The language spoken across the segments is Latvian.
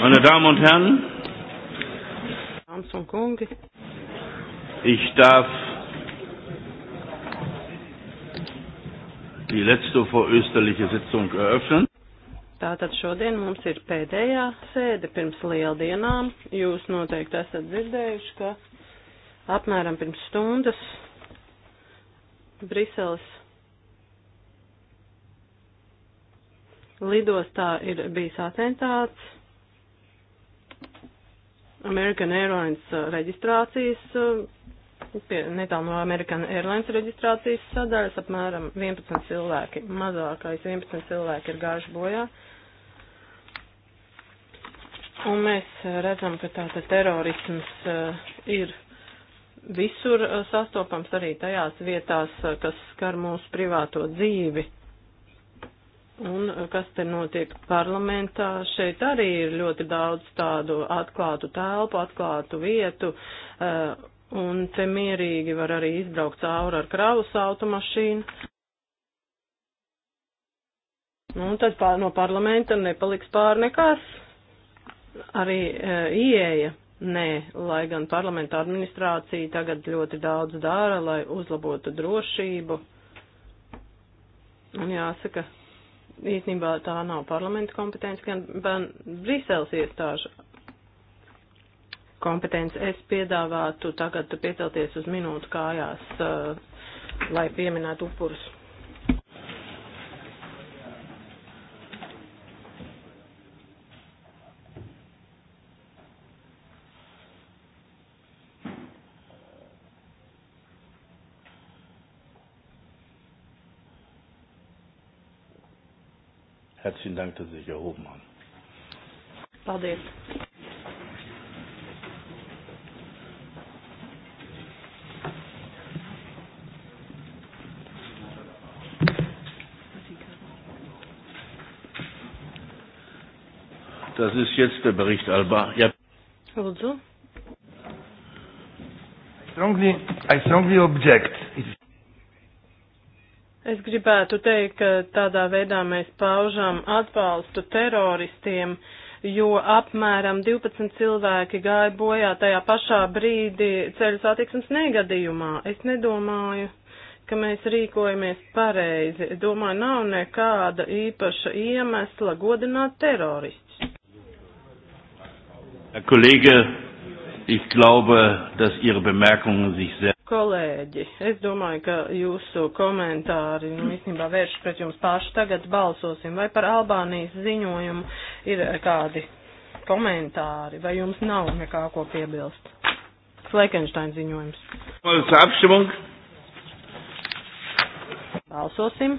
Meine Damen und Herren, ich darf die letzte vorösterliche Sitzung eröffnen. Tātad šodien mums ir pēdējā sēde pirms lieldienām. Jūs noteikti esat dzirdējuši, ka apmēram pirms stundas Briseles lidostā ir bijis atentāts American Airlines uh, reģistrācijas, uh, pie netālu no American Airlines reģistrācijas sadaļas, apmēram 11 cilvēki, mazākais 11 cilvēki ir gājuši bojā. Un mēs redzam, ka tātad terorisms uh, ir visur sastopams arī tajās vietās, kas skar mūsu privāto dzīvi. Un kas te notiek parlamentā, šeit arī ir ļoti daudz tādu atklātu telpu, atklātu vietu, eh, un te mierīgi var arī izbraukt cauri ar kravas automašīnu. Nu, un tad pār, no parlamenta nepaliks pār nekas, arī eh, ieeja. Nē, lai gan parlamenta administrācija tagad ļoti daudz dara, lai uzlabotu drošību. Un jāsaka, īstenībā tā nav parlamenta kompetence, gan, gan Briseles iestāžu kompetence. Es piedāvātu tagad piecelties uz minūtu kājās, uh, lai pieminētu upurus. Herzlichen Dank, dass Sie sich erhoben haben. Paldies. Das ist jetzt der Bericht Alba. Ja. Lūdzu. I strongly, I strongly object Es gribētu teikt, ka tādā veidā mēs paužam atbalstu teroristiem, jo apmēram 12 cilvēki gāja bojā tajā pašā brīdī ceļu satiksmes negadījumā. Es nedomāju, ka mēs rīkojamies pareizi. Domāju, nav nekāda īpaša iemesla godināt teroristus. Herr Kollege, ich glaube, dass Ihre Bemerkungen sich sehr kolēģi, es domāju, ka jūsu komentāri, nu, īstenībā vērš pret jums pašu. Tagad balsosim, vai par Albānijas ziņojumu ir kādi komentāri, vai jums nav nekā ko piebilst. Fleckenstein ziņojums. Apšķimung. Balsosim.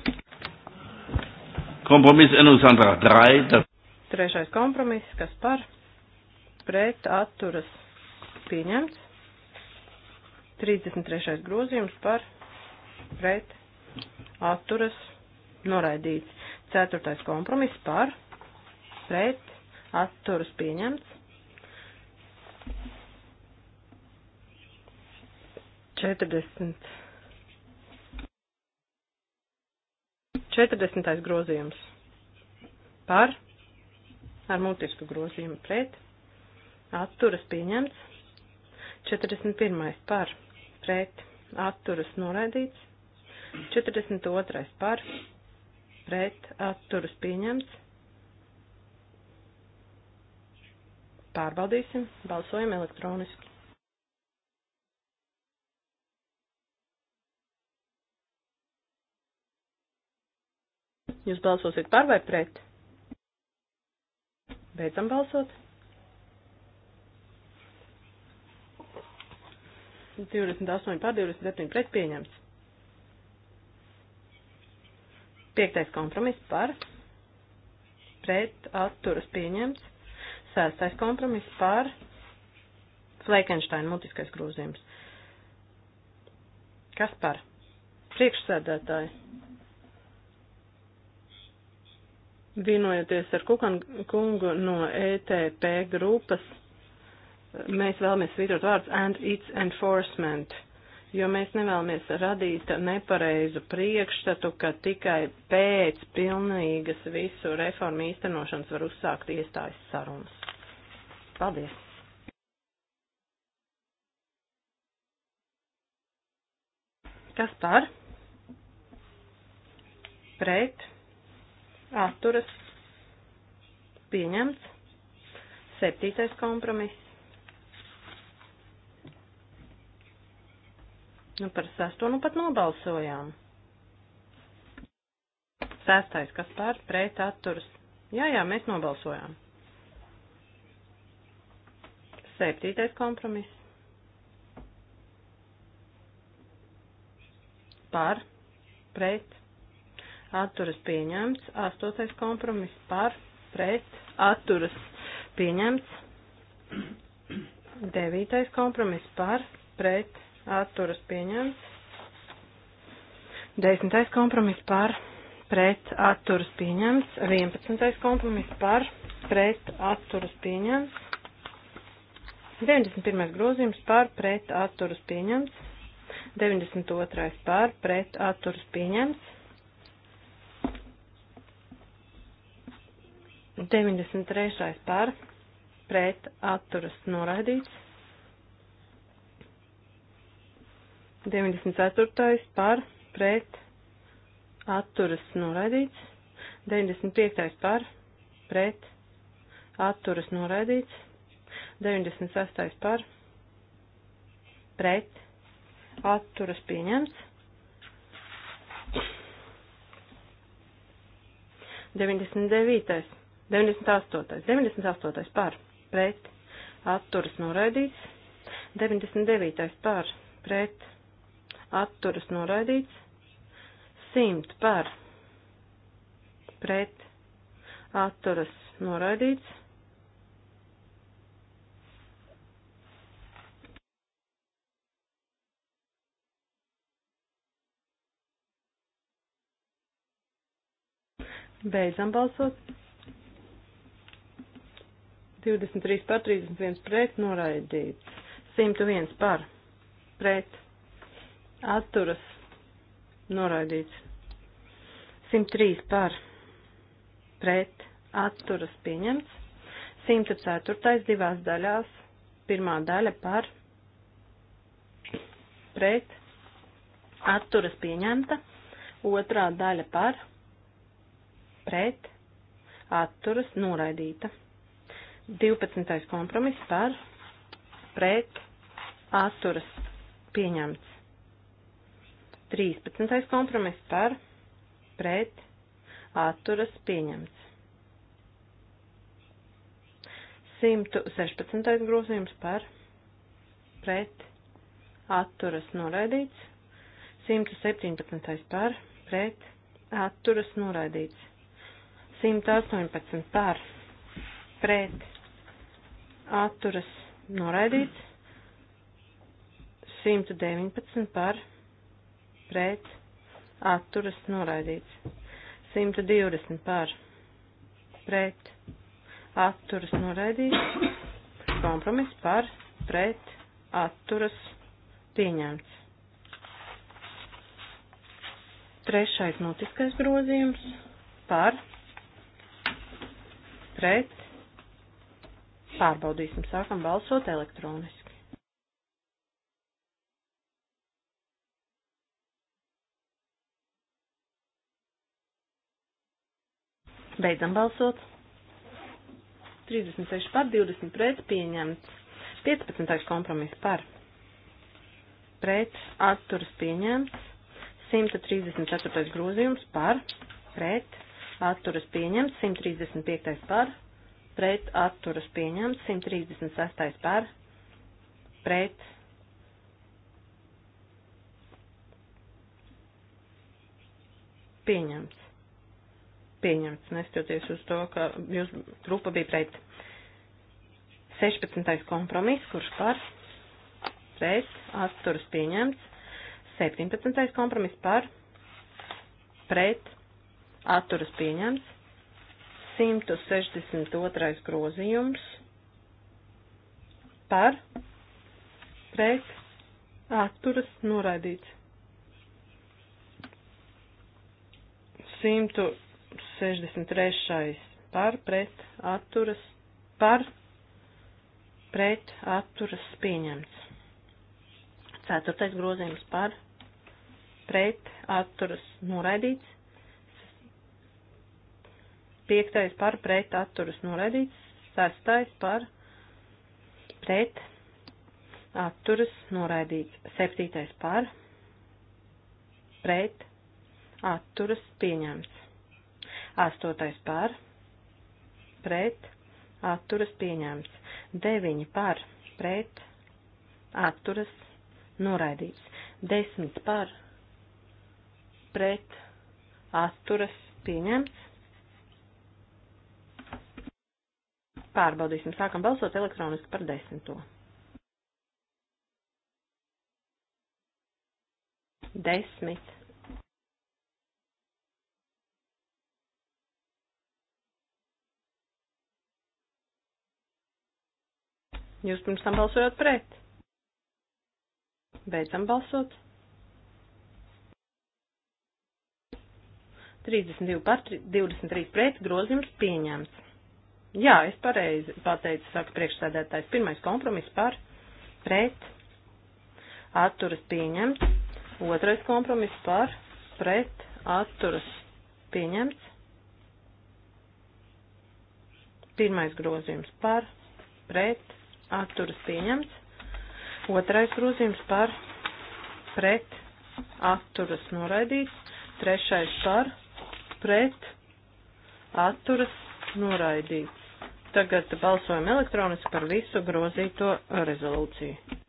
Kompromiss Enusantrāk 3. Trešais kompromiss, kas par pret atturas pieņemts. 33. grozījums par pret atturas noraidīts. 4. kompromiss par pret atturas pieņemts. 40. 40. grozījums par ar mutisku grozījumu pret atturas pieņemts. 41. par pret atturas noraidīts, 42. par pret atturas pieņemts. Pārbaudīsim, balsojam elektroniski. Jūs balsosiet par vai pret? Beidzam balsot. 28 pār 27 pret pieņemts. Piektais kompromiss par pret atturas pieņemts. Sēstais kompromiss par Fleikensteina mutiskais grūzījums. Kas par? Priekšsēdētāji. Vienojoties ar Kukan kungu no ETP grupas, mēs vēlamies svītrot vārds and its enforcement, jo mēs nevēlamies radīt nepareizu priekšstatu, ka tikai pēc pilnīgas visu reformu īstenošanas var uzsākt iestājas sarunas. Paldies! Kas par? Pret? Atturas? Pieņemts? Septītais kompromiss Nu, par sesto nu pat nobalsojām. Sestais, kas par pret atturas. Jā, jā, mēs nobalsojām. Septītais kompromiss. Par pret atturas pieņemts. Astotais kompromiss par pret atturas pieņemts. Devītais kompromiss par pret atturas pieņemts. Desmitais kompromiss par pret atturas pieņemts. Vienpadsmitais kompromiss par pret atturas pieņemts. 91. grozījums par pret atturas pieņemts. 92. par pret atturas pieņemts. 93. par pret atturas noraidīts. 94. par pret atturas noraidīts. 95. par pret atturas noraidīts. 96. par pret atturas pieņemts. 99. 98. 98. par pret atturas noraidīts. 99. par pret atturas noraidīts, 100 par pret atturas noraidīts, 100. Beidzam balsot. 23 par 31 pret noraidīts. 101 par pret atturas noraidīts. 103 par pret atturas pieņemts. 104. divās daļās. Pirmā daļa par pret atturas pieņemta. Otrā daļa par pret atturas noraidīta. 12. kompromiss par pret atturas pieņemts. 13. kompromiss par pret atturas pieņemts. 116. grozījums par pret atturas noraidīts. 117. par pret atturas noraidīts. 118 par pret atturas noraidīts. 119 par pret pret, atturas noraidīts. 120 par, pret, atturas noraidīts. Kompromiss par, pret, atturas pieņemts. Trešais notiskais grozījums par, pret, pārbaudīsim, sākam balsot elektroniski. Beidzam balsot. 36 par, 20 pret, pieņemts. 15. kompromiss par. Pret, atturas pieņemts. 134. grozījums par. Pret, atturas pieņemts. 135. par. Pret, atturas pieņemts. 136. par. Pret, pieņemts pieņemts, neskatoties uz to, ka jūs grupa bija pret 16. kompromiss, kurš par pret atturas pieņemts, 17. kompromiss par pret atturas pieņemts, 162. grozījums par pret atturas noraidīts. 100 63. par pret atturas par pret atturas pieņemts. 4. grozījums par pret atturas noraidīts. 5. par pret atturas noraidīts. 6. par pret atturas noraidīts. 7. par pret atturas pieņemts. 8 par, pret, atturas pieņemts, 9 par, pret, atturas noraidīts, 10 par, pret, atturas pieņemts. Pārbaudīsim, sākam balsot elektroniski par desmito. Desmit. Jūs pirms tam balsojāt pret. Beidzam balsot. 32 par 23 pret grozījums pieņemts. Jā, es pareizi pateicu, saka priekšsēdētājs. Pirmais kompromiss par pret atturas pieņemts. Otrais kompromiss par pret atturas pieņemts. Pirmais grozījums par pret atturas pieņemts. Otrais grozījums par pret atturas noraidīts. Trešais par pret atturas noraidīts. Tagad balsojam elektroniski par visu grozīto rezolūciju.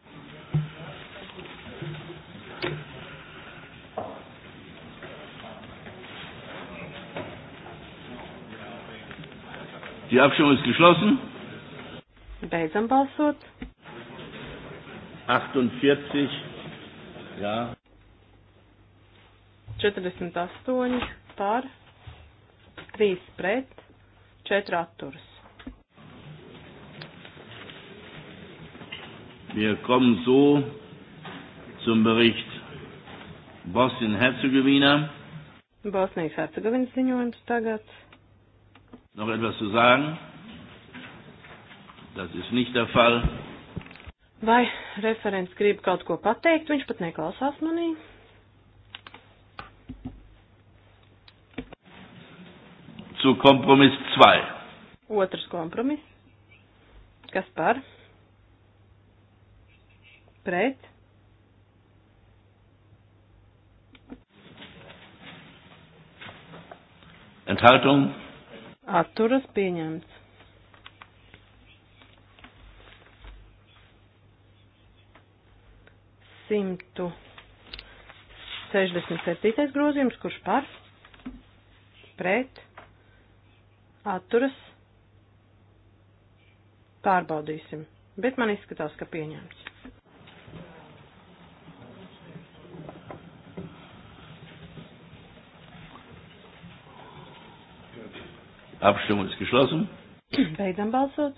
Die Abstimmung ist geschlossen. Beidzam balsot. 48. Jā. 48 par, 3 pret, 4 atturas. Wir kommen so zum Bericht Bosnien-Herzegowina. Bosnijas-Hercegovinas ziņojums tagad. Noch etwas zu sagen? Tas ir nicht der Fall. Vai referents grib kaut ko pateikt, viņš pat neklausās manī? Zu kompromis 2. Otrs kompromis. Kas par? Pret? Enthaltung? Atturas pieņemts. 167. grozījums, kurš par, pret, atturas, pārbaudīsim, bet man izskatās, ka pieņemts. Abstimmung ist geschlossen. Beidzam balsot.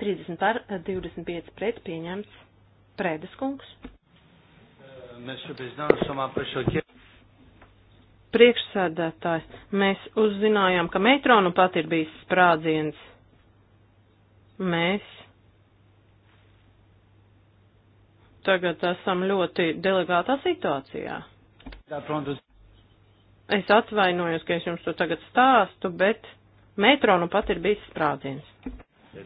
30 par 25 pret pieņemts Prēdas kungs. Priekšsēdētājs, mēs uzzinājām, ka metro nu pat ir bijis sprādziens. Mēs tagad esam ļoti delegātā situācijā. Es atvainojos, ka es jums to tagad stāstu, bet metro nu pat ir bijis sprādziens.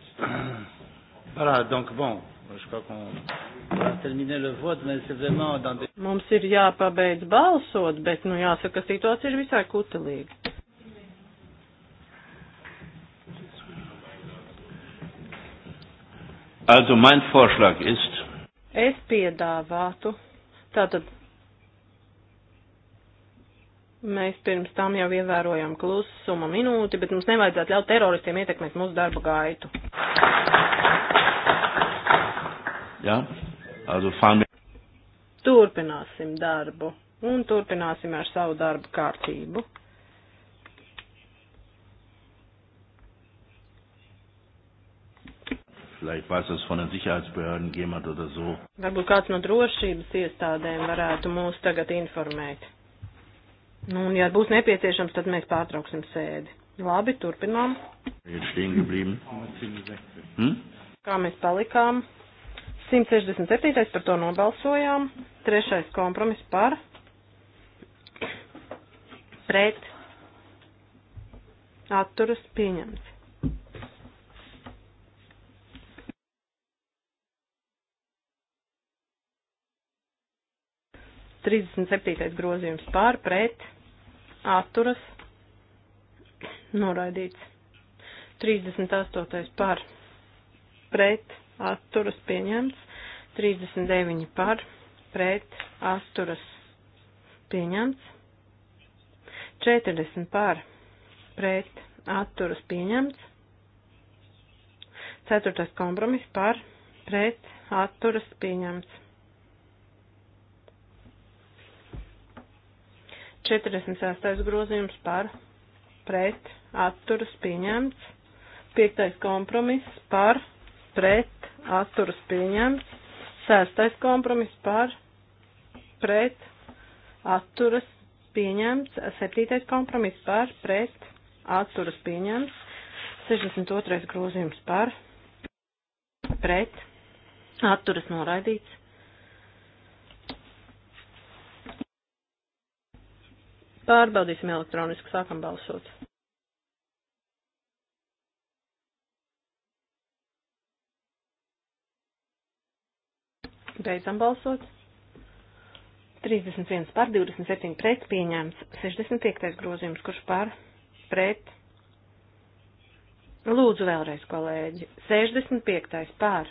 Voilà, donc bon, je crois qu'on va terminer le vote, mais c'est vraiment dans des... Mums ir jāpabeidz balsot, bet, nu, jāsaka, situācija ir visai kutelīga. Also mein Vorschlag ist. Es piedāvātu. Tātad Mēs pirms tam jau ievērojam klusuma minūti, bet mums nevajadzētu ļaut teroristiem ietekmēt mūsu darba gaitu. Jā, also fahren wir. Turpināsim darbu un turpināsim ar savu darbu kārtību. Vielleicht weiß das von den Sicherheitsbehörden jemand oder so. Varbūt kāds no drošības iestādēm varētu mūs tagad informēt. Nu, un, ja būs nepieciešams, tad mēs pārtrauksim sēdi. Labi, turpinām. Hmm? Kā mēs palikām? 167. par to nobalsojām, trešais kompromis par, pret, atturas pieņemts. 37. grozījums pār pret atturas noraidīts. 38. par pret atturas pieņemts. 39. par pret atturas pieņemts. 40 par pret atturas pieņemts. 4. kompromiss par pret atturas pieņemts. 46. grozījums par pret atturas pieņemts. 5. kompromiss par pret atturas pieņemts. 6. kompromiss par pret atturas pieņemts. 7. kompromiss par pret atturas pieņemts. 62. grozījums par pret atturas noraidīts. Pārbaudīsim elektroniski, sākam balsot. Beidzam balsot. 31 par 27 pret pieņēmts 65. grozījums, kurš par pret. Lūdzu vēlreiz, kolēģi, 65. par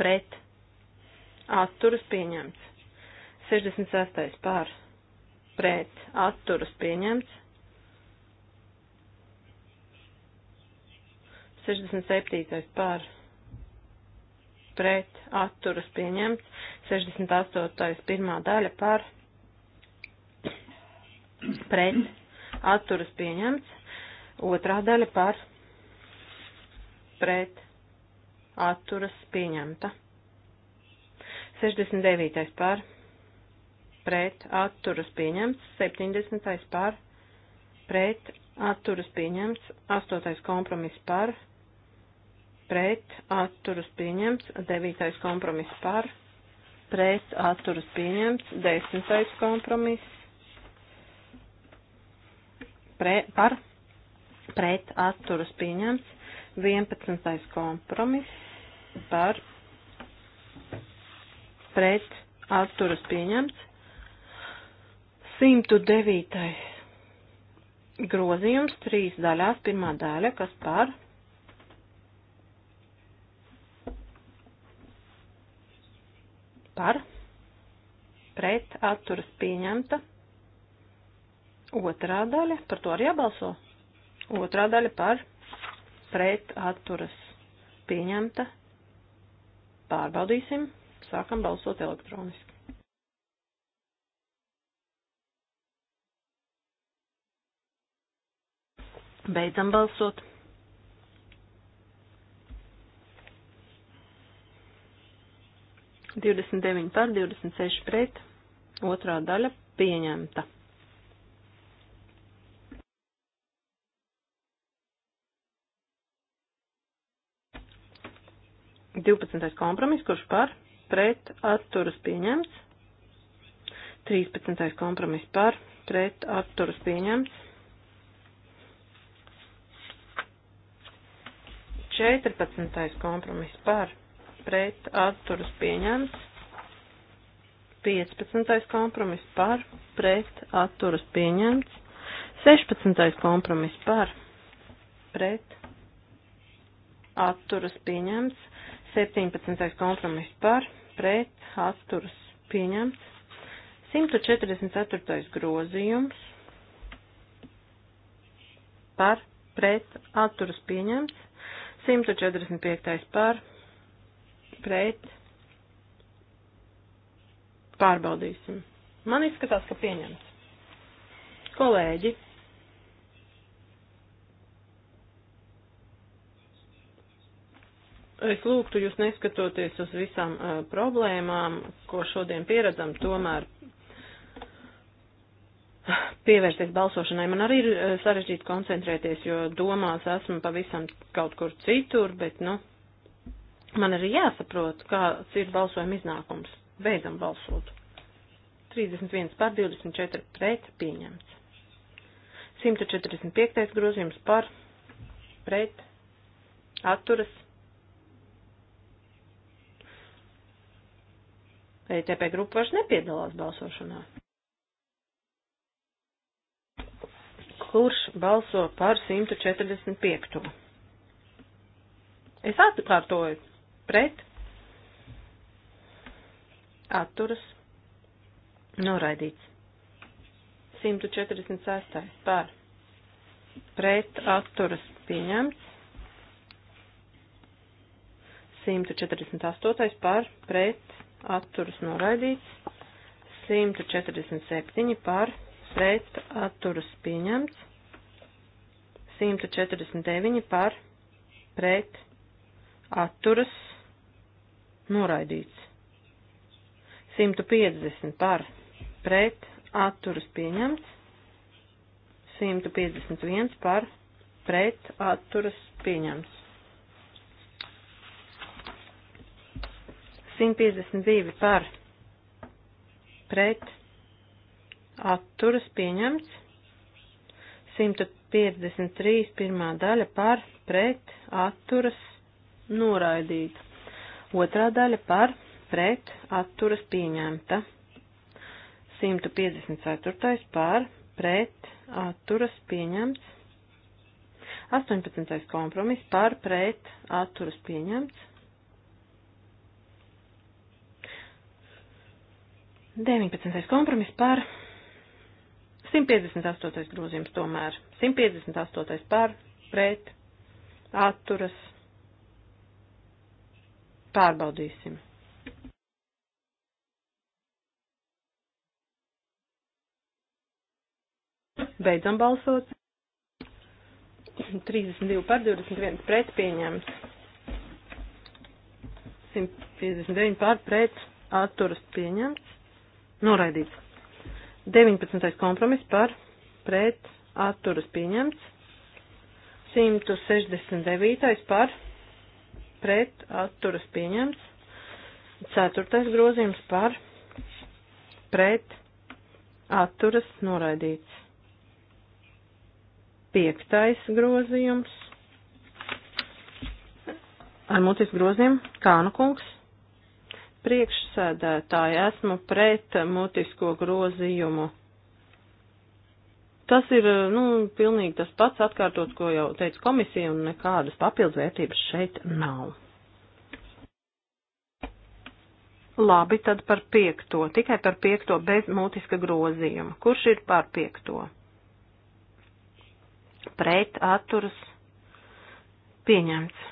pret. Atturas pieņemts. 66. pār pret atturas pieņemts. 67. pār pret atturas pieņemts. 68. pirmā daļa pār pret atturas pieņemts. Otrā daļa pār pret atturas pieņemta. 69. pār pret pret atturas pieņemts, 70. par pret atturas pieņemts, 8. kompromiss par pret atturas pieņemts, 9. kompromiss par pret atturas pieņemts, 10. kompromiss pre, par pret atturas pieņemts, 11. kompromiss par pret atturas pieņemts, 109. grozījums trīs daļās. Pirmā daļa, kas par par pret atturas pieņemta. Otrā daļa, par to arī jābalso. Otrā daļa par pret atturas pieņemta. Pārbaudīsim, sākam balsot elektroniski. Beidzam balsot. Divdesmit deviņi par, divdesmit seši pret, otrā daļa pieņemta. Divpadsmitais kompromiss, kurš par, pret, atturas pieņemts. Trīspadsmitais kompromiss par, pret, atturas pieņemts. 14. kompromiss par pret atturas pieņemts. 15. kompromiss par pret atturas pieņemts. 16. kompromiss par pret atturas pieņemts. 17. kompromiss par pret atturas pieņemts. 144. grozījums par pret atturas pieņemts. 145. par pret pārbaudīsim. Man izskatās, ka pieņems. Kolēģi, es lūgtu jūs neskatoties uz visām uh, problēmām, ko šodien pieredzam, tomēr pievērsties balsošanai. Man arī ir eh, sarežģīti koncentrēties, jo domās esmu pavisam kaut kur citur, bet, nu, man arī jāsaprot, kāds ir balsojuma iznākums. Beidzam balsot. 31 par 24 pret pieņemts. 145. grozījums par pret atturas. ETP grupa vairs nepiedalās balsošanā. kurš balso par 145. Es atkārtoju pret, atturas, noraidīts. 146. par, pret, atturas, pieņemts. 148. par, pret, atturas, noraidīts. 147. par, pret pret atturas pieņemts. 149 par pret atturas noraidīts. 150 par pret atturas pieņemts. 151 par pret atturas pieņemts. 152 par pret atturas pieņemts. 153. pirmā daļa par pret atturas noraidīt. Otrā daļa par pret atturas pieņemta. 154. par pret atturas pieņemts. 18. kompromis par pret atturas pieņemts. 19. kompromis par 158. grozījums tomēr. 158. par, pret, atturas. Pārbaudīsim. Beidzam balsot. 32 par 21 pret pieņemts. 159 par pret atturas pieņemts. Noraidīts. 19. kompromis par pret atturas pieņemts. 169. par pret atturas pieņemts. 4. grozījums par pret atturas noraidīts. 5. grozījums ar mutis grozījumu Kānu kungs priekšsēdētāji, esmu pret mutisko grozījumu. Tas ir, nu, pilnīgi tas pats atkārtot, ko jau teica komisija, un nekādas papildvērtības šeit nav. Labi, tad par piekto, tikai par piekto bez mutiska grozījuma. Kurš ir par piekto? Pret atturas pieņemts.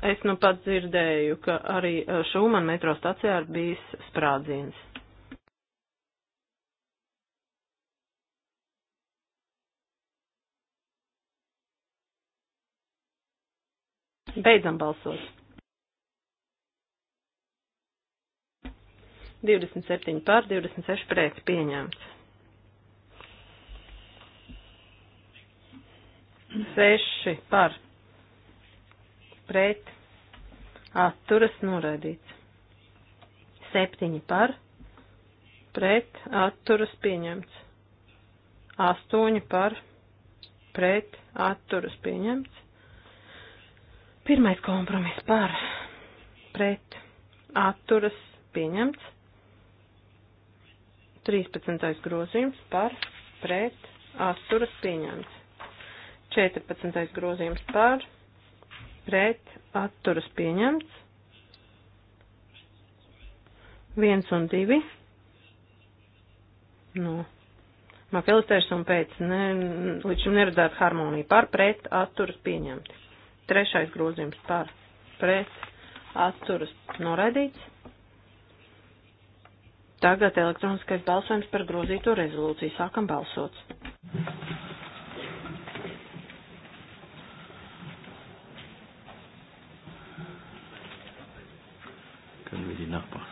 Es nu pat dzirdēju, ka arī eh, Šūman metro stacijā ir bijis sprādziens. Beidzam balsot. 27 pār 26 pret pieņemts. 6 par pret atturas noraidīts. 7 par pret atturas pieņemts. 8 par pret atturas pieņemts. Pirmais kompromiss par pret atturas pieņemts. 13. grozījums par pret atturas pieņemts. 14. grozījums par pret pret atturas pieņemts. 1 un 2. No. Nu, Mafilistērs un pēc ne, līdz šim neredzētu harmoniju par pret atturas pieņemti. Trešais grozījums par pret atturas noraidīts. Tagad elektroniskais balsojums par grozīto rezolūciju. Sākam balsot.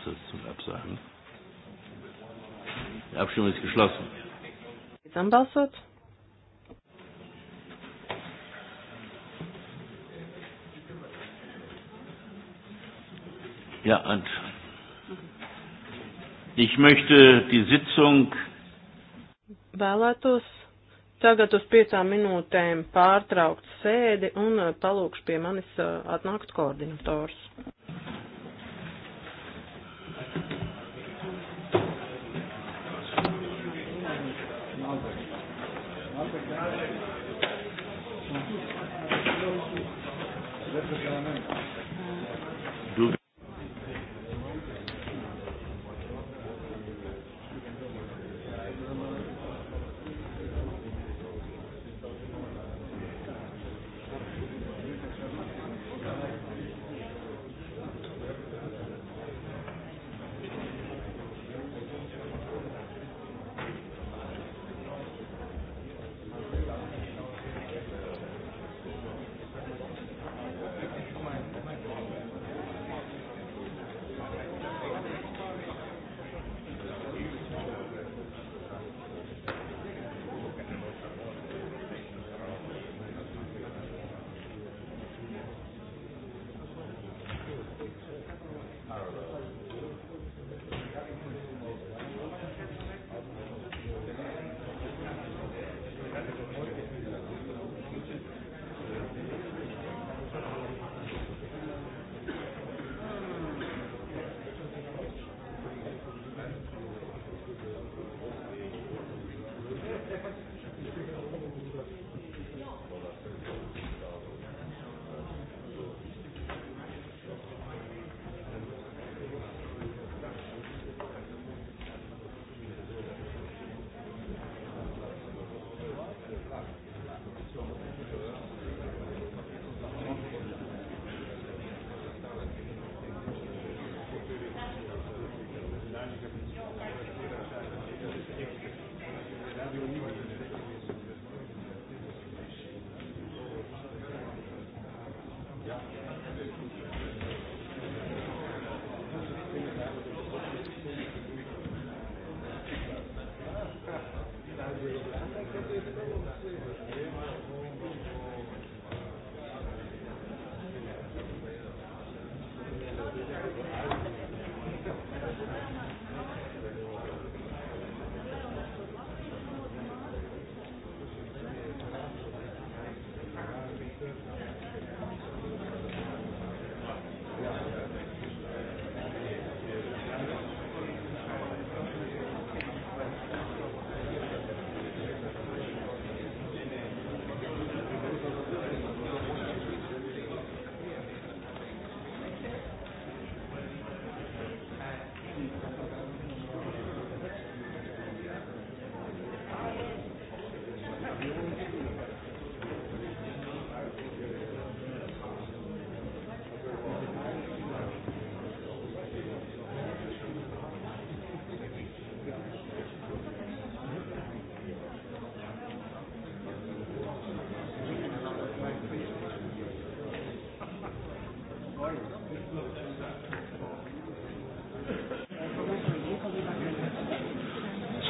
Sitzung absagen. Die Abstimmung ist geschlossen. Zusammenbausort. Ja, und ich möchte die Sitzung vēlētos tagad uz piecām minūtēm pārtraukt sēdi un eh, palūkšu pie manis eh, atnākt koordinators.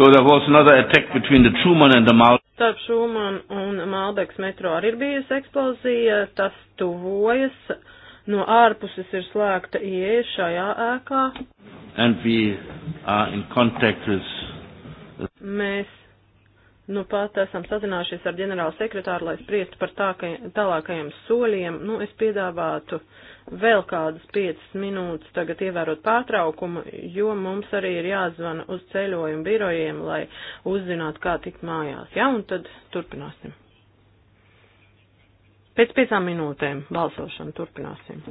So there was another attack between the Truman and the Malbec. Starp Šuman un Malbeks metro arī ir bijusi eksplozija, tas tuvojas, no ārpuses ir slēgta ieeja šajā ēkā. And we are in contact with... Mēs nu pat esam sazinājušies ar ģenerālu sekretāru, lai spriestu par tā, ka, tālākajiem soļiem. Nu, es piedāvātu vēl kādas 5 minūtes tagad ievērot pārtraukumu, jo mums arī ir jāzvana uz ceļojumu birojiem, lai uzzinātu, kā tikt mājās. Jā, ja? un tad turpināsim. Pēc piecām minūtēm balsošanu turpināsim.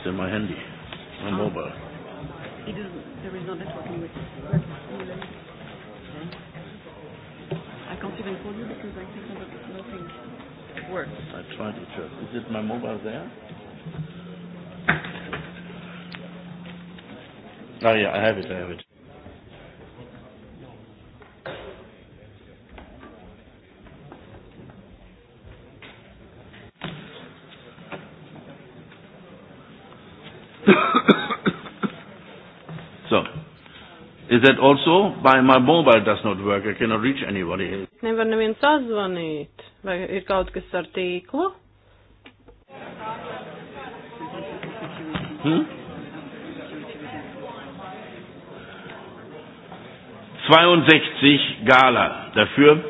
It's in my handy, my oh. mobile. It is, there is no networking with it. I can't even call you because I think that nothing works. I tried to check. Is it my mobile there? Oh yeah, I have it, I have it. Is that also? By my mobile does not work. I cannot reach anybody. Nevar nevienu sazvanīt. Vai ir kaut kas ar tīklu? Hmm? 62 Gala dafür.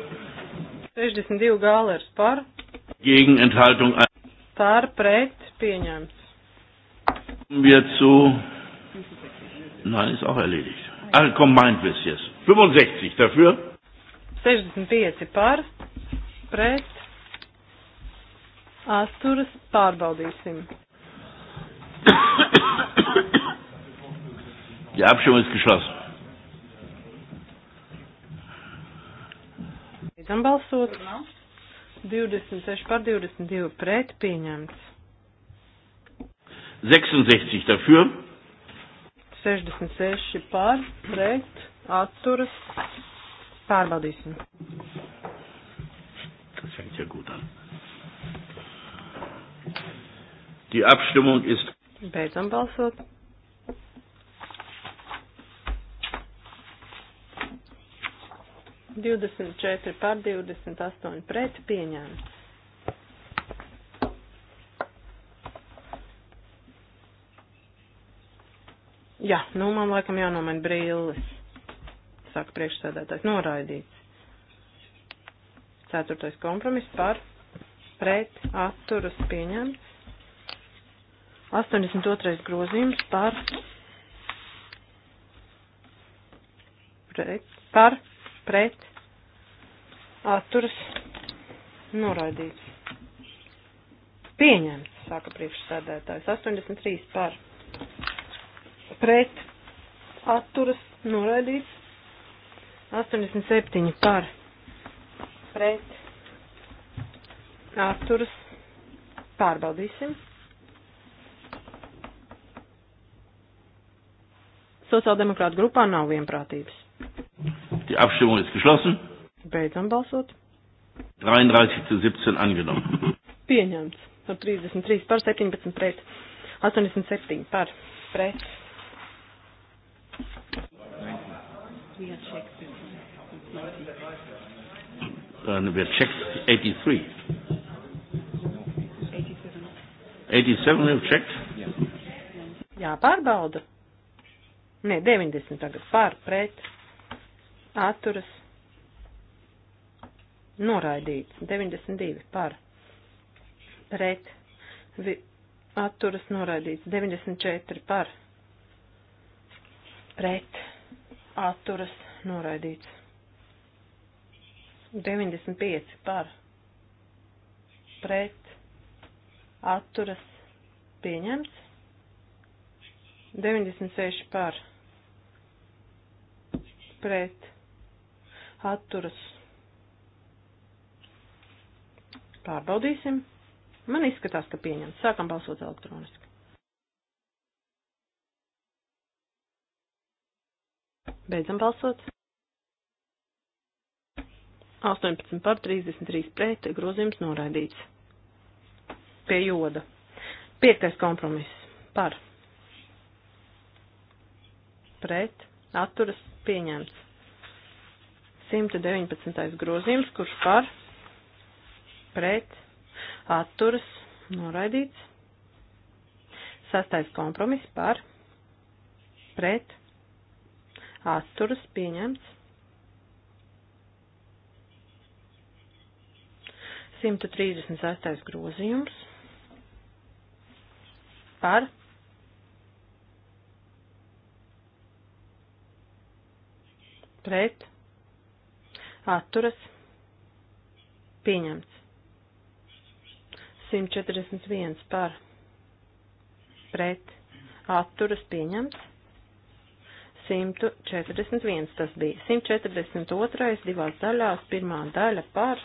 62 Galers par. Gegen Enthaltung. Par pret pieņemts. Wir zu. Nein, ist auch erledigt. Ah, komm, meint es jetzt. 65 dafür. 65 par, pret, atturas pārbaudīsim. Die Abstimmung ist geschlossen. Beidzam balsot. 26 par 22 pret pieņemts. 66 dafür. 66 par, pret, atturas. Pārbaudīsim. Tas fängt ja gut an. Die Abstimmung ist. Beidzam balsot. Divdesmit četri par, divdesmit astoņi pret, pieņēmts. Jā, nu man laikam jānomaina brīlis. Saka priekšsēdētājs noraidīts. Ceturtais kompromiss par pret atturas pieņemts. 82. grozījums par pret, par pret atturas noraidīts. Pieņemts, saka priekšsēdētājs. 83 par pret pret atturas noraidīts. 87 par pret atturas pārbaudīsim. Sociāldemokrāta grupā nav vienprātības. Die Abstimmung ist geschlossen. Beidzam balsot. 33 zu 17 angenommen. Pieņemts. Ar 33 par 17 pret. 87 par pret. And we checked 83. 87. 87 we've checked? Jā, pārbauda. Nē, 90 tagad pār, pret, atturas, noraidīts, 92 pār, pret, vi, atturas, noraidīts, 94 pār, pret, atturas, noraidīts. 95 par pret atturas pieņemts. 96 par pret atturas pārbaudīsim. Man izskatās, ka pieņemts. Sākam balsot elektroniski. Beidzam balsot. 18 par 33 pret, grozījums noraidīts. Pie joda. Piektais kompromiss. Par. Pret. Atturas pieņemts. 119. grozījums, kurš par. Pret. Atturas noraidīts. Sastais kompromiss par. Pret atturas pieņemts. 136. grozījums par pret atturas pieņemts. 141 par pret atturas pieņemts. 141 tas bija. 142 divās daļās, pirmā daļa par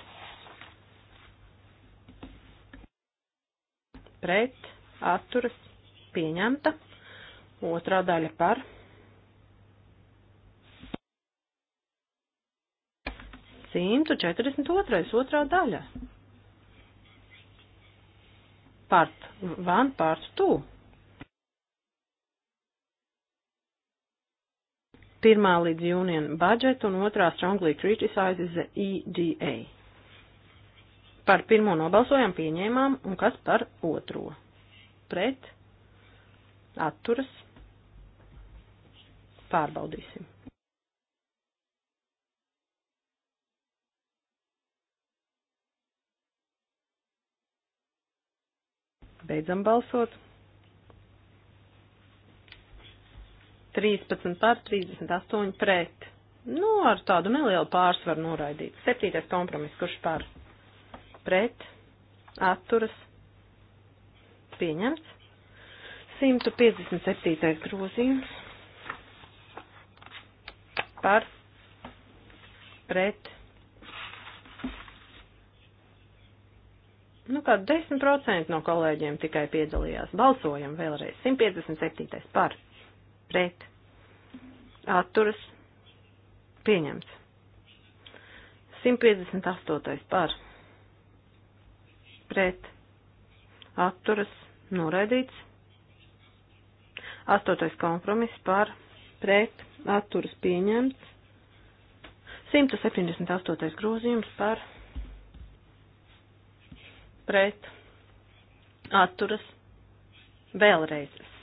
pret atturas pieņemta, otrā daļa par Simtu četrdesmit otrais, otrā daļa. Part, van part tu. pirmā līdz jūnijam budžetu un otrā strongly criticizes the EDA. Par pirmo nobalsojām pieņēmām un kas par otro? Pret? Atturas? Pārbaudīsim. Beidzam balsot. 13 pār 38 pret. Nu, ar tādu nelielu pārsvaru noraidīt. Septītais kompromiss, kurš par pret, atturas, pieņemts. 157. grozījums par pret. Nu, kā 10% no kolēģiem tikai piedalījās. Balsojam vēlreiz. 157. par pret atturas pieņemts. 158. par pret atturas noraidīts. 8. kompromiss par pret atturas pieņemts. 178. grozījums par pret atturas vēlreiz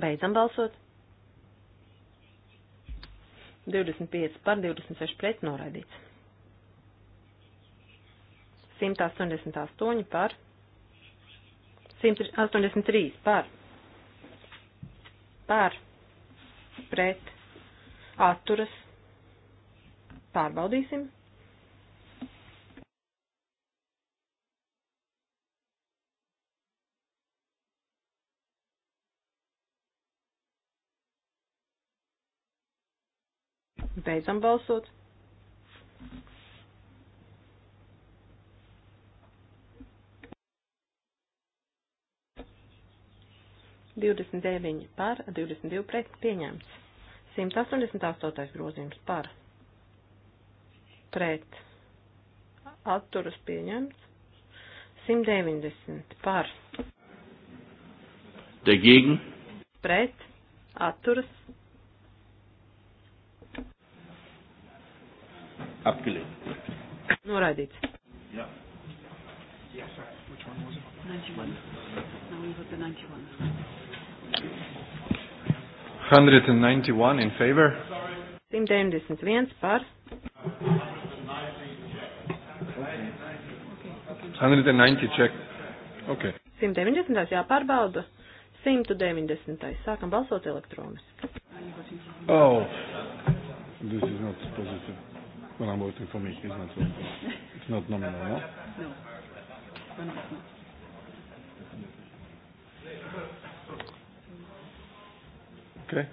Beidzam balsot. 25 par 26 pret noraidīts. 188 par. 183 par. Par. Pret. Atturas. Pārbaudīsim. Beidzam balsot. Divdesmit deviņi par, divdesmit divi pret pieņemts. 188. grozījums par pret atturas pieņemts. 190 par. Dagegen. Pret atturas Abgelehnt. Noraidits. Yeah. Yes, sir. Which one was it? 91. Now we got the 91. 191 in favor. 191 par. 190 check. Okay. 190. jāpārbauda. 190. Sākam balsot elektroniski. Oh, this is not positive. Well, I'm voting for me. It's not, it's not nominal, no? No. Okay.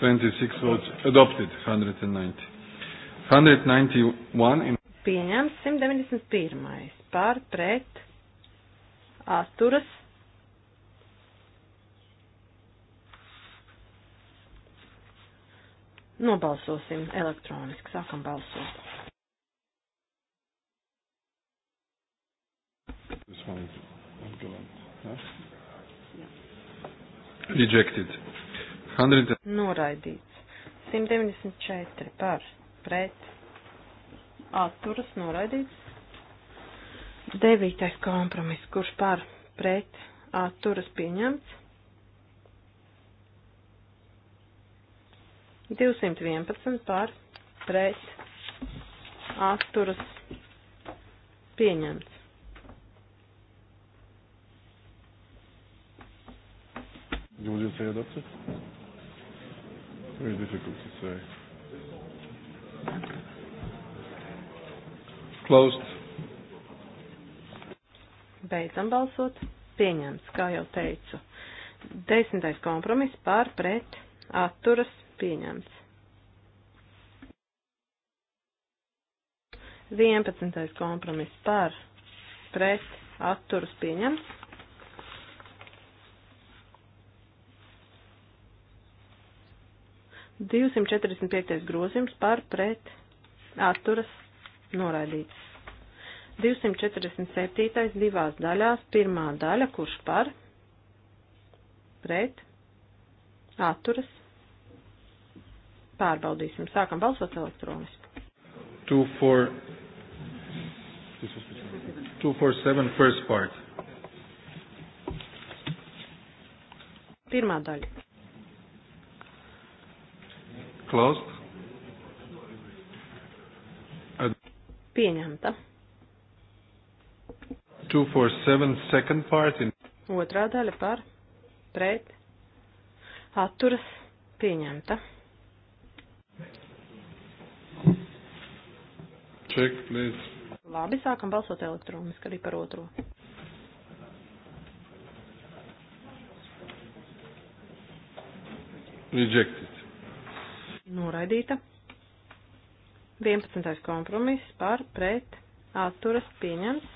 26 votes adopted, 190. 191 in. Pieņems 191. Pār pret. Asturas Nobalsosim elektroniski, sākam balsot. Rejected. 100... Noraidīts. 194 par pret atturas noraidīts. Devītais kompromiss, kurš par pret atturas pieņemts. 211 par pret atturas pieņemts. Vous voulez essayer d'adopter Oui, difficulty, sorry. Closed. Beidzam balsot. Pieņemts, kā jau teicu. Desmitais kompromiss par pret atturas pieņemts. 11. kompromiss par pret atturas pieņemts. 245. grozījums par pret atturas noraidīts. 247. divās daļās, pirmā daļa, kurš par pret atturas Pārbaudīsim. Sākam balsot elektroniski. 247 first part. Pirmā daļa. Closed. Ad Pieņemta. 247 second part. In Otrā daļa par pret atturas pieņemta. Check, please. Labi, sākam balsot elektroniski arī par otro. Rejected. Noraidīta. 11. kompromiss par pret atturas pieņems.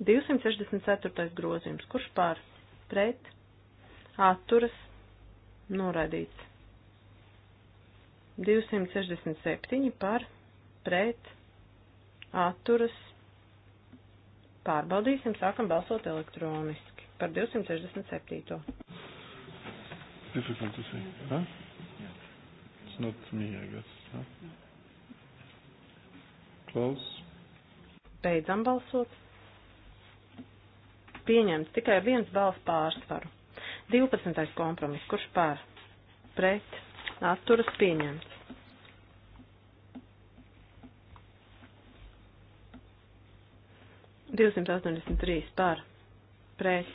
264. grozījums. Kurš pār? Pret. Atturas. Noraidīts. 267 par pret atturas. Pārbaudīsim, sākam balsot elektroniski par 267. Difficult to say, huh? It's not me, I guess. Huh? Close. Beidzam balsot. Pieņemts tikai viens balss pārsvaru. 12. kompromiss, kurš pār pret atturas pieņemts. 283 par pret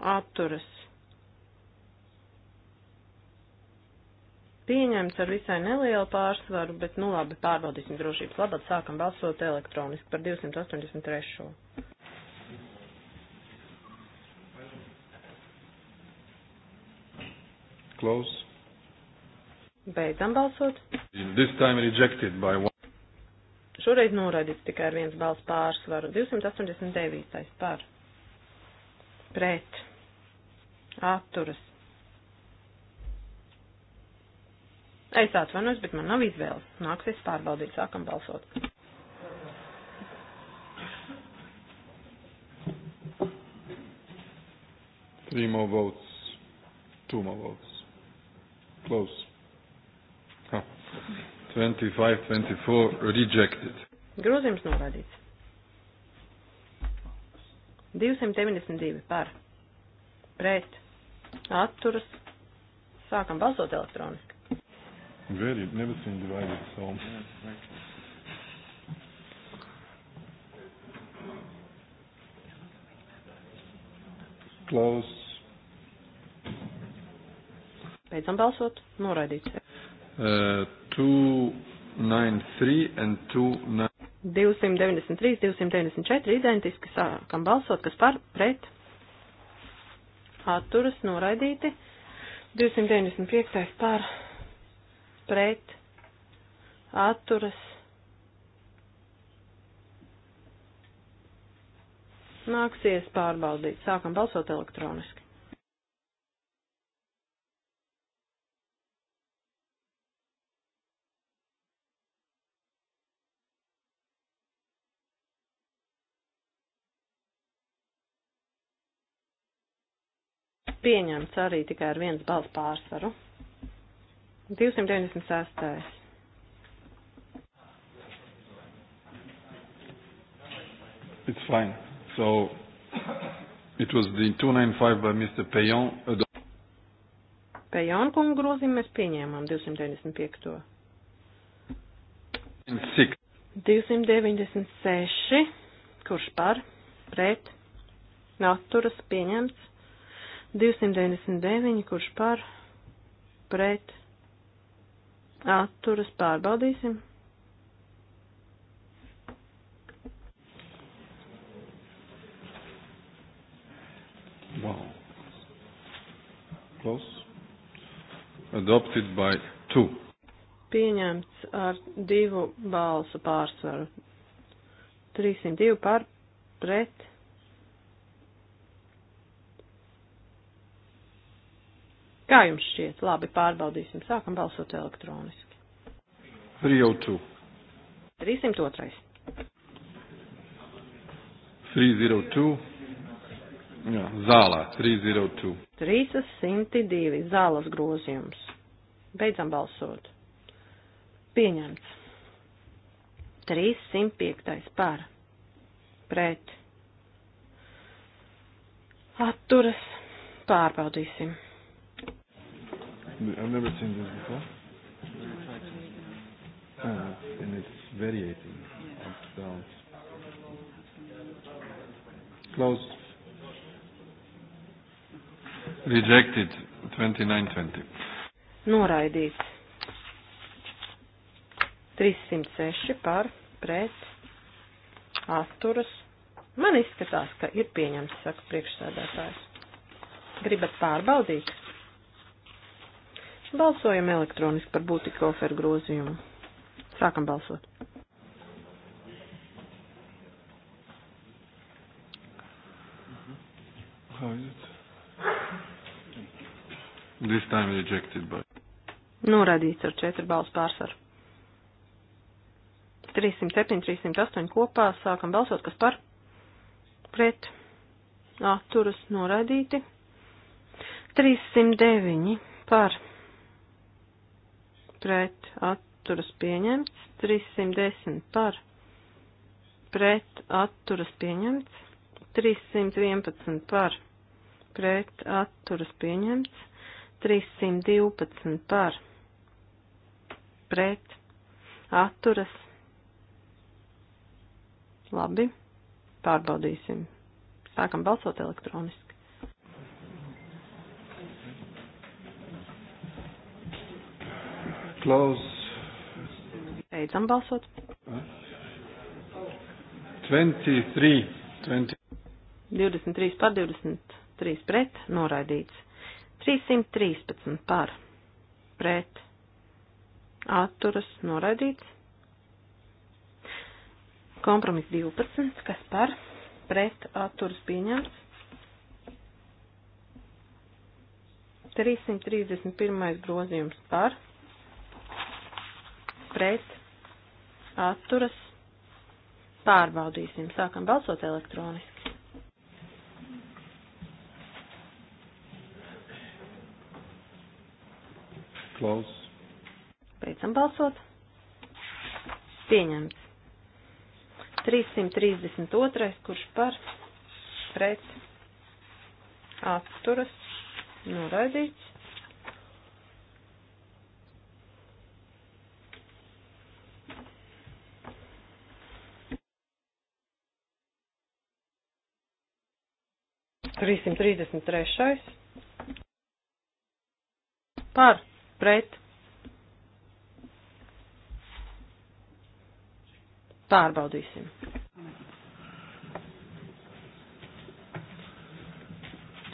atturas pieņemts ar visai nelielu pārsvaru, bet nu labi, pārbaudīsim drošības labad, sākam balsot elektroniski par 283. Close. Beidzam balsot. This time rejected by one. Šoreiz noraidīts tikai ar viens balss pārsvaru. 289. par. Pret. Atturas. Es atvainojos, bet man nav izvēles. Nāksies pārbaudīt, sākam balsot. Three more votes. Two more votes. Close. Huh. 25, 24 rejected. Grozījums norādīts. 292 par. Pret. Atturas. Sākam balsot elektroniski. Very, never seen divided so. Close. Beidzam balsot. Noraidīts. Uh, 293 and 293. 293, 294 identiski sākam balsot, kas par pret atturas noraidīti. 295 par pret atturas. Nāksies pārbaudīt. Sākam balsot elektroniski. pieņemts arī tikai ar viens balss pārsvaru. 296. It's fine. So it was the 295 by Mr. Payon. Uh, Payon kungu grozījumu mēs pieņēmām 295. 6. 296. Kurš par? Pret? Naturas pieņemts. 299, kurš par pret atturas pārbaudīsim. Wow. Close. Adopted by two. Pieņemts ar divu balsu pārsvaru. 302 par pret Kā jums šķiet? Labi, pārbaudīsim. Sākam balsot elektroniski. 302. 302. 302. Jā, zālā 302. 302 zāles grozījums. Beidzam balsot. Pieņemts. 305. par. Pret. Atturas. Pārbaudīsim. I've never seen this before. Ah, and it's variating. Up, down. Close. Rejected. 2920. Noraidīts. 306 par pret atturas. Man izskatās, ka ir pieņemts, saka priekšsēdētājs. Gribat pārbaudīt? Balsojam elektroniski par būtikoferu grozījumu. Sākam balsot. This time rejected by. Norādīts ar četru balsu pārsvaru. 307, 308 kopā sākam balsot, kas par pret atturas norādīti. 309 par pret pret atturas pieņemts, 310 par pret atturas pieņemts, 311 par pret atturas pieņemts, 312 par pret atturas. Labi, pārbaudīsim. Sākam balsot elektroniski. Close. Beidzam balsot. 23. 20. 23 par 23 pret noraidīts. 313 par pret atturas noraidīts. Kompromis 12, kas par pret atturas pieņemts. 331 grozījums par pret atturas pārbaudīsim. Sākam balsot elektroniski. Klaus. Beidzam balsot. Pieņemts. 332, kurš par pret atturas noraidīts. 333. Par, pret. Pārbaudīsim.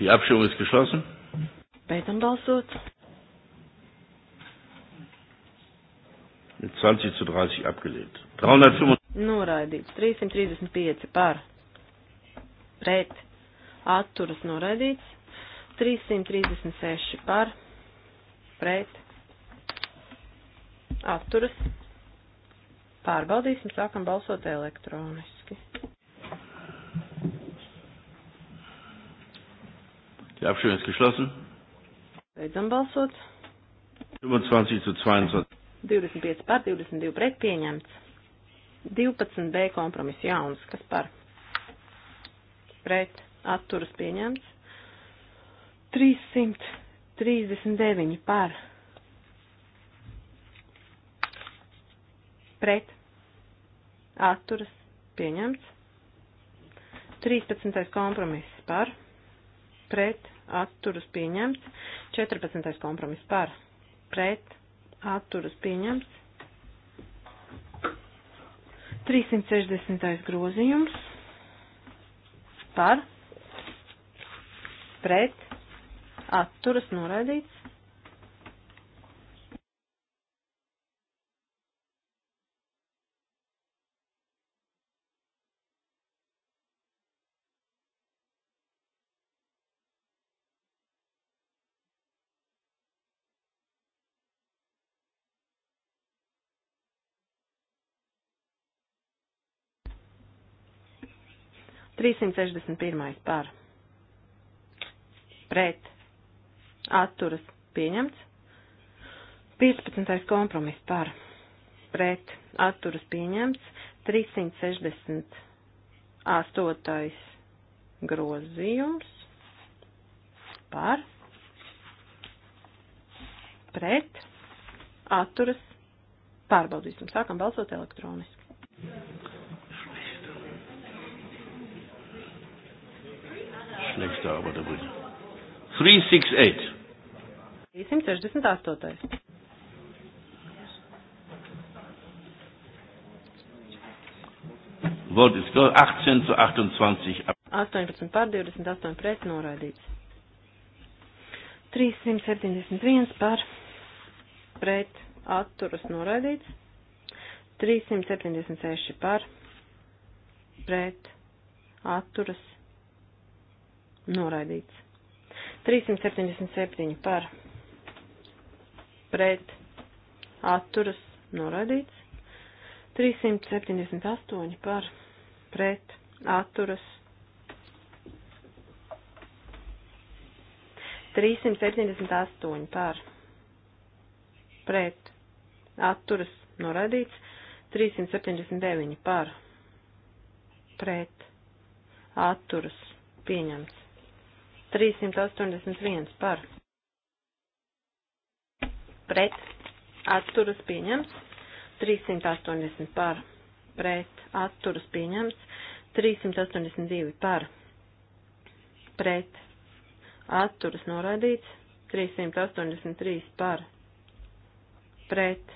Die Abstimmung ist geschlossen. Beidzam balsot. Mit 20 zu 30 abgelehnt. 335. Noraidīts. 335 par. Pret atturas noraidīts, 336 par, pret, atturas. Pārbaudīsim, sākam balsot elektroniski. Die Abstimmung ist geschlossen. Beidzam balsot. 25 zu 22. 25 par, 22 pret pieņemts. 12B kompromiss jauns, kas par pret atturas pieņemts. 339 par pret atturas pieņemts. 13. kompromiss par pret atturas pieņemts. 14. kompromiss par pret atturas pieņemts. 360. grozījums par pret, atturas noraidīts. Trīsimt sešdesmit pirmais par pret atturas pieņemts. 15. kompromiss par pret atturas pieņemts. 368. grozījums par pret atturas pārbaudīsim. Sākam balsot elektroniski. Schlechter, aber der bringt. 368. 368. Vote is closed. 18 zu 28. 18 pār 28 pret noraidīts. 371 pār pret atturas noraidīts. 376 pār pret atturas noraidīts. 377 par pret atturas noraidīts. 378 par pret atturas. 378 par pret atturas noraidīts. 379 par pret atturas pieņemts. 381 par pret atturas pieņemts, 380 par pret atturas pieņemts, 382 par pret atturas noraidīts, 383 par pret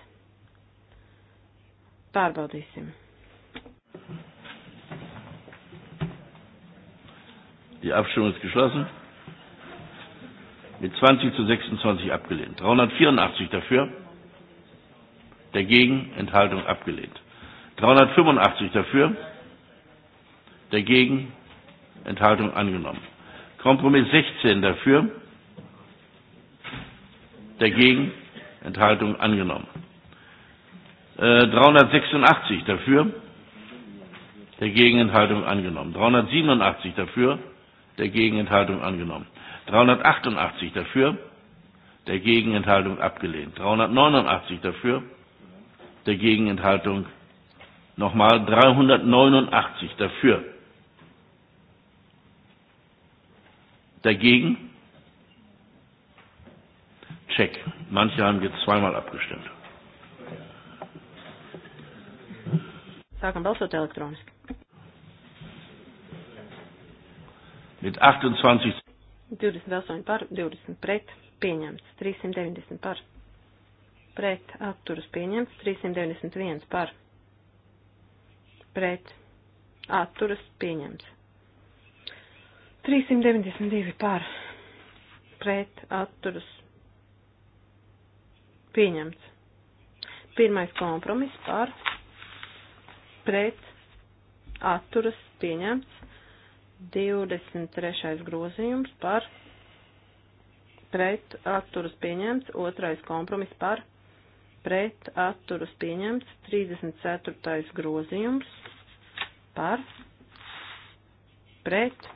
pārbaudīsim. Die Abstimmung ist geschlossen mit 20 zu 26 abgelehnt. 384 dafür, dagegen, Enthaltung abgelehnt. 385 dafür, dagegen, Enthaltung angenommen. Kompromiss 16 dafür, dagegen, Enthaltung angenommen. Äh, 386 dafür, der Gegenenthaltung angenommen. 387 dafür, der Gegenenthaltung angenommen. 388 dafür, der Gegenenthaltung abgelehnt. 389 dafür, der Gegenenthaltung nochmal 389 dafür. Dagegen? Check. Manche haben jetzt zweimal abgestimmt. Sākam balsot elektroniski. Mit 28 28 par, 20 pret, pieņemts. 390 par, pret, atturas pieņemts. 391 par, pret, atturas pieņemts. 392 par, pret, atturas pieņemts. Pirmais kompromiss par, pret, atturas pieņemts. 23. grozījums par pret atturas pieņemts, otrais kompromiss par pret atturas pieņemts, 34. grozījums par pret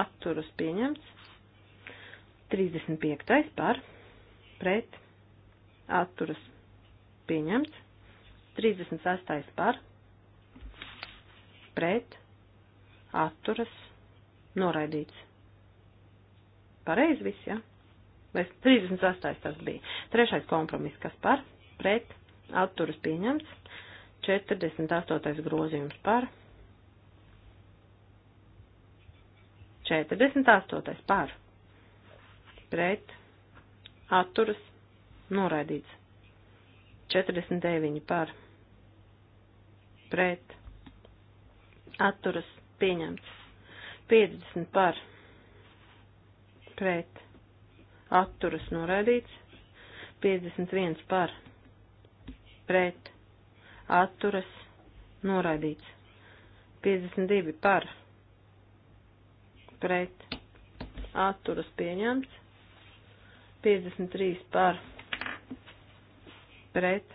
atturas pieņemts, 35. par pret atturas pieņemts, 36. par pret atturas, noraidīts. Pareizi viss, jā? Ja? Vai 38. tas bija? Trešais kompromiss, kas par, pret, atturas pieņemts. 48. grozījums par. 48. par. Pret, atturas, noraidīts. 49 par. Pret, atturas, pieņemts. 50 par pret atturas noraidīts. 51 par pret atturas noraidīts. 52 par pret atturas pieņemts. 53 par pret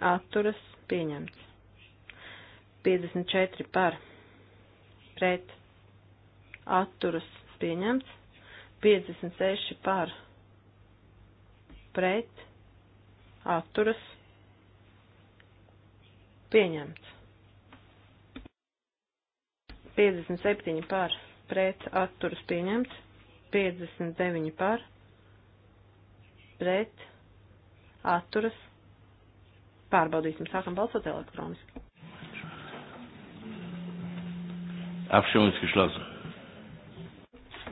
atturas pieņemts. 54 par pret atturas pieņemts, 56 par pret atturas pieņemts, 57 par pret atturas pieņemts, 59 par pret atturas pārbaudīsim, sākam balsot elektroniski. Abstimmung ist geschlossen.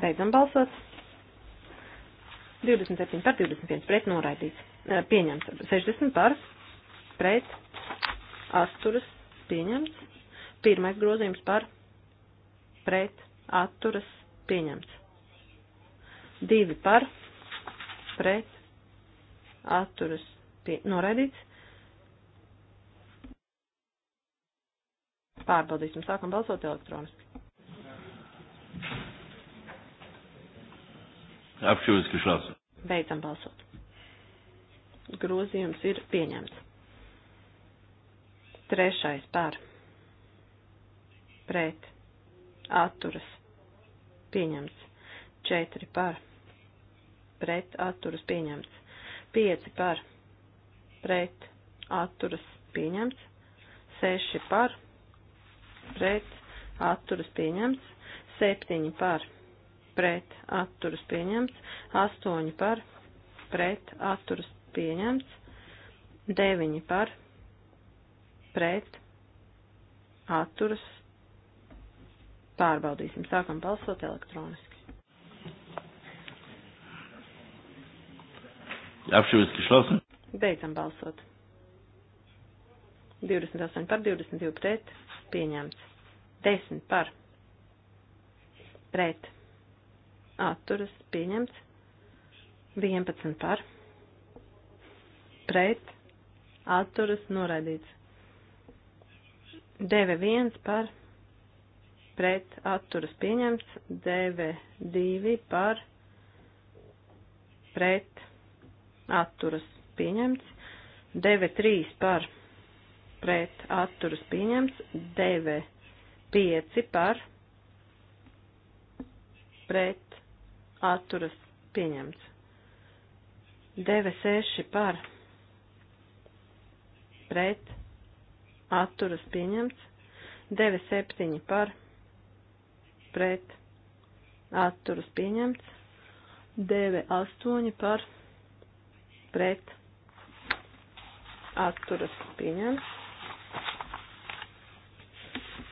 Beidzam balsot. 27 par 25 pret noraidīts. Eh, pieņemts. 60 par pret atturas pieņemts. Pirmais grozījums par pret atturas pieņemts. Divi par pret atturas pie, noraidīts. Pārbaudīsim, sākam balsot elektroniski. Apšķūs, ka šlās. Beidzam balsot. Grozījums ir pieņemts. Trešais par. Pret. Atturas. Pieņemts. Četri par. Pret. Atturas. Pieņemts. Pieci par. Pret. Atturas. Pieņemts. Seši par. Pret. Atturas. Pieņemts. Septiņi par. Pret pret atturas pieņemts, 8 par pret atturas pieņemts, 9 par pret atturas pārbaudīsim. Sākam balsot elektroniski. Apšķirības geschlossen. Beidzam balsot. 28 par 22 pret. Pieņemts. 10 par. Pret atturas pieņemts. 11 par pret atturas noraidīts. 9-1 par pret atturas pieņemts, 9-2 par pret atturas pieņemts, 9-3 par pret atturas pieņemts, 9-5 par pret atturas pieņemts. 96 par pret atturas pieņemts. 97 par pret atturas pieņemts. 98 par pret atturas pieņemts.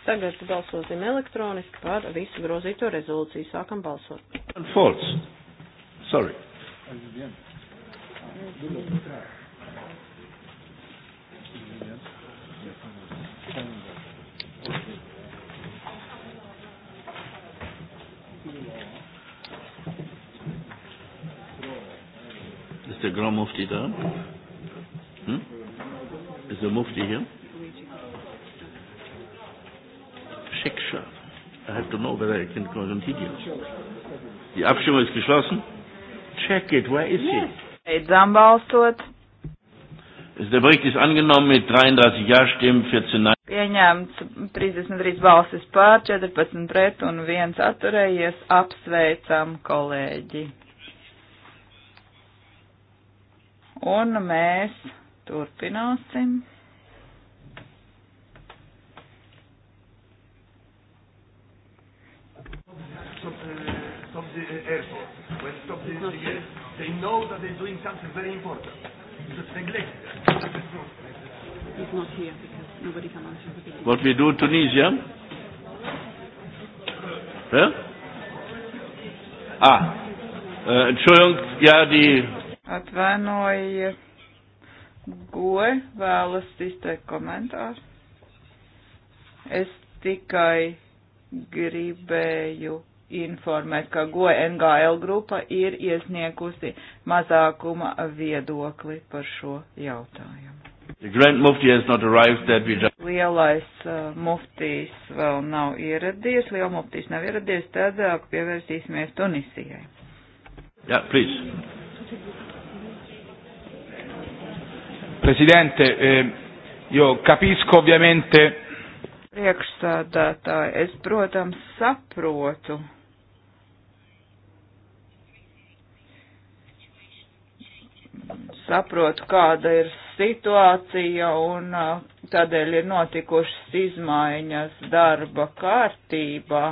Tagad balsosim elektroniski par visu grozīto rezolūciju. Sākam balsot. False. Sorry. Ist der Grand Mufti da? Hm? Ist der Mufti hier? sure. I have to know whether I can continue. Die Abstimmung ist geschlossen. Check it. Where is yes. she? Beidzām balsot. Der Bericht ist angenommen mit 33 Ja-Stimmen, 14 Nein. Pieņemts 33 balsis pār, 14 pret un 1 atturējies. Apsveicam kolēģi. Un mēs turpināsim. the airport, when stop the, the air, they know that they're doing something very important. Just neglect that. He's not here because nobody can answer the question. What we do in Tunisia? Huh? Ah, uh, Entschuldigung, ja, die. Atvainojiet, goe vēlas izteikt komentāru. Es tikai gribēju informēt, ka GONGL grupa ir iesniegusi mazākuma viedokli par šo jautājumu. Arrived, just... Lielais uh, muftīs vēl nav ieradies, liela muftīs nav ieradies, tad uh, pievērsīsimies Tunisijai. Jā, yeah, please. Presidente, eh, io capisco ovviamente. Priekšsādātāji, es, protams, saprotu saprotu, kāda ir situācija un tādēļ ir notikušas izmaiņas darba kārtībā.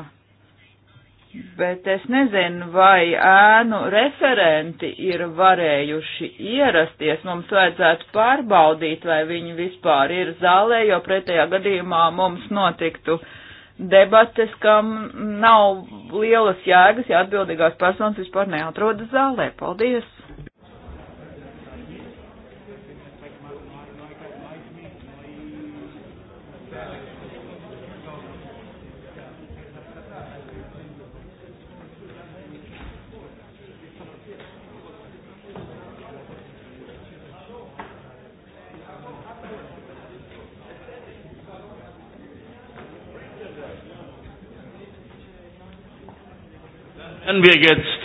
Bet es nezinu, vai ēnu referenti ir varējuši ierasties. Mums vajadzētu pārbaudīt, vai viņi vispār ir zālē, jo pretējā gadījumā mums notiktu debates, kam nav lielas jēgas, ja atbildīgās personas vispār neatrodas zālē. Paldies! Wenn wir jetzt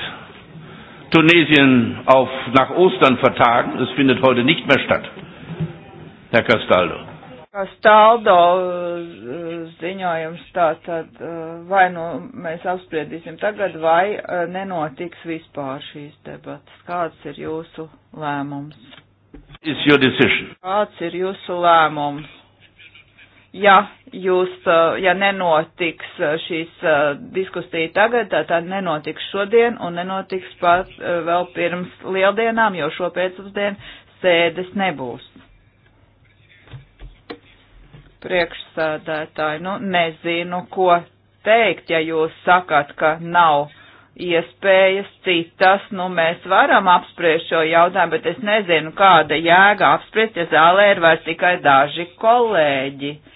Tunesien auf, nach Ostern vertagen, das findet heute nicht mehr statt, Herr Castaldo. Castaldo äh, ziņojums tātad, äh, vai nu mēs apspriedīsim tagad, vai äh, nenotiks vispār šīs debatas. Kāds ir jūsu lēmums? Kāds ir jūsu lēmums? ja jūs, eh, ja nenotiks eh, šīs eh, diskusija tagad, tā, tā nenotiks šodien un nenotiks pat vēl pirms lieldienām, jo šo pēcpusdienu sēdes nebūs. Priekšsēdētāji, nu nezinu, ko teikt, ja jūs sakat, ka nav iespējas citas, nu mēs varam apspriest šo jautājumu, bet es nezinu, kāda jēga apspriest, ja zālē ir vairs tikai daži kolēģi. Uh,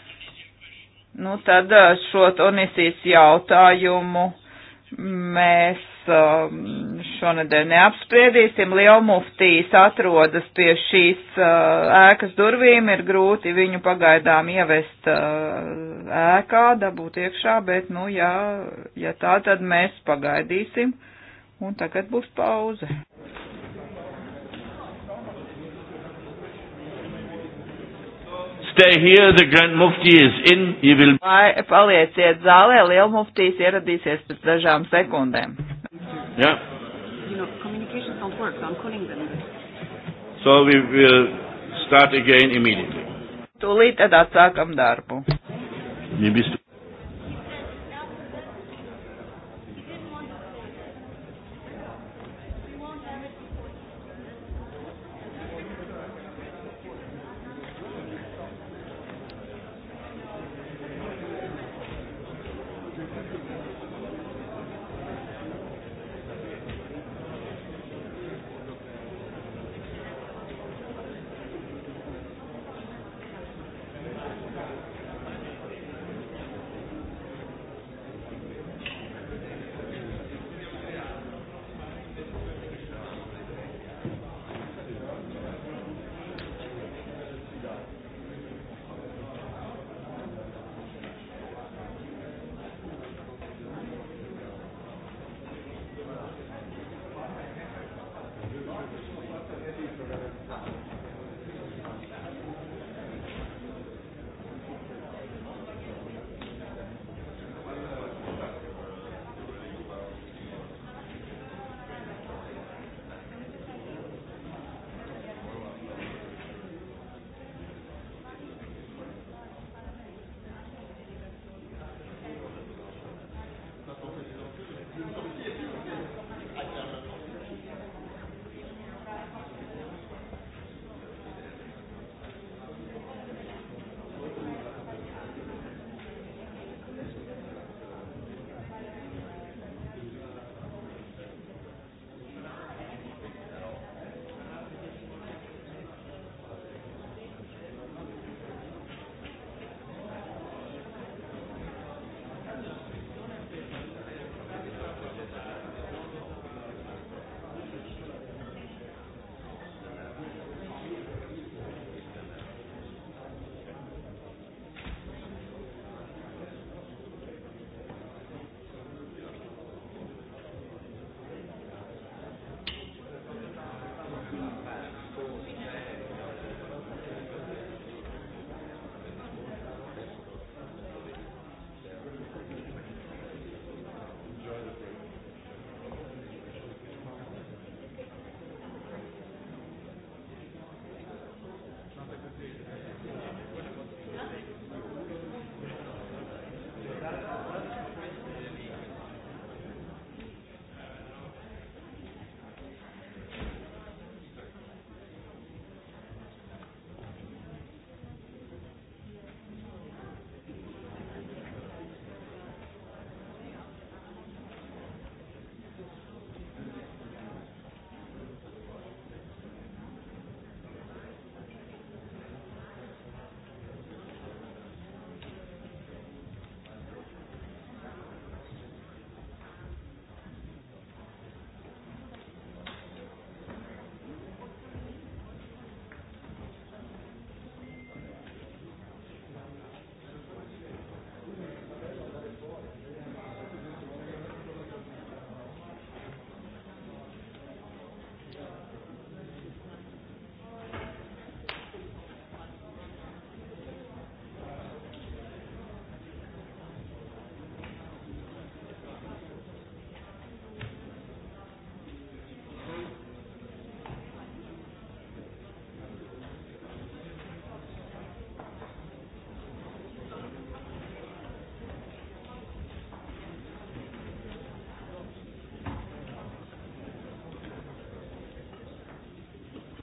Nu, tad eh, šo Tunisijas jautājumu mēs eh, šonadēļ neapspriedīsim. Lielmuftīs atrodas pie šīs eh, ēkas durvīm, ir grūti viņu pagaidām ievest ēkā, dabūt iekšā, bet, nu, ja, ja tā, tad mēs pagaidīsim. Un tagad būs pauze. stay here, the Grand Mufti is in, he will... Vai palieciet zālē, liela muftīs ieradīsies pēc dažām sekundēm. Yeah. You know, communications don't work, so I'm calling them. So we will start again immediately. Tūlīt tad atsākam darbu. Ja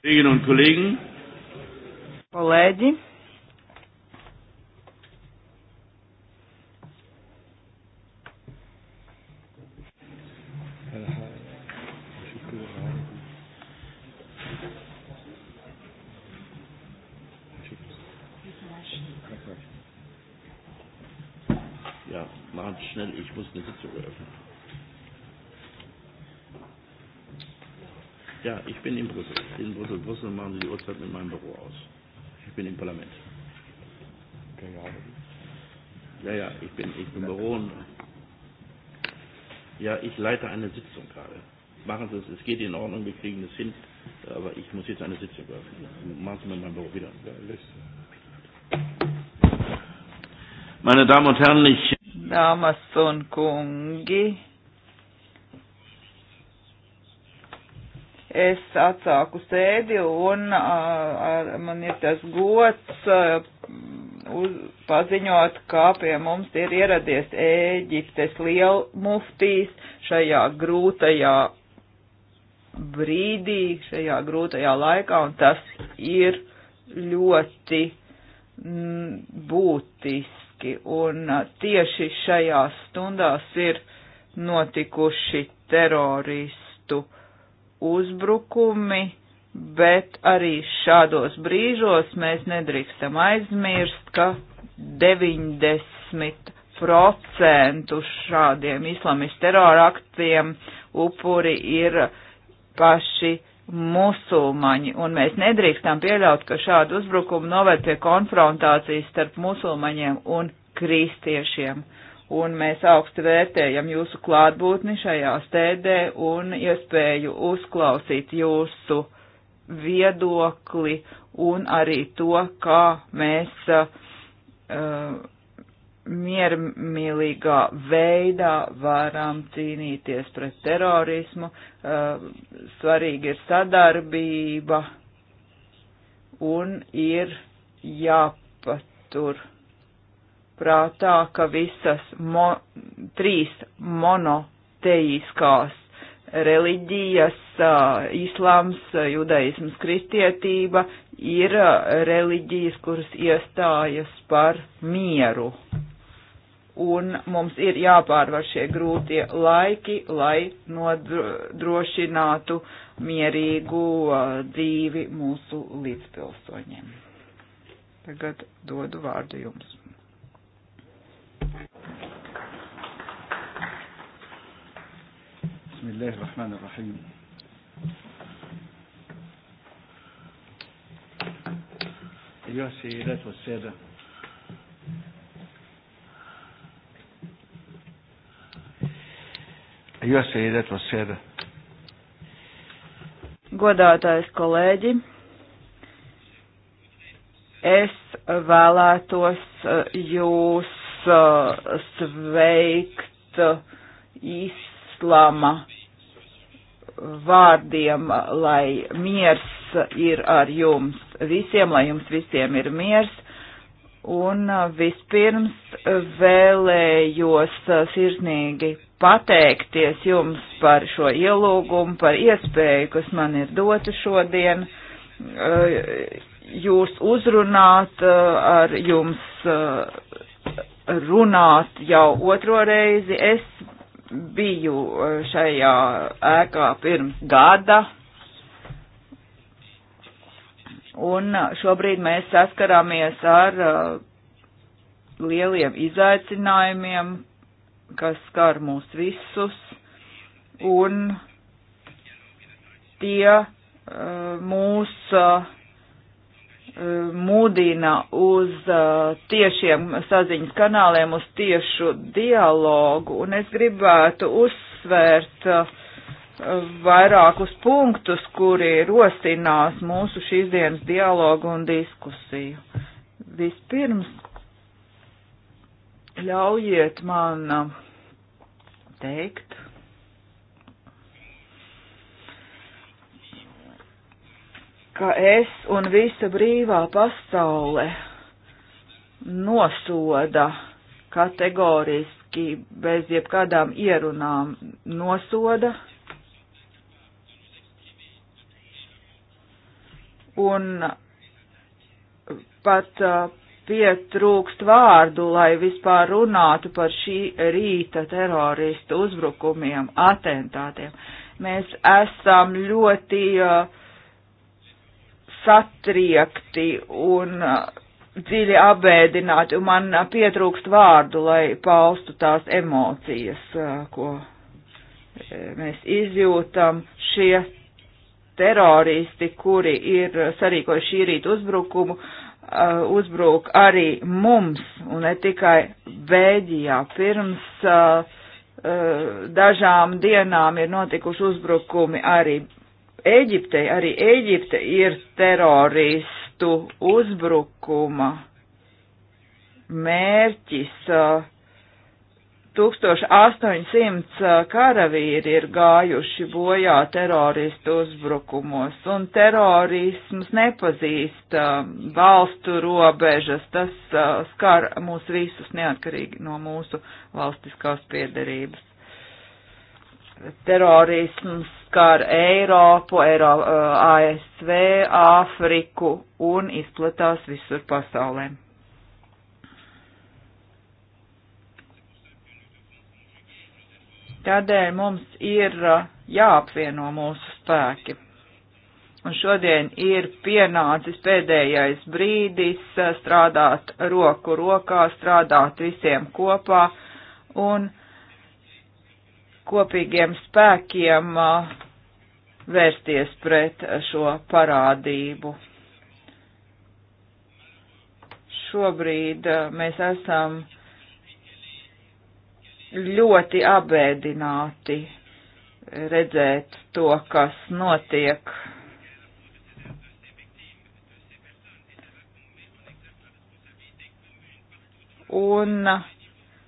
Kolleginnen und Kollegen. Kolēģi. Ja, machen schnell, ich muss eine Sitzung eröffnen. Ja, ich bin in Brüssel. In Brüssel, Brüssel machen Sie die Uhrzeit mit meinem Büro aus. Ich bin im Parlament. Ja, ja, ich bin, ich bin im Büro. Und ja, ich leite eine Sitzung gerade. Machen Sie es, es geht in Ordnung, wir kriegen es hin. Aber ich muss jetzt eine Sitzung öffnen. Machen Sie mir mein Büro wieder. Meine Damen und Herren, ich. Damas und Kungi. es atsāku sēdi un uh, ar, man ir tas gods uh, uz, paziņot, kā pie mums ir ieradies Ēģiptes lielmuftīs šajā grūtajā brīdī, šajā grūtajā laikā, un tas ir ļoti m, būtiski. Un uh, tieši šajās stundās ir notikuši teroristu uh, uzbrukumi, bet arī šādos brīžos mēs nedrīkstam aizmirst, ka 90% šādiem islamistu teroraktiem upuri ir paši musulmaņi, un mēs nedrīkstam pieļaut, ka šādu uzbrukumu noved pie konfrontācijas starp musulmaņiem un kristiešiem un mēs augstu vērtējam jūsu klātbūtni šajā stēdē un iespēju uzklausīt jūsu viedokli un arī to, kā mēs uh, miermīlīgā veidā varam cīnīties pret terorismu. Uh, svarīgi ir sadarbība un ir jāpatur prātā, ka visas mo, trīs monoteiskās reliģijas, islāms, judaisms, kristietība ir reliģijas, kuras iestājas par mieru. Un mums ir jāpārvar šie grūtie laiki, lai nodrošinātu mierīgu dzīvi mūsu līdzpilsoņiem. Tagad dodu vārdu jums. بسم الله الرحمن الرحيم أيها السيدات والسادة أيها السيدات والسادة Godātais kolēģi, es vēlētos eh, jūs eh, sveikt eh, Islama vārdiem, lai miers ir ar jums visiem, lai jums visiem ir miers. Un uh, vispirms vēlējos uh, sirsnīgi pateikties jums par šo ielūgumu, par iespēju, kas man ir dota šodien, uh, jūs uzrunāt ar jums runāt jau otro reizi. Es biju e, šajā ēkā pirms gada, un e, šobrīd mēs saskarāmies ar e, lieliem izaicinājumiem, kas skar mūs visus, un tie mūs uh, Eh, mūdina uz eh, tiešiem saziņas kanāliem, uz tiešu dialogu, un es gribētu uzsvērt eh, vairākus punktus, kuri rosinās mūsu šīs dienas dialogu un diskusiju. Vispirms ļaujiet man teikt, ka es un visa brīvā pasaule nosoda kategoriski bez jebkādām ierunām nosoda. Un pat uh, pietrūkst vārdu, lai vispār runātu par šī rīta teroristu uzbrukumiem, atentātiem. Mēs esam ļoti uh, satriekti un uh, dziļi apbēdināti, un man uh, pietrūkst vārdu, lai paustu tās emocijas, uh, ko e, mēs izjūtam. Šie teroristi, kuri ir sarīkojuši šī rīta uzbrukumu, uzbruk arī mums, un ne tikai Bēģijā. Pirms dažām dienām ir notikuši uzbrukumi arī Eģiptei. Arī Eģipte ir teroristu uzbrukuma mērķis. 1800 karavīri ir gājuši bojā teroristu uzbrukumos, un terorisms nepazīst valstu robežas. Tas skar mūs visus neatkarīgi no mūsu valstiskās piedarības terorisms skar Eiropu, Eiro, uh, ASV, Āfriku un izplatās visur pasaulē. Tādēļ mums ir uh, jāapvieno mūsu spēki. Un šodien ir pienācis pēdējais brīdis uh, strādāt roku rokā, strādāt visiem kopā un uh, kopīgiem spēkiem uh, vērsties pret šo parādību. Šobrīd uh, mēs esam ļoti abēdināti redzēt to, kas notiek. Un uh,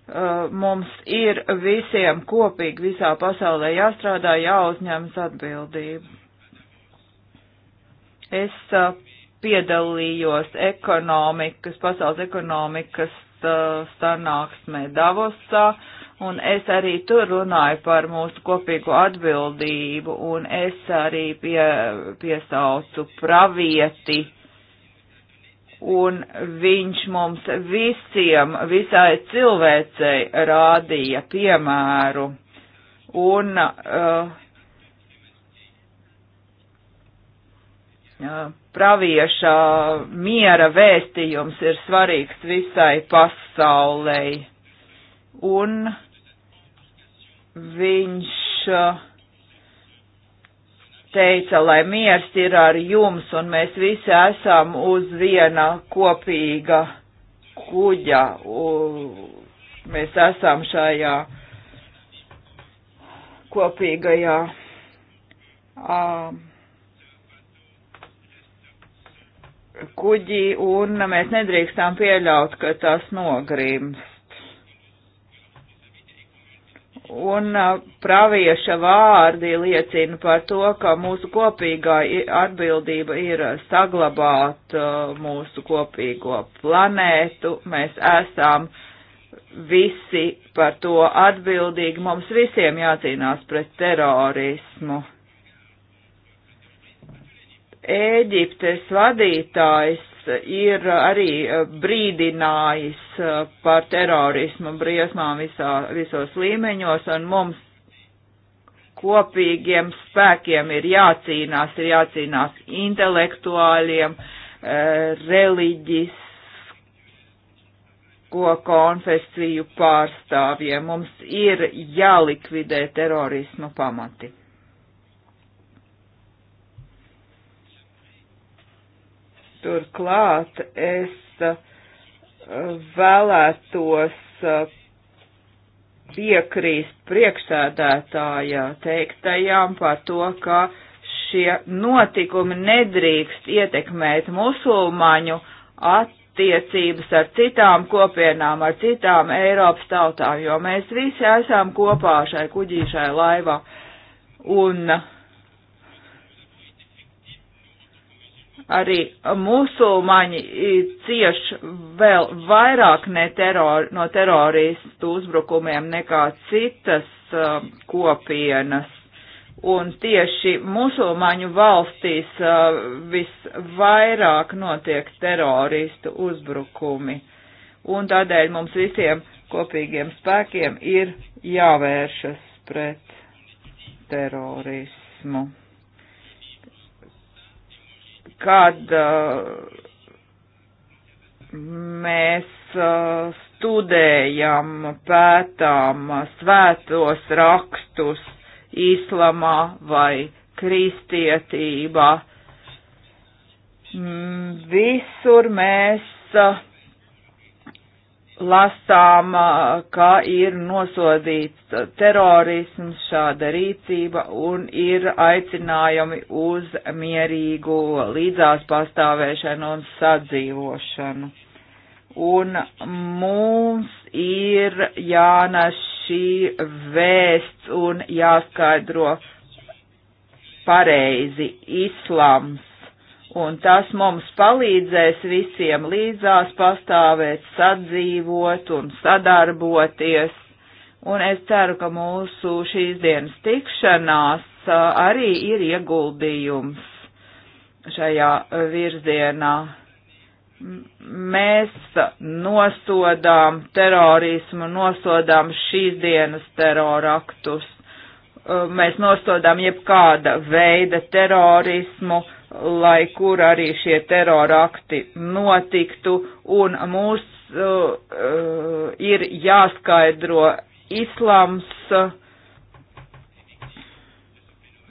Eh, mums ir visiem kopīgi visā pasaulē jāstrādā, jāuzņemas atbildība. Es eh, piedalījos ekonomikas, pasaules ekonomikas eh, sanāksmē Davosā, un es arī tur runāju par mūsu kopīgo atbildību, un es arī pie, piesaucu pravieti un viņš mums visiem, visai cilvēcei rādīja piemēru. Un, uh, uh, Pravieša miera vēstījums ir svarīgs visai pasaulei, un viņš uh, teica, lai miers ir ar jums un mēs visi esam uz viena kopīga kuģa. U, mēs esam šajā kopīgajā um, kuģī un mēs nedrīkstam pieļaut, ka tas nogrims. Un uh, pravieša vārdi liecina par to, ka mūsu kopīgā atbildība ir saglabāt uh, mūsu kopīgo planētu. Mēs esam visi par to atbildīgi. Mums visiem jācīnās pret terorismu. Ēģiptes vadītājs ir uh, arī uh, brīdinājis uh, par terorismu briesmām visā, visos līmeņos, un mums kopīgiem spēkiem ir jācīnās, ir jācīnās intelektuāļiem, reliģisko konfesiju pārstāvjiem. Mums ir jālikvidē terorismu pamati. Turklāt es uh, vēlētos uh, piekrīst priekšsēdētājā teiktajām par to, ka šie notikumi nedrīkst ietekmēt musulmaņu attiecības ar citām kopienām, ar citām Eiropas tautām, jo mēs visi esam kopā šai kuģīšai laivā. Un uh, arī musulmaņi cieš vēl vairāk ne teror, no teroristu uzbrukumiem nekā citas uh, kopienas. Un tieši musulmaņu valstīs uh, visvairāk notiek teroristu uzbrukumi. Un tādēļ mums visiem kopīgiem spēkiem ir jāvēršas pret terorismu kad uh, mēs uh, studējam, pētām svētos rakstus īslamā vai kristietībā. Mm, visur mēs uh, lasām, ka ir nosodīts terorisms, šāda rīcība un ir aicinājumi uz mierīgu līdzās pastāvēšanu un sadzīvošanu. Un mums ir jānes šī vēsts un jāskaidro pareizi islams un tas mums palīdzēs visiem līdzās pastāvēt, sadzīvot un sadarboties. Un es ceru, ka mūsu šīs dienas tikšanās arī ir ieguldījums šajā virzienā. Mēs nosodām terorismu, nosodām šīs dienas teroraktus, mēs nosodām jebkāda veida terorismu, uh, lai kur arī šie terorakti notiktu, un mūs uh, uh, ir jāskaidro islams.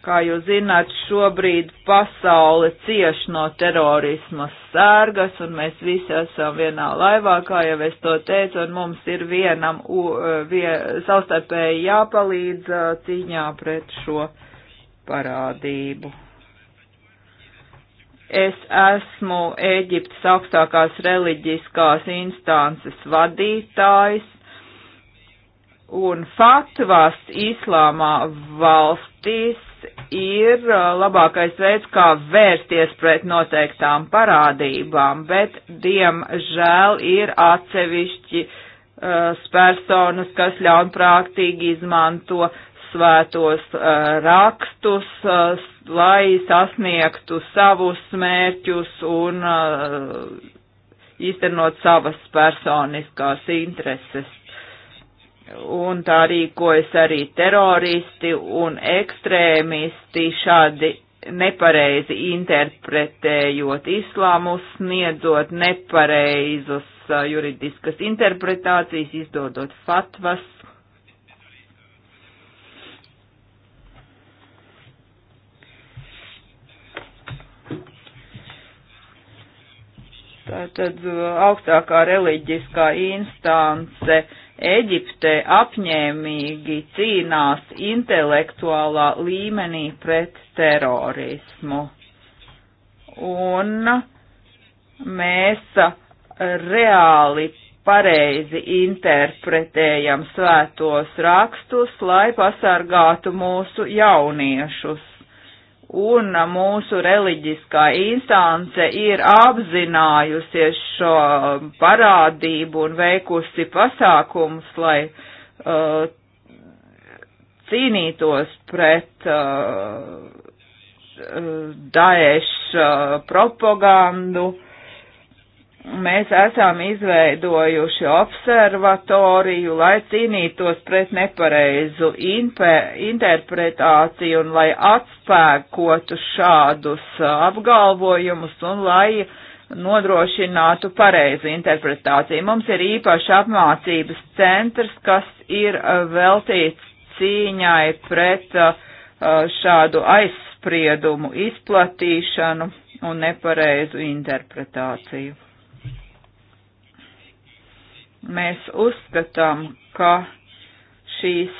Kā jūs zināt, šobrīd pasaule cieš no terorisma sērgas, un mēs visi esam vienā laivā, kā jau es to teicu, un mums ir vienam uh, vie, savstarpēji jāpalīdz uh, cīņā pret šo parādību. Es esmu Ēģiptes augstākās reliģiskās instances vadītājs, un fatvās islāmā valstīs ir uh, labākais veids, kā vērsties pret noteiktām parādībām, bet diemžēl ir atsevišķi uh, personas, kas ļaunprātīgi izmanto svētos uh, rakstus, uh, lai sasniegtu savus mērķus un uh, īstenot savas personiskās intereses. Un tā rīkojas arī teroristi un ekstrēmisti šādi nepareizi interpretējot islāmu, sniedzot nepareizus juridiskas interpretācijas, izdodot fatvas Tātad uh, augstākā reliģiskā instance Eģipte apņēmīgi cīnās intelektuālā līmenī pret terorismu. Un mēs reāli pareizi interpretējam svētos rakstus, lai pasargātu mūsu jauniešus un mūsu reliģiskā instance ir apzinājusies šo parādību un veikusi pasākums, lai uh, cīnītos pret uh, uh Daesh uh, propagandu mēs esam izveidojuši observatoriju, lai cīnītos pret nepareizu interpretāciju un lai atspēkotu šādus uh, apgalvojumus un lai nodrošinātu pareizu interpretāciju. Mums ir īpaši apmācības centrs, kas ir uh, veltīts cīņai pret uh, šādu aizspriedumu izplatīšanu un nepareizu interpretāciju. Mēs uzskatām, ka šīs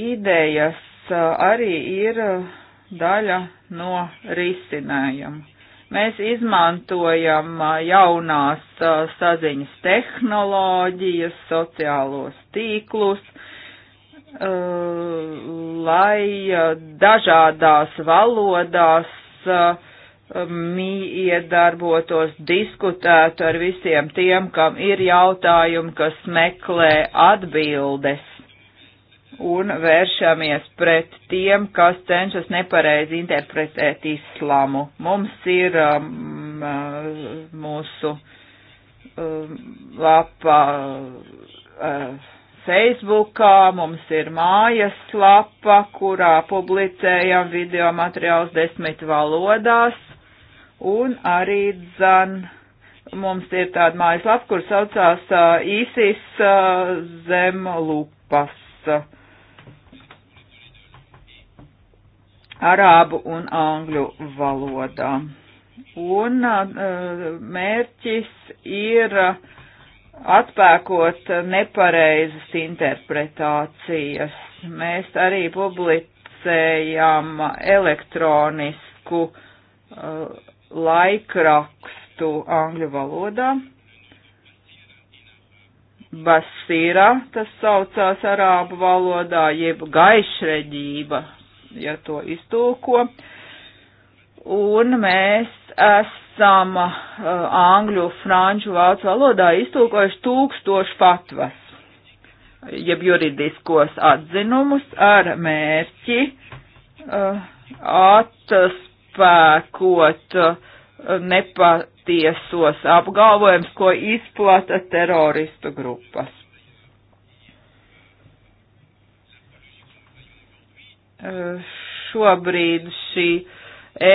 idejas uh, arī ir uh, daļa no risinājuma. Mēs izmantojam uh, jaunās saziņas tehnoloģijas, sociālos tīklus, lai dažādās valodās miedarbotos, diskutētu ar visiem tiem, kam ir jautājumi, kas meklē atbildes un vēršamies pret tiem, kas cenšas nepareizi interpretēt islāmu. Mums ir um, uh, mūsu um, lapa uh, Facebookā, mums ir mājas lapa, kurā publicējam video materiāls desmit valodās Un arī dzan mums ir tāda mājaslapa, kur saucās uh, ISIS uh, zem lupas. Arābu un angļu valodā. Un uh, mērķis ir uh, atpēkot nepareizas interpretācijas. Mēs arī publicējam elektronisku uh, laikrakstu angļu valodā. Basīra, tas saucās arābu valodā, jeb gaišreģība, ja to iztūko. Un mēs esam uh, angļu, franču, vācu valodā iztūkojuši tūkstošu patvas, jeb juridiskos atzinumus ar mērķi uh, atspēlēt izpēkot uh, nepatiesos apgalvojums, ko izplata teroristu grupas. Uh, šobrīd šī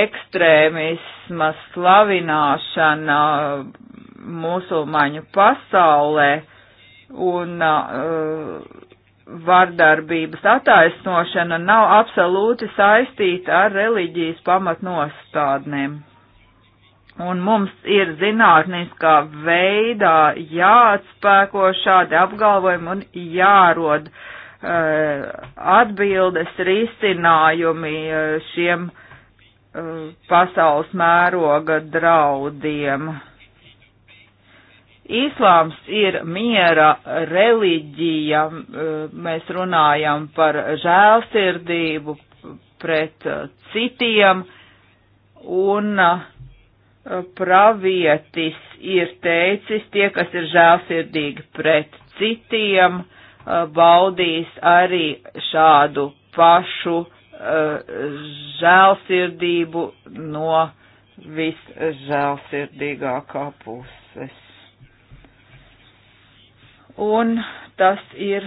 ekstrēmisma slavināšana musulmaņu pasaulē un uh, vardarbības attaisnošana nav absolūti saistīta ar reliģijas pamatnostādnēm. Un mums ir zinātniskā veidā jāatspēko šādi apgalvojumi un jārod uh, atbildes risinājumi eh, šiem uh, pasaules mēroga draudiem. Īslāms ir miera reliģija, mēs runājam par žēlsirdību pret citiem, un eh, pravietis ir teicis, tie, kas ir žēlsirdīgi pret citiem, eh, baudīs arī šādu pašu eh, žēlsirdību no visžēlsirdīgākā puses un tas ir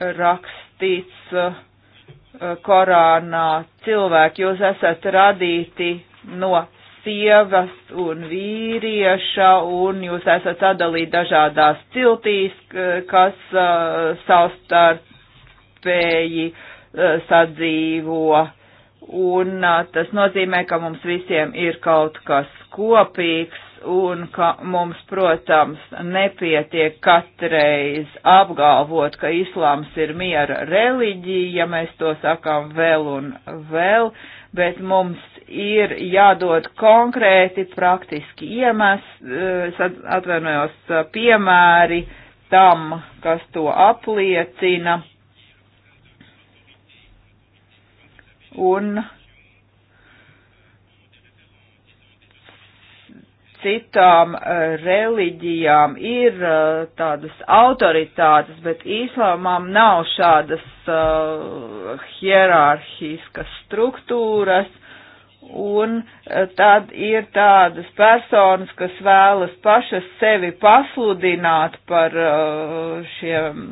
rakstīts uh, Korānā. Cilvēki, jūs esat radīti no sievas un vīrieša, un jūs esat sadalīti dažādās ciltīs, kas uh, savstarpēji uh, sadzīvo. Un uh, tas nozīmē, ka mums visiem ir kaut kas kopīgs, un ka mums, protams, nepietiek katreiz apgalvot, ka islāms ir miera reliģija, ja mēs to sakām vēl un vēl, bet mums ir jādod konkrēti praktiski iemes, eh, atvainojos, piemēri tam, kas to apliecina. Un citām eh, reliģijām ir eh, tādas autoritātes, bet īslāmām nav šādas uh, hierarhiskas struktūras, un tad ir tādas personas, kas vēlas pašas sevi pasludināt par uh, šiem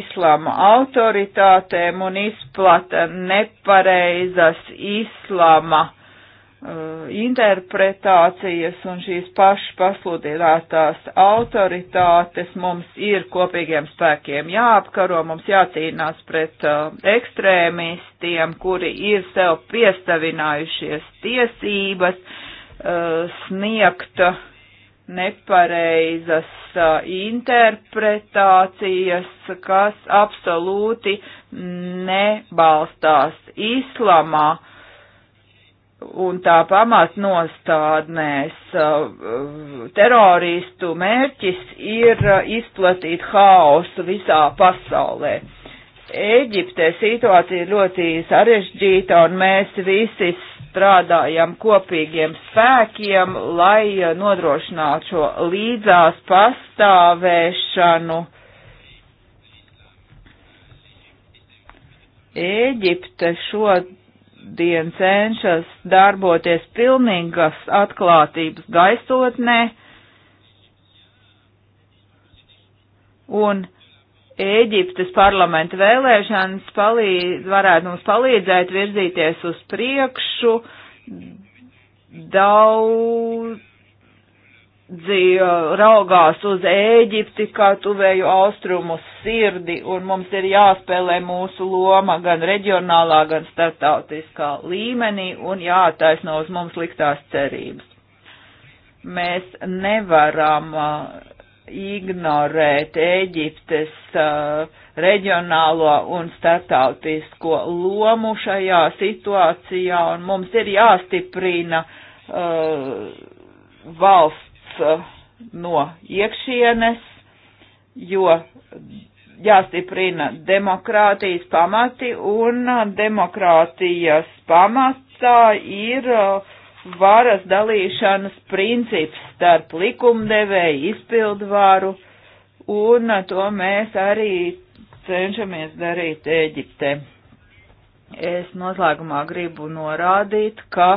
islāma autoritātēm un izplata nepareizas islāma Uh, interpretācijas un šīs pašas pasludinātās autoritātes mums ir kopīgiem spēkiem jāapkaro, mums jācīnās pret uh, ekstrēmistiem, kuri ir sev piestavinājušies tiesības uh, sniegt nepareizas uh, interpretācijas, kas absolūti nebalstās islamā un tā pamatnostādnēs uh, teroristu mērķis ir uh, izplatīt haosu visā pasaulē. Eģiptē situācija ir ļoti sarežģīta un mēs visi strādājam kopīgiem spēkiem, lai uh, nodrošinātu šo līdzās pastāvēšanu. Eģipte šodien šodien cenšas darboties pilnīgas atklātības gaisotnē, un Ēģiptes parlamenta vēlēšanas palīdz, varētu mums palīdzēt virzīties uz priekšu. Daudz dzīvo, raugās uz Ēģipti kā tuvēju austrumu sirdi, un mums ir jāspēlē mūsu loma gan reģionālā, gan startautiskā līmenī, un jātaisno uz mums liktās cerības. Mēs nevaram uh, ignorēt Ēģiptes uh, reģionālo un startautisko lomu šajā situācijā, un mums ir jāstiprina uh, valsts Eh, no iekšienes, jo jāstiprina demokrātijas pamati un demokrātijas pamatā ir eh, varas dalīšanas princips starp likumdevēju izpildvaru un to mēs arī cenšamies darīt Eģipte. Es noslēgumā gribu norādīt, ka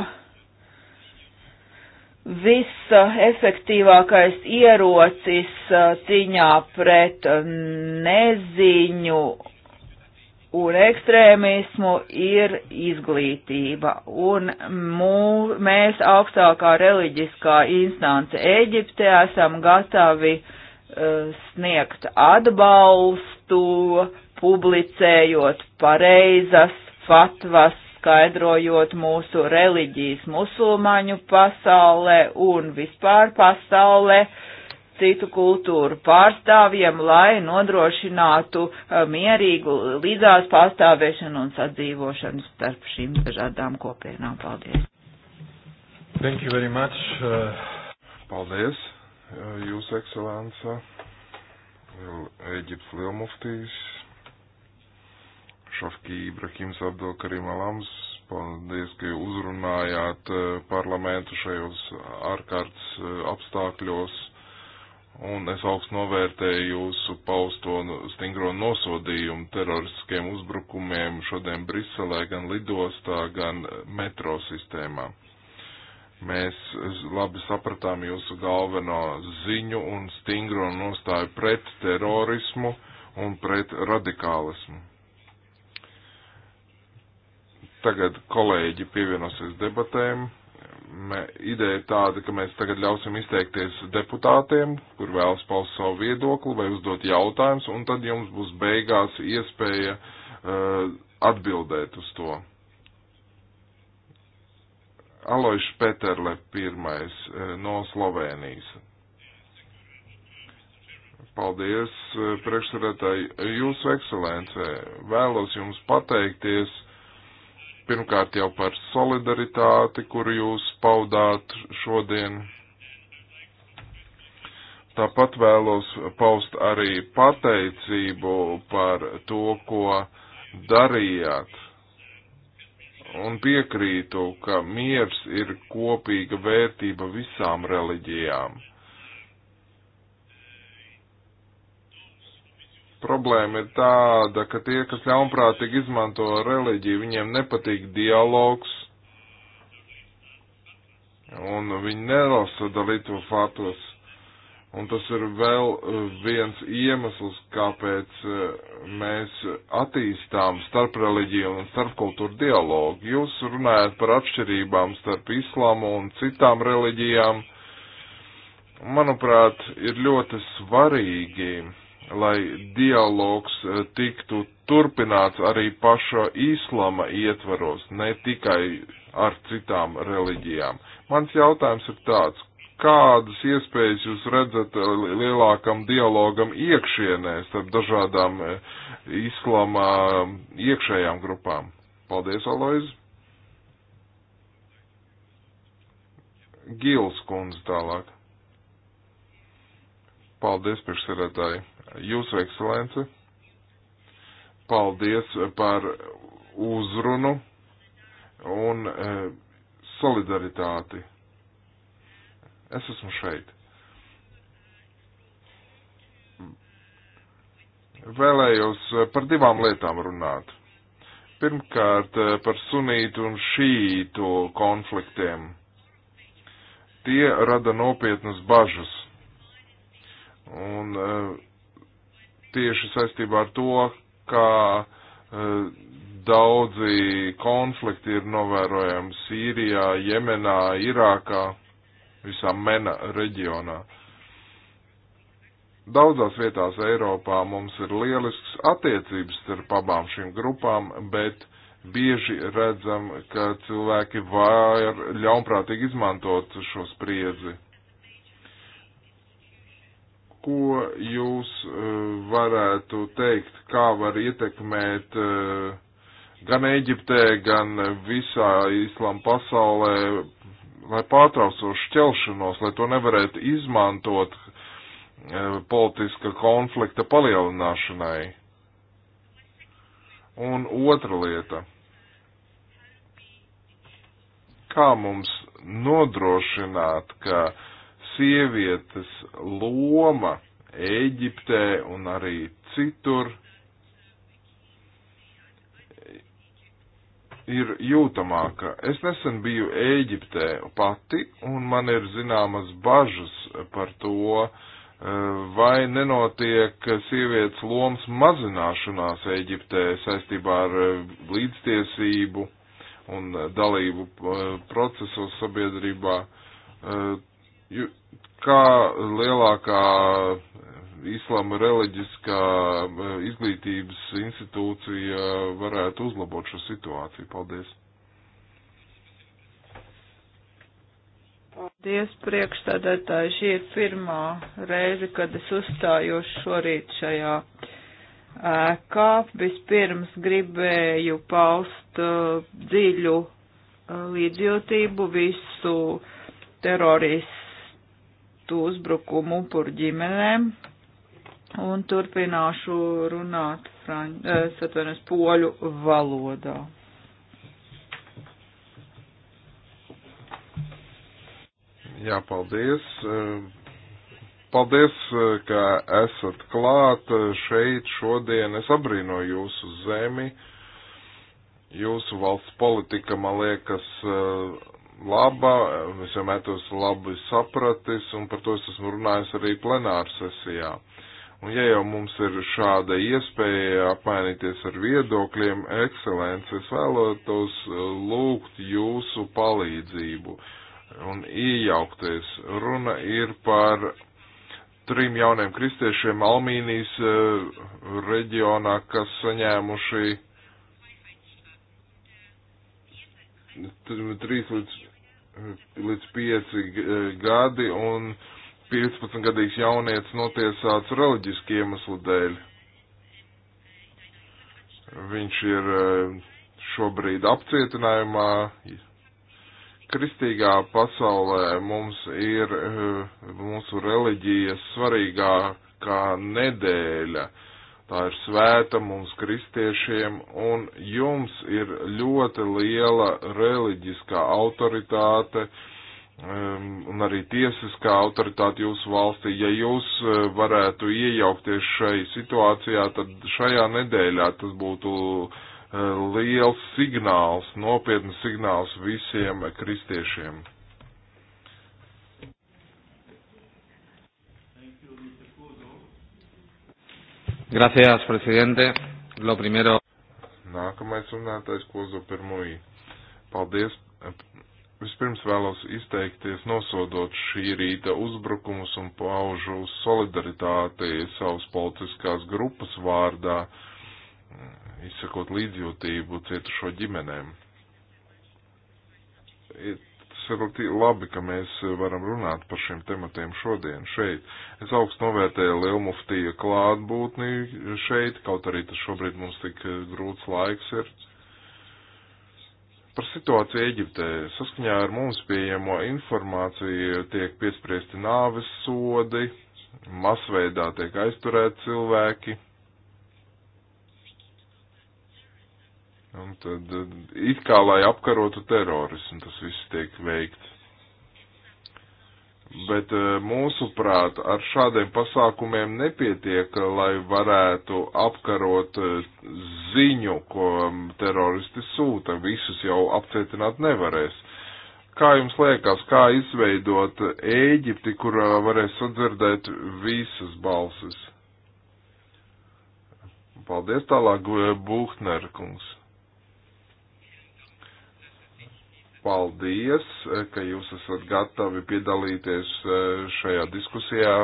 visa efektīvākais ierocis ciņā pret neziņu un ekstrēmismu ir izglītība. Un mū, mēs augstākā reliģiskā instance Eģipte esam gatavi uh, sniegt atbalstu, publicējot pareizas fatvas skaidrojot mūsu reliģijas musulmaņu pasaulē un vispār pasaulē citu kultūru pārstāvjiem, lai nodrošinātu uh, mierīgu līdzās pārstāvēšanu un sadzīvošanu starp šīm dažādām kopienām. Paldies! Thank you very much. Uh, Paldies, uh, Jūsu ekscelence, Eģipts Lielmuftīs. Šafkī Ibrahims Abdelkarim Alams. Paldies, ka uzrunājāt eh, parlamentu šajos ārkārtas eh, apstākļos. Un es augstu novērtēju jūsu pausto stingro nosodījumu teroristiskiem uzbrukumiem šodien Briselē, gan lidostā, gan metro sistēmā. Mēs labi sapratām jūsu galveno ziņu un stingro nostāju pret terorismu un pret radikālismu tagad kolēģi pievienosies debatēm. Mē, ideja ir tāda, ka mēs tagad ļausim izteikties deputātiem, kur vēlas paust savu viedokli vai uzdot jautājumus, un tad jums būs beigās iespēja uh, atbildēt uz to. Alojš Peterle pirmais uh, no Slovēnijas. Paldies, uh, priekšsarētāji, jūsu ekscelencē. Vēlos jums pateikties pirmkārt jau par solidaritāti, kuru jūs paudāt šodien. Tāpat vēlos paust arī pateicību par to, ko darījāt. Un piekrītu, ka miers ir kopīga vērtība visām reliģijām problēma ir tāda, ka tie, kas ļaunprātīgi izmanto reliģiju, viņiem nepatīk dialogs, un viņi nelasa dalīto fatos. Un tas ir vēl eh, viens iemesls, kāpēc eh, mēs attīstām starp reliģiju un starpkultūru dialogu. Jūs runājat par atšķirībām starp islāmu un citām reliģijām. Manuprāt, ir ļoti svarīgi lai dialogs eh, tiktu turpināts arī paša īslama ietvaros, ne tikai ar citām reliģijām. Mans jautājums ir tāds, kādas iespējas jūs redzat eh, lielākam dialogam iekšienē starp dažādām eh, islama iekšējām grupām? Paldies, Aloiz! Gils kundze tālāk. Paldies, priekšsēdētāji! Jūsu ekscelence, paldies par uzrunu un e, solidaritāti. Es esmu šeit. Vēlējos par divām lietām runāt. Pirmkārt, par sunītu un šītu konfliktiem. Tie rada nopietnas bažas. Un e, tieši saistībā ar to, kā uh, daudzi konflikti ir novērojami Sīrijā, Jemenā, Irākā, visā MENA reģionā. Daudzās vietās Eiropā mums ir lielisks attiecības starp abām šīm grupām, bet bieži redzam, ka cilvēki var ļaunprātīgi izmantot šo spriedzi ko jūs eh, varētu teikt, kā var ietekmēt eh, gan Eģiptē, gan visā islām pasaulē, lai pārtrauktu šķelšanos, lai to nevarētu izmantot eh, politiska konflikta palielināšanai. Un otra lieta. Kā mums nodrošināt, ka uh, sievietes loma Ēģiptē un arī citur ir jūtamāka. Es nesen biju Ēģiptē pati, un man ir zināmas bažas par to, eh, vai nenotiek sievietes lomas mazināšanās Ēģiptē saistībā ar eh, līdztiesību un eh, dalību procesos sabiedrībā. Kā lielākā islāma reliģiskā e, izglītības institūcija varētu uzlabot šo situāciju? Paldies! Paldies, priekšstādētāji. Šī ir pirmā reize, kad es uzstājos šorīt šajā ēkā. Vispirms gribēju paust uh, dziļu uh, līdzjūtību visu teroristu uzbrukumu upuru ģimenēm. Un turpināšu runāt, fran... es atvainojos, poļu valodā. Jā, paldies. Paldies, ka esat klāt šeit šodien. Es abrīnoju jūsu zemi. Jūsu valsts politika, man liekas, laba, es vienmēr tos labi sapratis, un par to es esmu runājis arī plenāru sesijā. Un ja jau mums ir šāda iespēja apmainīties ar viedokļiem, ekscelence, es vēlētos eh, lūgt jūsu palīdzību un iejaukties. Runa ir par trim jauniem kristiešiem Almīnijas eh, reģionā, kas saņēmuši 3 līdz, līdz 5 e, gadi un 15 gadīgs jaunietis notiesāts reliģiski iemeslu dēļ. Viņš ir e, šobrīd apcietinājumā. Kristīgā pasaulē mums ir e, mūsu reliģijas svarīgākā nedēļa. Uh, tā ir svēta mums kristiešiem, un jums ir ļoti liela reliģiskā autoritāte um, un arī tiesiskā autoritāte jūsu valstī. Ja jūs uh, varētu iejaukties šai situācijā, tad šajā nedēļā tas būtu uh, liels signāls, nopietns signāls visiem kristiešiem. Gracias, presidente. Lo primero. Nākamais runātais, Kozo Pirmuji. Paldies. Vispirms vēlos izteikties nosodot šī rīta uzbrukumus un paužu solidaritāti savas politiskās grupas vārdā, izsakot līdzjūtību cietušo ģimenēm ir labi, ka mēs varam runāt par šiem tematiem šodien šeit. Es augstu novērtēju Lielmuftija klātbūtni šeit, kaut arī tas šobrīd mums tik grūts laiks ir. Par situāciju Eģiptē. Saskaņā ar mums pieejamo informāciju tiek piespriesti nāves sodi, masveidā tiek aizturēti cilvēki Un tad eh, it kā lai apkarotu terorismu, tas viss tiek veikts. Bet eh, mūsuprāt, ar šādiem pasākumiem nepietiek, lai varētu apkarot eh, ziņu, ko teroristi sūta. Visus jau apcietināt nevarēs. Kā jums liekas, kā izveidot Ēģipti, kurā varēs sadzirdēt visas balsis? Paldies tālāk, Buhner kungs. paldies, eh, ka jūs esat gatavi piedalīties eh, šajā diskusijā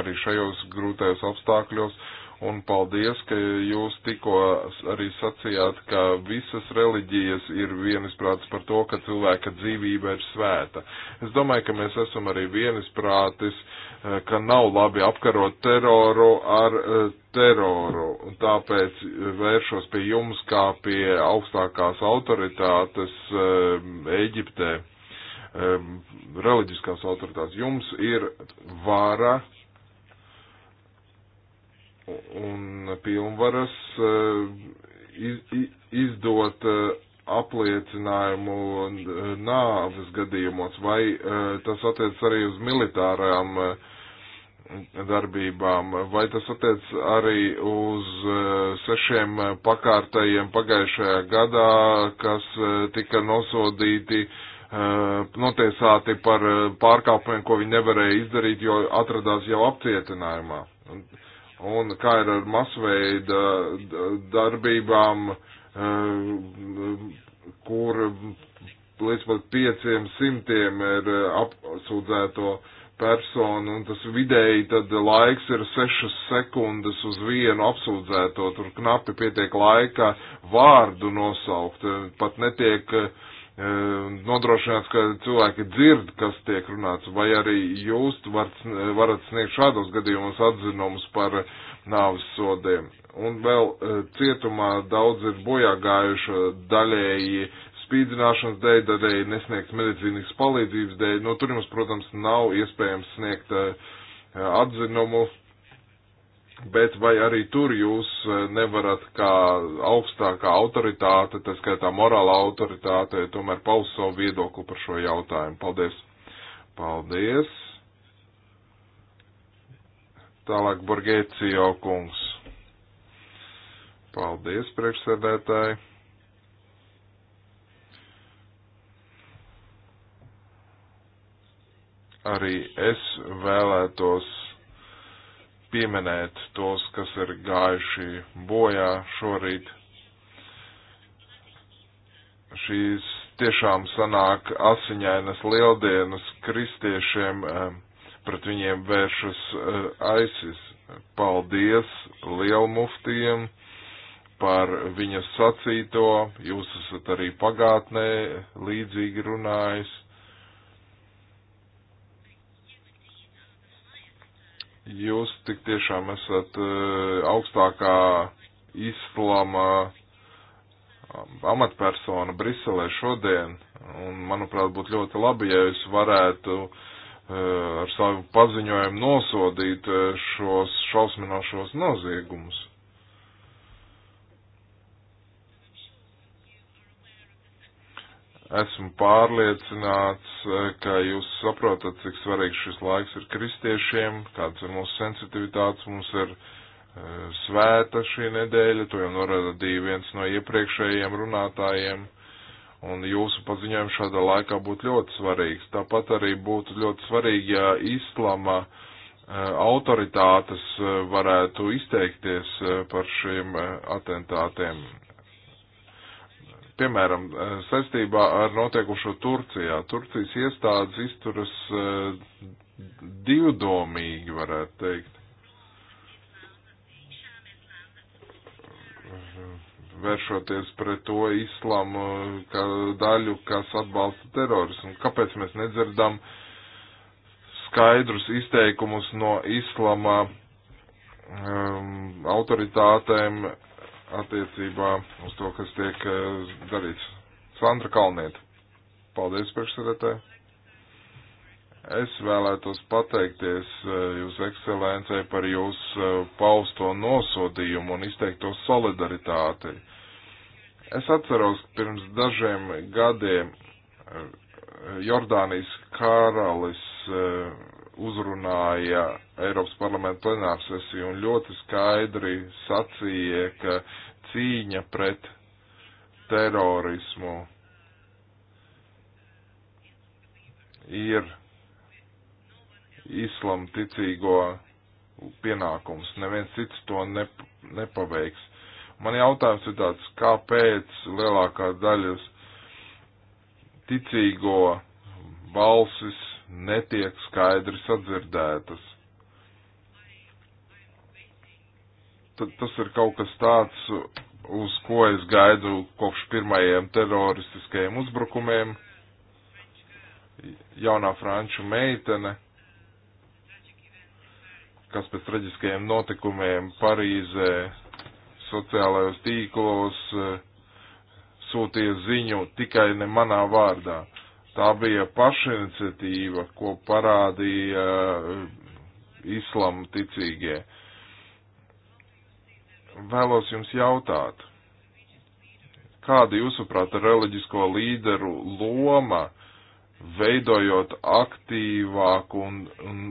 arī šajos grūtajos apstākļos un paldies, ka jūs tikko arī sacījāt, ka visas reliģijas ir vienisprāts par to, ka cilvēka dzīvība ir svēta. Es domāju, ka mēs esam arī vienisprātis, eh, ka nav labi apkarot teroru ar eh, teroru, un tāpēc vēršos pie jums kā pie augstākās autoritātes eh, Eģiptē, reliģiskās autoritātes. Jums ir vara un pilnvaras eh, izdot eh, apliecinājumu eh, nāves gadījumos, vai tas attiec arī uz militārām darbībām, vai tas attiec arī uz sešiem pakārtajiem pagājušajā gadā, kas tika nosodīti notiesāti par pārkāpumiem, ko viņi nevarēja izdarīt, jo atradās jau apcietinājumā. Un, Un kā ir ar masveida darbībām, eh, kur līdz pat pieciem simtiem ir apsūdzēto personu, un tas vidēji tad laiks ir sešas sekundes uz vienu apsūdzēto, tur knapi pietiek laika vārdu nosaukt, eh, pat netiek uh, Ehm, nodrošināt, ka cilvēki dzird, kas tiek runāts, vai arī jūs varat, varat sniegt šādos gadījumos atzinumus par nāvis sodiem. Un vēl e, cietumā daudz ir bojā gājuši daļēji spīdzināšanas dēļ, daļēji nesniegts medicīnas palīdzības dēļ. No nu, tur jums, protams, nav iespējams sniegt e, atzinumu, bet vai arī tur jūs e, nevarat kā augstākā autoritāte, tā skaitā morāla autoritāte, tomēr paust savu viedokli par šo jautājumu. Paldies! Paldies! Tālāk Borgēcijo kungs. Paldies, priekšsēdētāji! Arī es vēlētos pieminēt tos, kas ir gājuši bojā šorīt. Šīs tiešām sanāk asiņainas lieldienas kristiešiem, eh, pret viņiem vēršas eh, ISIS. Paldies lielmuftiem par viņas sacīto, jūs esat arī pagātnē līdzīgi runājis. Jūs tik tiešām esat e, augstākā islāma um, amatpersona Briselē šodien, un manuprāt būtu ļoti labi, ja jūs varētu e, ar savu paziņojumu nosodīt e, šos šausminošos noziegumus. Esmu pārliecināts, eh, ka jūs saprotat, cik svarīgs šis laiks ir kristiešiem, kāds ir mūsu sensitivitāts, mums ir eh, svēta šī nedēļa, to jau norādīja viens no iepriekšējiem runātājiem, un jūsu paziņojums šādā laikā būtu ļoti svarīgs. Tāpat arī būtu ļoti svarīgi, ja islama eh, autoritātes varētu izteikties par šiem atentātiem Piemēram, eh, saistībā ar notiekušo Turcijā. Turcijas iestādes izturas eh, divdomīgi, varētu teikt. Vēršoties pret to islamu ka daļu, kas atbalsta terorismu. Kāpēc mēs nedzirdam skaidrus izteikumus no islama um, autoritātēm attiecībā uz to, kas tiek eh, darīts. Sandra Kalnieta. Paldies, priekšsēdētāji. Es vēlētos pateikties eh, Jūsu ekscelencei par Jūsu eh, pausto nosodījumu un izteikto solidaritāti. Es atceros, pirms dažiem gadiem Jordānijas karalis uzrunāja Eiropas parlamenta plenārsesiju un ļoti skaidri sacīja, ka cīņa pret terorismu ir islam ticīgo pienākums. Neviens cits to nep nepaveiks. Man jautājums ir tāds, kāpēc lielākā daļas ticīgo balsis netiek skaidri sadzirdētas. Tad tas ir kaut kas tāds, uz ko es gaidu kopš pirmajiem teroristiskajiem uzbrukumiem. Jaunā franču meitene, kas pēc traģiskajiem notikumiem Parīzē, sociālajos tīklos, eh, sūtīja ziņu tikai ne manā vārdā. Tā bija pašiniciatīva, ko parādīja eh, islama ticīgie. Vēlos jums jautāt, kāda jūsuprāt ir reliģisko līderu loma veidojot aktīvāku un, un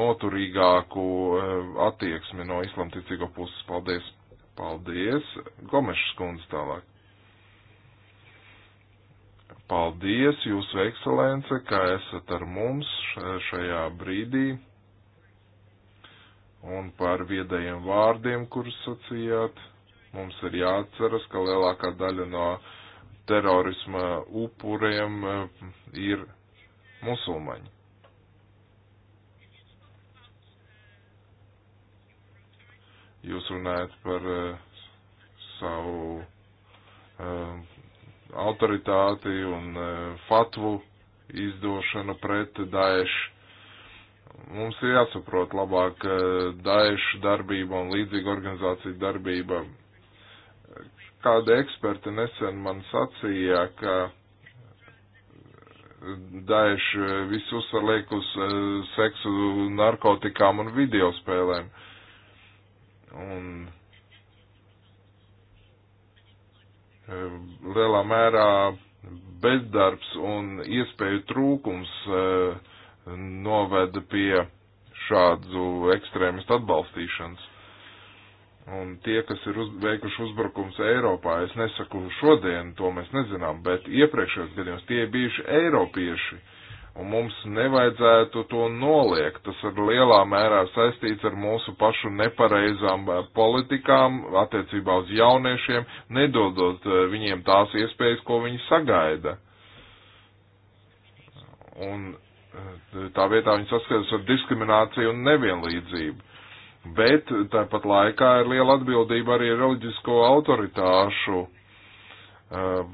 noturīgāku eh, attieksmi no islamticīgo puses. Paldies! Paldies! Gomešs kundze tālāk paldies jūsu ekscelence, ka esat ar mums šajā brīdī un par viedajiem vārdiem, kurus sacījāt. Mums ir jāatceras, ka lielākā daļa no terorisma upuriem eh, ir musulmaņi. Jūs runājat par uh, savu uh, autoritāti un e, fatvu izdošanu pret Daešu. Mums ir jāsaprot labāk e, Daešu darbība un līdzīga organizācija darbība. Kāda eksperta nesen man sacīja, ka Daeši visu uzsver liek uz e, seksu, narkotikām un videospēlēm. Un Um, lielā mērā bezdarbs un iespēju trūkums uh, noveda pie šādu ekstrēmistu atbalstīšanas. Un tie, kas ir uz, veikuši uzbrukums Eiropā, es nesaku šodien, to mēs nezinām, bet iepriekšējos gadījumos tie bijuši Eiropieši, uh, Un mums nevajadzētu to noliegt. Tas ir lielā mērā saistīts ar mūsu pašu nepareizām eh, politikām attiecībā uz jauniešiem, nedodot eh, viņiem tās iespējas, ko viņi sagaida. Un eh, tā vietā viņi saskatās ar diskrimināciju un nevienlīdzību. Bet tāpat laikā ir liela atbildība arī reliģisko autoritāšu um,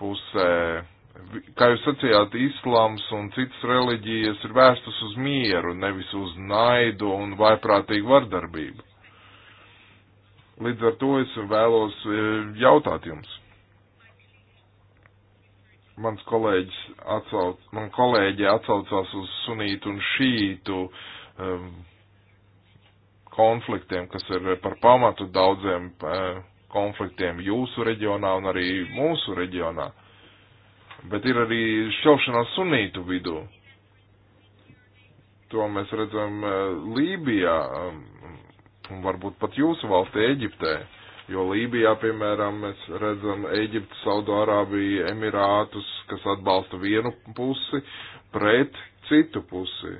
pusē kā jūs sacījāt, islāms un citas reliģijas ir vērstas uz mieru, nevis uz naidu un vaiprātīgu vardarbību. Līdz ar to es vēlos e, jautāt jums. Mans kolēģis atsauc, man kolēģi atsaucās uz sunītu un šītu um, konfliktiem, kas ir par pamatu daudziem uh, konfliktiem jūsu reģionā un arī mūsu reģionā bet ir arī šķelšanās sunītu vidū. To mēs redzam eh, Lībijā, um, un varbūt pat jūsu valstī, Eģiptē. Jo Lībijā, piemēram, mēs redzam Eģiptu, Saudārābiju, Emirātus, kas atbalsta vienu pusi pret citu pusi,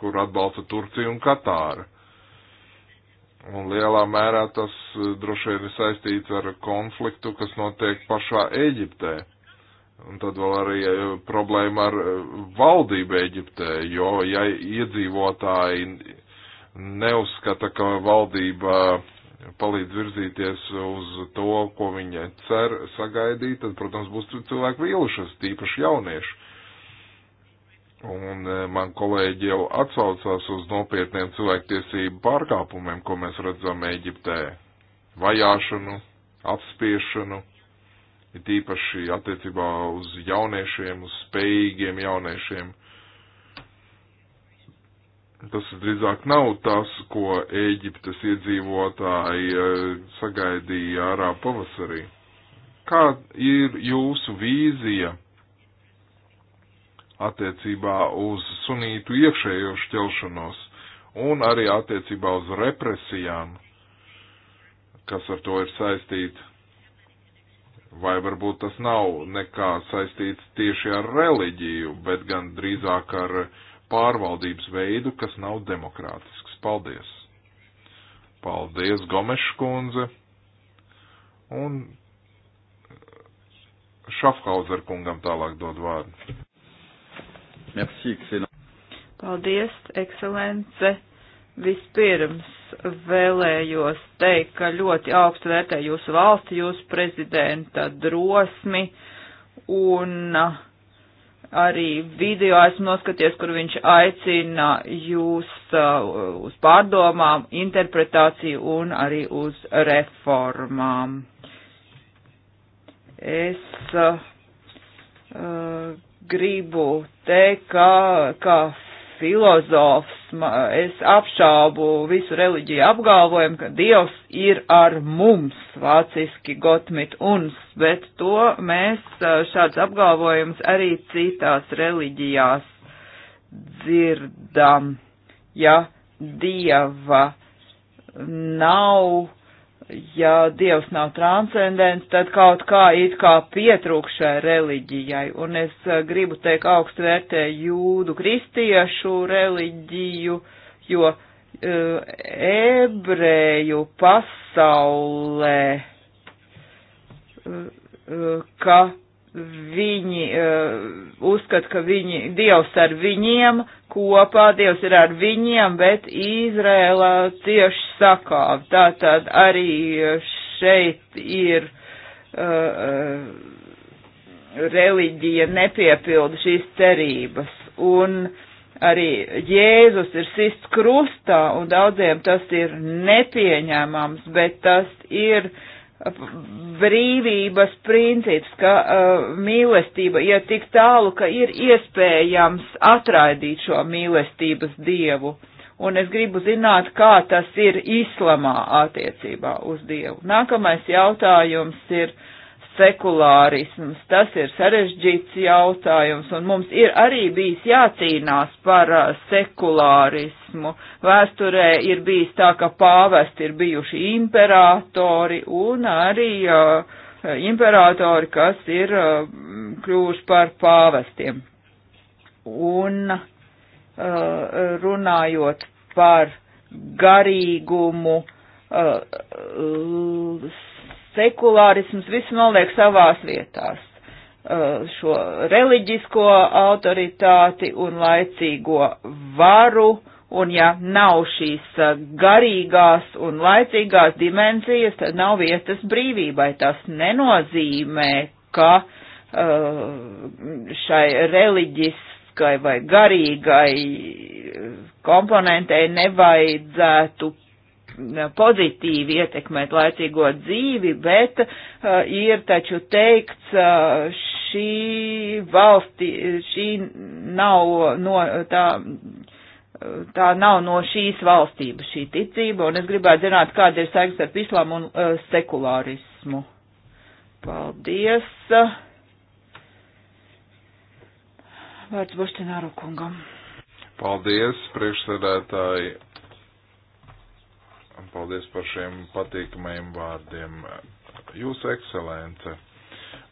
kur atbalsta Turcija un Katāra. Un lielā mērā tas eh, droši vien ir saistīts ar konfliktu, kas notiek pašā Eģiptē. Un tad vēl arī problēma ar eh, valdību Eģiptē, jo ja iedzīvotāji neuzskata, ka valdība palīdz virzīties uz to, ko viņa cer sagaidīt, tad, protams, būs cilvēku vīlušas, tīpaši jaunieši. Un eh, man kolēģi jau atsaucās uz nopietniem cilvēktiesību pārkāpumiem, ko mēs redzam Eģiptē. Vajāšanu, apspiešanu, it īpaši attiecībā uz jauniešiem, uz spējīgiem jauniešiem. Tas drīzāk nav tas, ko Ēģiptes iedzīvotāji eh, sagaidīja ārā pavasarī. Kā ir jūsu vīzija attiecībā uz sunītu iekšējo šķelšanos un arī attiecībā uz represijām, kas ar to ir saistīti? Vai varbūt tas nav nekā saistīts tieši ar reliģiju, bet gan drīzāk ar pārvaldības veidu, kas nav demokrātisks. Paldies! Paldies, Gomeškundze! Un Šafhauser kungam tālāk dod vārdu. Merci, excellent. Paldies, ekscelence. Vispirms vēlējos teikt, ka ļoti augstu vērtēju jūsu valsti, jūsu prezidenta drosmi un uh, arī video esmu noskaties, kur viņš aicina jūs uh, uz pārdomām, interpretāciju un arī uz reformām. Es uh, uh gribu teikt, ka, ka filozofs, es apšaubu visu reliģiju apgalvojumu, ka Dievs ir ar mums, vāciski gotmit uns, bet to mēs šāds apgalvojums arī citās reliģijās dzirdam. Ja Dieva nav, ja Dievs nav transcendents, tad kaut kā it kā pietrūkšai reliģijai. Un es eh, gribu teikt augstu vērtē jūdu kristiešu reliģiju, jo uh, ebreju pasaulē, uh, ka viņi uh, uzskata, ka viņi, Dievs ar viņiem kopā, Dievs ir ar viņiem, bet Izrēlā cieši sakāv. Tātad arī šeit ir uh, uh, reliģija nepiepilda šīs cerības. Un arī Jēzus ir sists krustā, un daudziem tas ir nepieņēmams, bet tas ir uh, brīvības princips, ka uh, mīlestība iet ja tik tālu, ka ir iespējams atraidīt šo mīlestības dievu. Un es gribu zināt, kā tas ir islamā attiecībā uz dievu. Nākamais jautājums ir sekulārisms. Tas ir sarežģīts jautājums, un mums ir arī bijis jācīnās par uh, sekulārismu. Vēsturē ir bijis tā, ka pāvesti ir bijuši imperatori un arī uh, imperatori, kas ir uh, kļuvuši par pāvestiem. Un uh, runājot par garīgumu, uh, sekulārisms visu noliek savās vietās eh, šo reliģisko autoritāti un laicīgo varu, un ja nav šīs eh, garīgās un laicīgās dimensijas, tad nav vietas brīvībai. Tas nenozīmē, ka eh, šai reliģiskai vai garīgai komponentei nevajadzētu pozitīvi ietekmēt laicīgo dzīvi, bet uh, ir taču teikts, uh, šī valsti, šī nav no tā. Tā nav no šīs valstības šī ticība, un es gribētu zināt, kāda ir saiknes ar islāmu un uh, eh, sekulārismu. Paldies! Vārds Boštināru kungam. Paldies, priekšsēdētāji un paldies par šiem patīkamajiem vārdiem. Jūsu ekscelence,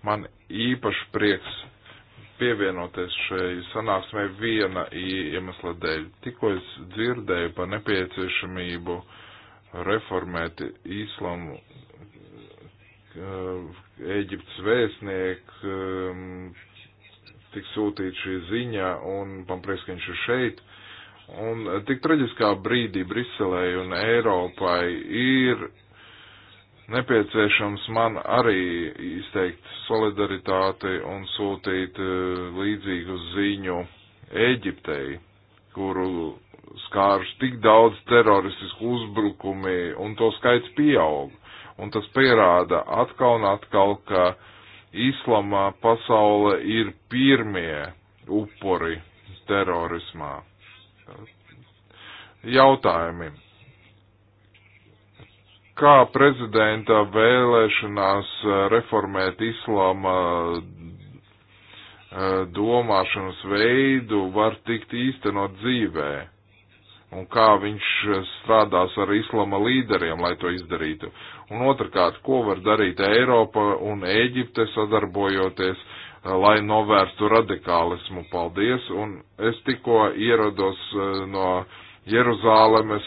man īpaši prieks pievienoties šai sanāksmē viena iemesla dēļ. Tikko es dzirdēju par nepieciešamību reformēt īslamu eh, Ēģiptes vēstnieku, eh, tik sūtīt šī ziņa, un man prieks, ka viņš ir šeit. Un tik traģiskā brīdī Briselē un Eiropai ir nepieciešams man arī izteikt solidaritāti un sūtīt e, līdzīgu ziņu Eģiptei, kuru skārs tik daudz teroristisku uzbrukumi un to skaits pieaug. Un tas pierāda atkal un atkal, ka islamā pasaule ir pirmie upuri terorismā jautājumi. Kā prezidenta vēlēšanās reformēt islāma eh, domāšanas veidu var tikt īstenot dzīvē? Un kā viņš strādās ar islama līderiem, lai to izdarītu? Un otrkārt, ko var darīt Eiropa un Ēģipte sadarbojoties lai novērstu radikālismu. Paldies! Un es tikko ierados eh, no Jeruzālemes,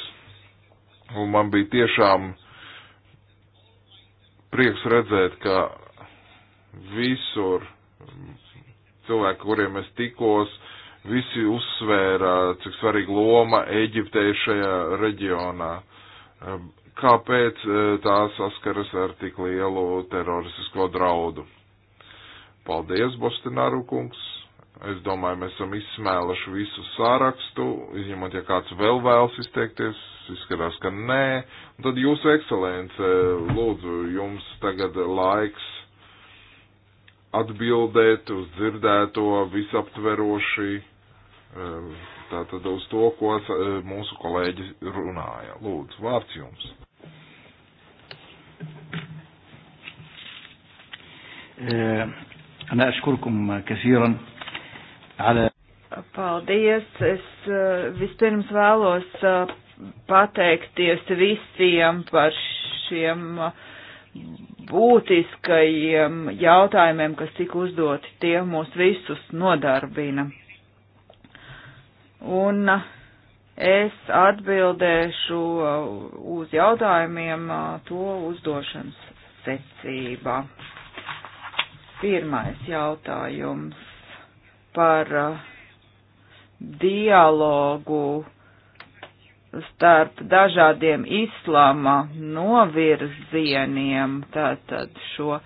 un man bija tiešām prieks redzēt, ka visur cilvēki, kuriem es tikos, visi uzsvēra, cik svarīga loma Eģiptē šajā reģionā. Eh, kāpēc eh, tā saskaras ar tik lielu teroristisko draudu? Paldies, Bostināru kungs. Es domāju, mēs esam izsmēluši visu sārakstu, izņemot, ja kāds vēl vēlas izteikties, izskatās, ka nē. Un tad jūsu ekscelence, lūdzu, jums tagad laiks atbildēt uz dzirdēto visaptveroši, eh, tātad uz to, ko eh, mūsu kolēģi runāja. Lūdzu, vārds jums. Eh, أنا أشكركم كثيرا على Paldies! Es eh, vispirms vēlos eh, pateikties visiem par šiem eh, būtiskajiem jautājumiem, kas tika uzdoti. Tie mūs visus nodarbina. Un es atbildēšu uz jautājumiem to uzdošanas secībā. Pirmais jautājums par uh, dialogu starp dažādiem islama novirzieniem, tātad šo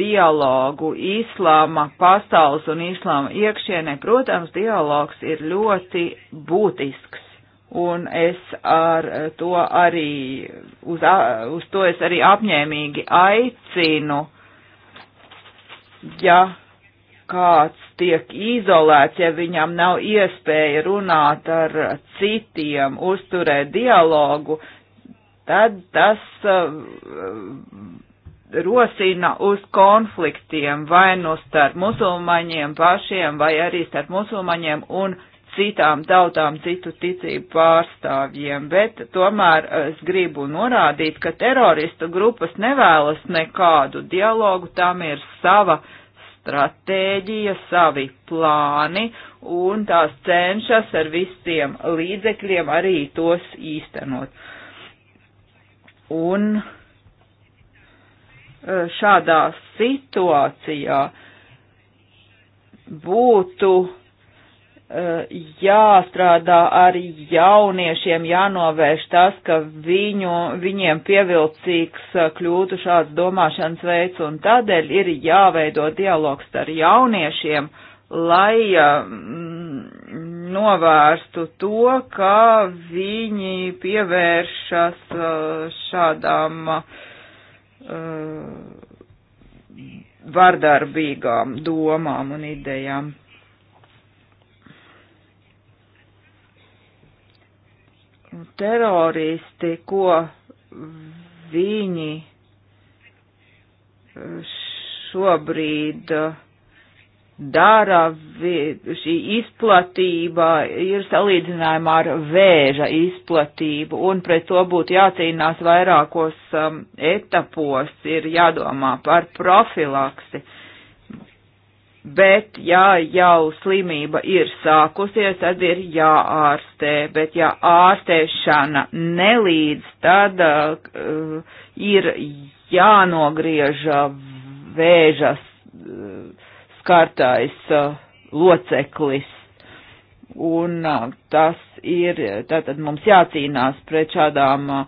dialogu islāma pasaules un islāma iekšienē, protams, dialogs ir ļoti būtisks. Un es ar to arī, uz, uz to es arī apņēmīgi aicinu uh, ja kāds tiek izolēts, ja viņam nav iespēja runāt ar citiem, uzturēt dialogu, tad tas uh, rosina uz konfliktiem vai nu starp musulmaņiem pašiem, vai arī starp musulmaņiem un citām tautām, citu ticību pārstāvjiem, bet tomēr es gribu norādīt, ka teroristu grupas nevēlas nekādu dialogu, tam ir sava stratēģija, savi plāni, un tās cenšas ar visiem līdzekļiem arī tos īstenot. Un e, šādā situācijā būtu jāstrādā ar jauniešiem, jānovērš tas, ka viņu, viņiem pievilcīgs kļūtu šāds domāšanas veids, un tādēļ ir jāveido dialogs ar jauniešiem, lai mm, novērstu to, ka viņi pievēršas šādām mm, vardarbīgām domām un idejām. teroristi, ko viņi eh, šobrīd eh, dara, šī izplatība ir salīdzinājumā ar vēža izplatību, un pret to būtu jācīnās vairākos um, etapos, ir jādomā par profilaksi. Uh, bet ja jau slimība ir sākusies, tad ir jāārstē, bet ja ārstēšana nelīdz, tad uh, ir jānogriež uh, vēža uh, skartais uh, loceklis. Un uh, tas ir, tātad mums jācīnās pret šādām uh,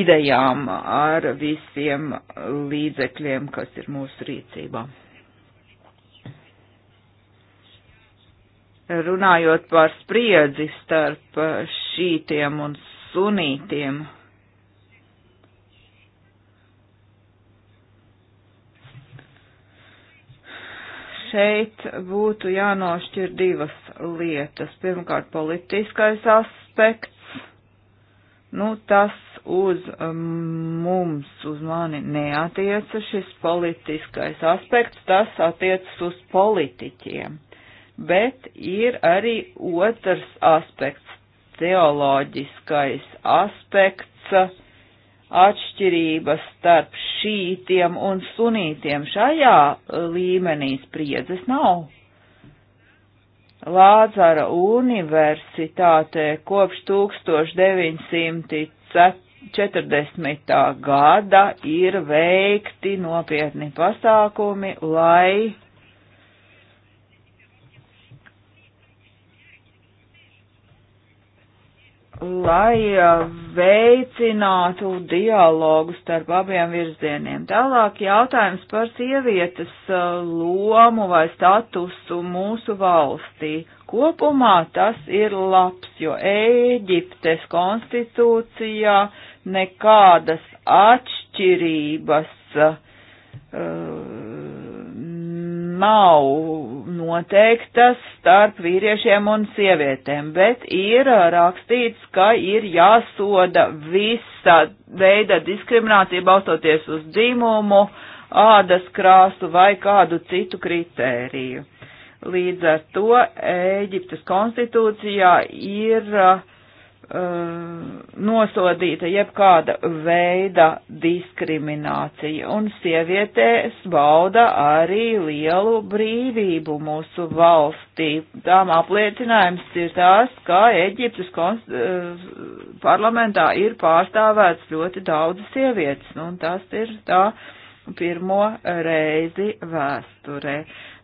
idejām ar visiem uh, līdzekļiem, kas ir mūsu rīcībā. runājot par spriedzi starp šītiem un sunītiem. Šeit būtu jānošķir divas lietas. Pirmkārt, politiskais aspekts. Nu, tas uz um, mums, uz mani neatieca šis politiskais aspekts, tas attiecas uz politiķiem bet ir arī otrs aspekts, teoloģiskais aspekts, atšķirības starp šītiem un sunītiem. Šajā līmenī spriedzes nav. Lāzara universitātē kopš 1904. 40. gada ir veikti nopietni pasākumi, lai lai eh, veicinātu dialogu starp abiem virzieniem. Tālāk jautājums par sievietes eh, lomu vai statusu mūsu valstī. Kopumā tas ir labs, jo Ēģiptes konstitūcijā nekādas atšķirības uh, nav noteiktas starp vīriešiem un sievietēm, bet ir uh, rakstīts, ka ir jāsoda visa veida diskriminācija balstoties uz dzimumu, ādas krāsu vai kādu citu kritēriju. Līdz ar to Ēģiptes konstitūcijā ir uh, Uh, nosodīta jebkāda veida diskriminācija, un sievietēs bauda arī lielu brīvību mūsu valstī. Tām apliecinājums ir tās, ka Eģiptes uh, parlamentā ir pārstāvēts ļoti daudz sievietes, nu, un tas ir tā pirmo reizi vēsturē.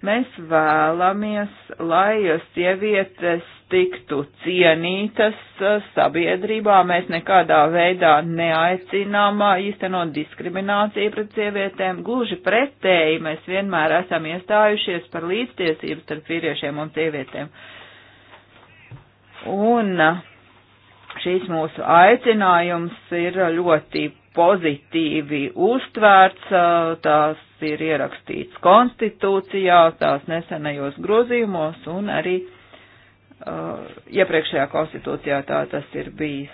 Mēs vēlamies, lai sievietes tiktu cienītas uh, sabiedrībā. Mēs nekādā veidā neaicinām uh, īstenot diskrimināciju pret sievietēm. Gluži pretēji mēs vienmēr esam iestājušies par līdztiesību starp vīriešiem un sievietēm. Un uh, šīs mūsu aicinājums ir ļoti pozitīvi uztvērts, tās ir ierakstīts konstitūcijā, tās nesenajos grozījumos un arī Uh, iepriekšējā konstitūcijā tā tas ir bijis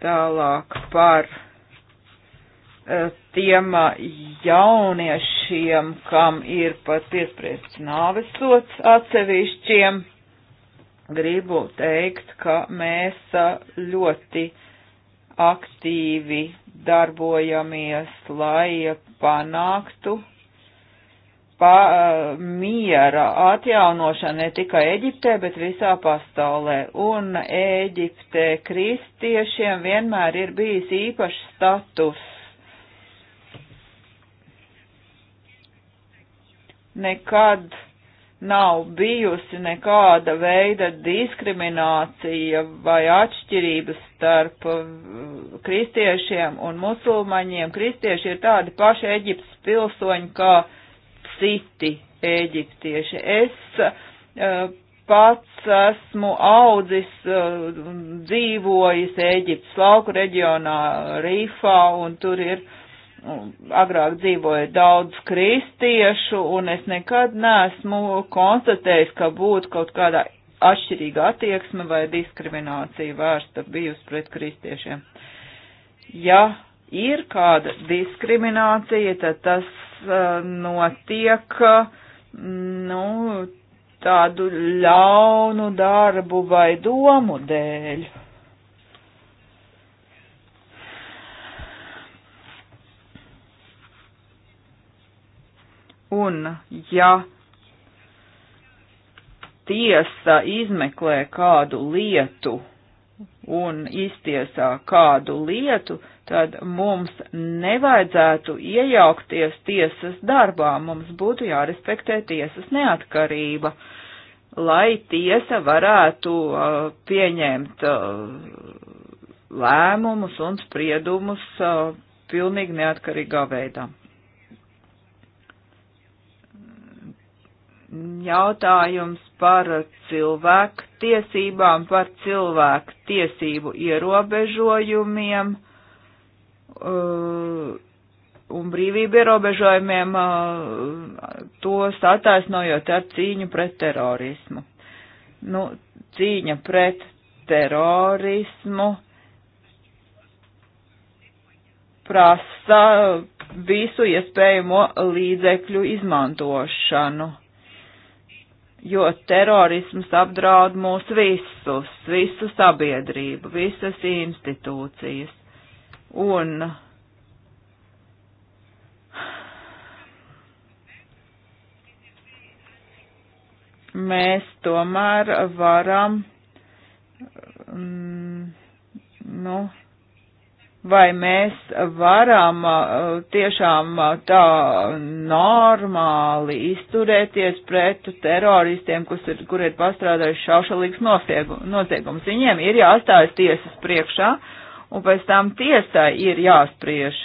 tālāk par uh, tiem uh, jauniešiem, kam ir pat piespriests nāvesots atsevišķiem. Gribu teikt, ka mēs uh, ļoti aktīvi darbojamies, lai panāktu pa, eh, miera atjaunošana ne tikai Eģiptē, bet visā pasaulē. Un Eģiptē kristiešiem vienmēr ir bijis īpašs status. Nekad nav bijusi nekāda veida diskriminācija vai atšķirības starp eh, kristiešiem un musulmaņiem. Kristieši ir tādi paši Eģiptes pilsoņi kā uh, citi eģiptieši. Es uh, pats esmu audzis, uh, dzīvojis Eģiptes lauku reģionā Rīfā, un tur ir uh, agrāk dzīvoja daudz kristiešu, un es nekad neesmu konstatējis, ka būtu kaut kādā atšķirīga attieksme vai diskriminācija vērsta bijusi pret kristiešiem. Ja ir kāda diskriminācija, tad tas uh, notiek, nu, tādu ļaunu darbu vai domu dēļ. Un, ja tiesa izmeklē kādu lietu, un iztiesā kādu lietu, tad mums nevajadzētu iejaukties tiesas darbā, mums būtu jārespektē tiesas neatkarība, lai tiesa varētu uh, pieņemt uh, lēmumus un spriedumus uh, pilnīgi neatkarīgā veidā. jautājums par cilvēku tiesībām, par cilvēku tiesību ierobežojumiem uh, un brīvību ierobežojumiem, uh, tos attaisnojot ar cīņu pret terorismu. Nu, cīņa pret terorismu prasa visu iespējamo līdzekļu izmantošanu jo terorisms apdraud mūs visus, visu sabiedrību, visas institūcijas. Un mēs tomēr varam, mm, nu, vai mēs varam uh, tiešām uh, tā normāli izturēties pret teroristiem, ir, kur ir pastrādājuši šaušalīgs noziegums. Viņiem ir jāstājas tiesas priekšā, un pēc tam tiesai ir jāspriež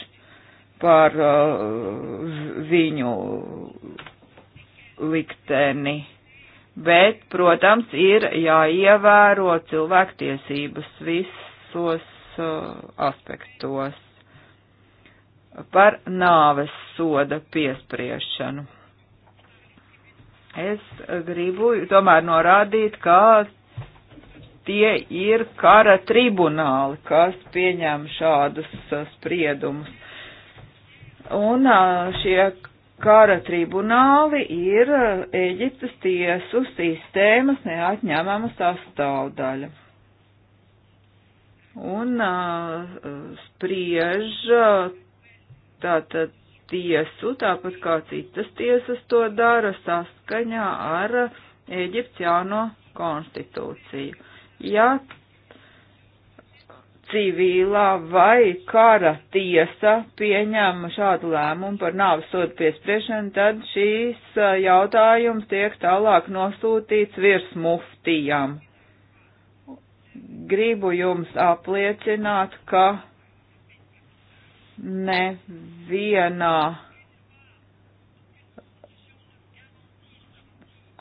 par uh, viņu likteni. Bet, protams, ir jāievēro cilvēktiesības visos Uh, aspektos. Par nāves soda piespriešanu. Es gribu tomēr norādīt, ka tie ir kara tribunāli, kas pieņem šādus uh, spriedumus. Un uh, šie kara tribunāli ir Eģiptes tiesu sistēmas neatņemama sastāvdaļa un uh, spriež uh, tātad tiesu, tāpat kā citas tiesas to dara saskaņā ar Eģipciāno konstitūciju. Ja civilā vai kara tiesa pieņem šādu lēmumu par nāves sodu piespriešanu, tad šīs uh, jautājums tiek tālāk nosūtīts virs muftijām gribu jums apliecināt, ka nevienā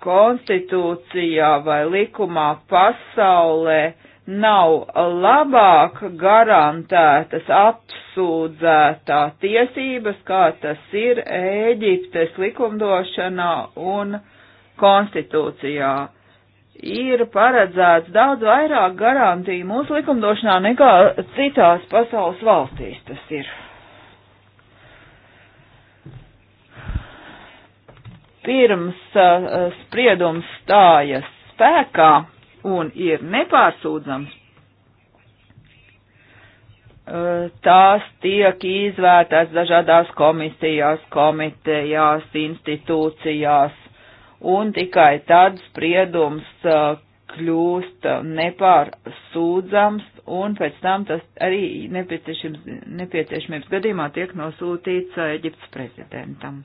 konstitūcijā vai likumā pasaulē nav labāk garantētas apsūdzētā tiesības, kā tas ir Ēģiptes likumdošanā un konstitūcijā ir paredzēts daudz vairāk garantiju mūsu likumdošanā nekā citās pasaules valstīs tas ir. Pirms uh, spriedums stājas spēkā un ir nepārsūdzams, uh, tās tiek izvērtētas dažādās komisijās, komitejās, institūcijās, un tikai tad spriedums uh, kļūst uh, nepārsūdzams, un pēc tam tas arī nepieciešamības gadījumā tiek nosūtīts uh, Eģiptes prezidentam.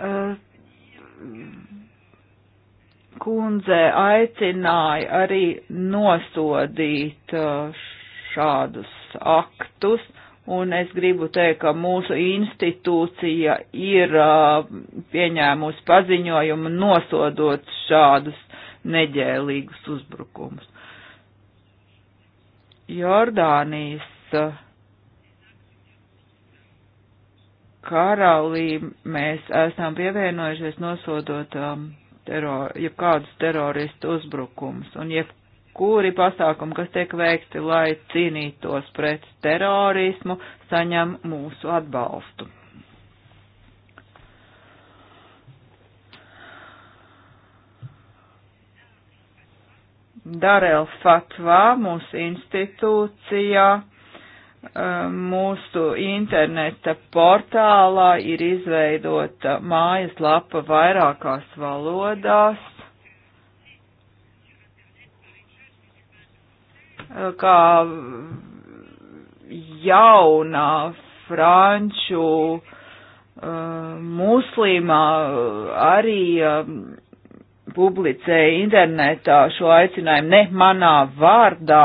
Uh, kundze aicināja arī nosodīt uh, šādus aktus, un es gribu teikt, ka mūsu institūcija ir uh, pieņēmusi paziņojumu nosodot šādus neģēlīgus uzbrukumus. Jordānijas uh, karalī mēs esam pievienojušies nosodot um, teror, jebkādus teroristu uzbrukumus un jebkuri pasākumi, kas tiek veikti, lai cīnītos pret terorismu, saņem mūsu atbalstu. Darel Fatvā mūsu institūcijā Um, mūsu interneta portālā ir izveidota mājaslapa vairākās valodās. Uh, kā jaunā franču uh, muslimā arī um, publicēja internetā šo aicinājumu ne manā vārdā,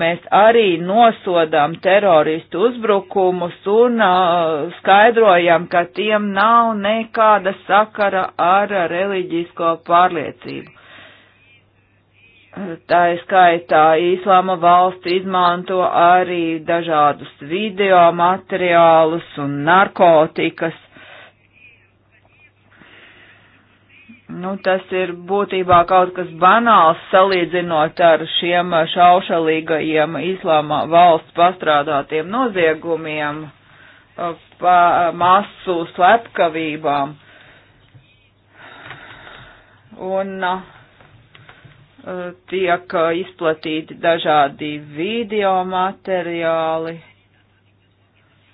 Mēs arī nosodām teroristu uzbrukumus un uh, skaidrojam, ka tiem nav nekāda sakara ar reliģisko pārliecību. Tā ir skaitā Īslāma valsts izmanto arī dažādus video materiālus un narkotikas Nu, tas ir būtībā kaut kas banāls salīdzinot ar šiem šaušalīgajiem islāma valsts pastrādātiem noziegumiem, uh, pa masu slepkavībām. Un uh, tiek uh, izplatīti dažādi video materiāli,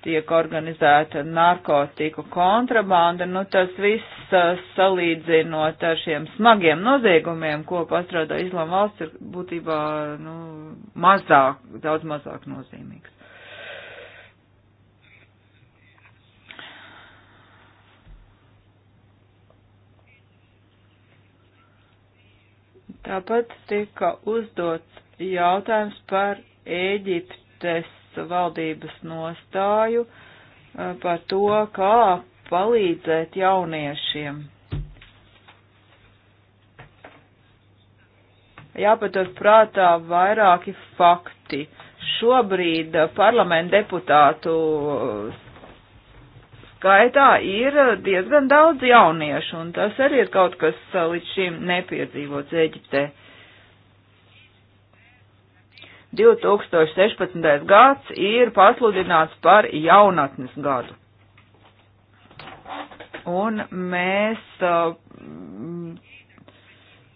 tiek organizēta narkotiku kontrabanda, nu tas viss uh, salīdzinot ar šiem smagiem noziegumiem, ko pastrādā Islāma valsts, ir būtībā nu, mazāk, daudz mazāk nozīmīgs. Tāpat tika uzdots jautājums par Ēģiptes valdības nostāju uh, par to, kā palīdzēt jauniešiem. Jāpatur prātā vairāki fakti. Šobrīd parlamenta deputātu skaitā ir diezgan daudz jauniešu, un tas arī ir kaut kas uh, līdz šim nepiedzīvots Eģiptē. 2016. gads ir pasludināts par jaunatnes gadu. Un mēs uh,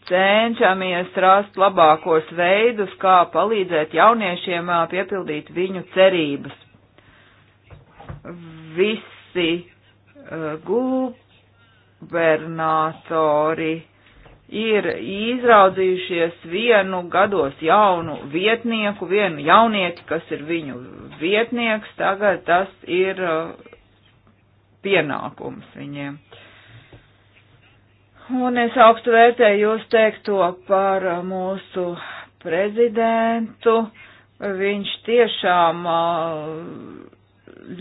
cenšamies rast labākos veidus, kā palīdzēt jauniešiem uh, piepildīt viņu cerības. Visi uh, gubernatori ir izraudzījušies vienu gados jaunu vietnieku, vienu jaunieti, kas ir viņu vietnieks, tagad tas ir uh, pienākums viņiem. Un es augstu vērtēju jūs teikto par uh, mūsu prezidentu. Viņš tiešām uh,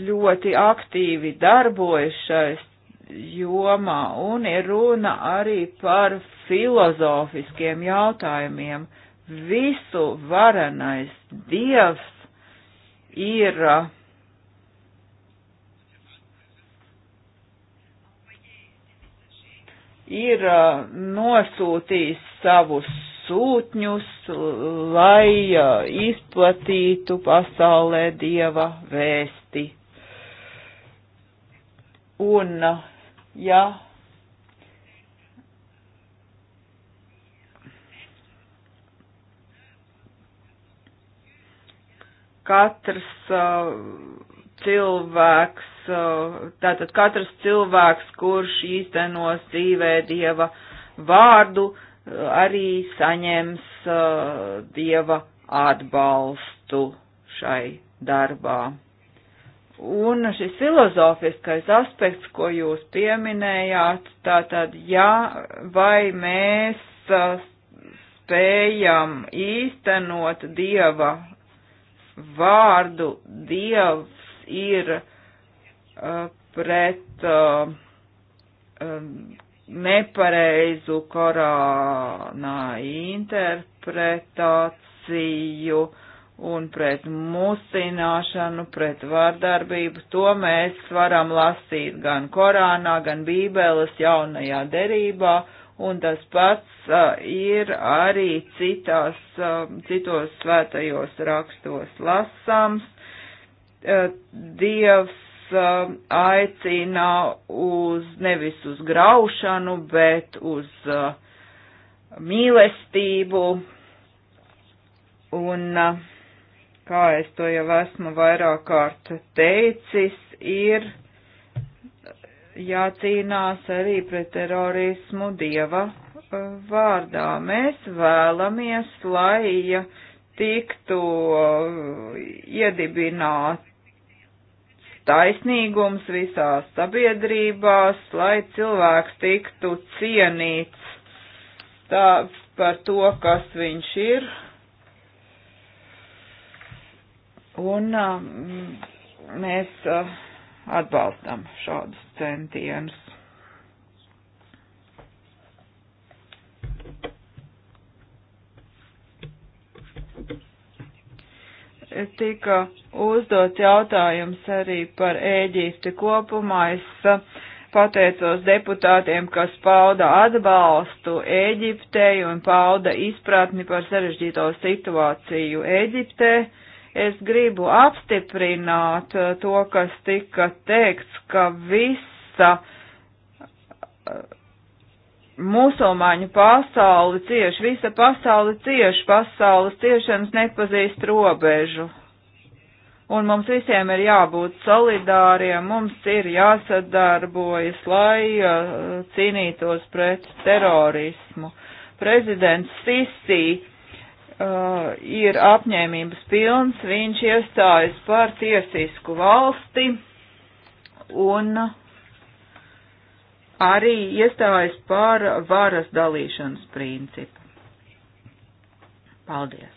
ļoti aktīvi darbojas šais jomā, un ir runa arī par filozofiskiem jautājumiem. Visu varenais dievs ir uh, ir uh, nosūtījis savus sūtņus, lai uh, izplatītu pasaulē dieva vēsti. Un ja katrs uh, cilvēks, uh, tātad katrs cilvēks, kurš īstenos dzīvē dieva vārdu, uh, arī saņems uh, dieva atbalstu šai darbā. Un šis filozofiskais aspekts, ko jūs pieminējāt, tātad, ja vai mēs spējam īstenot Dieva vārdu, Dievs ir uh, pret uh, um, nepareizu korānā interpretāciju un pret musināšanu, pret vārdarbību. To mēs varam lasīt gan Korānā, gan Bībeles jaunajā derībā, un tas pats uh, ir arī citās, uh, citos svētajos rakstos lasams. Uh, dievs aicina uz nevis uz graušanu, bet uz mīlestību. Un uh, kā es to jau esmu vairāk kārt teicis, ir jācīnās arī pret terorismu dieva eh, vārdā. Mēs vēlamies, lai tiktu eh, iedibināts taisnīgums visās sabiedrībās, lai cilvēks tiktu cienīts tā, par to, kas viņš ir, Un um, mēs uh, atbalstam šādus centienus. tika uzdots jautājums arī par Ēģipti kopumā. Es uh, pateicos deputātiem, kas pauda atbalstu Ēģiptei un pauda izpratni par sarežģīto situāciju Ēģiptei. Es gribu apstiprināt eh, to, kas tika teikts, ka visa eh, musulmaņu pasauli cieš, visa pasauli cieš, pasaules ciešanas nepazīst robežu. Un mums visiem ir jābūt solidāriem, mums ir jāsadarbojas, lai uh, cīnītos pret terorismu. Prezidents Sisi uh, ir apņēmības pilns, viņš iestājas par tiesisku valsti un arī iestājas par varas dalīšanas principu. Paldies!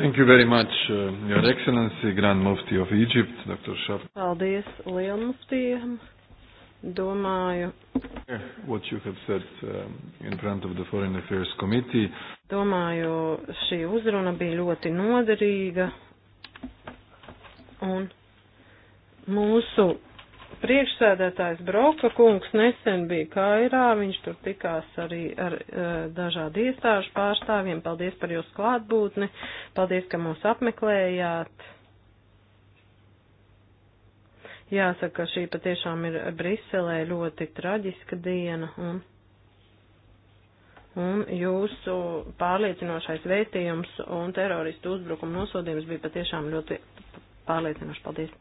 Thank you very much, uh, Your Excellency, Grand Mufti of Egypt, Dr. Shaf. Paldies, Lielmuftijam. Domāju, said, um, domāju, šī uzruna bija ļoti noderīga un mūsu priekšsēdētājs Broka kungs nesen bija Kairā, viņš tur tikās arī ar uh, e, ar, dažādu iestāžu pārstāvjiem. Paldies par jūsu klātbūtni, paldies, ka mūs apmeklējāt. Jāsaka, šī patiešām ir Briselē ļoti traģiska diena un, un jūsu pārliecinošais vēstījums un teroristu uzbrukuma nosodījums bija patiešām ļoti pārliecinoši. Paldies!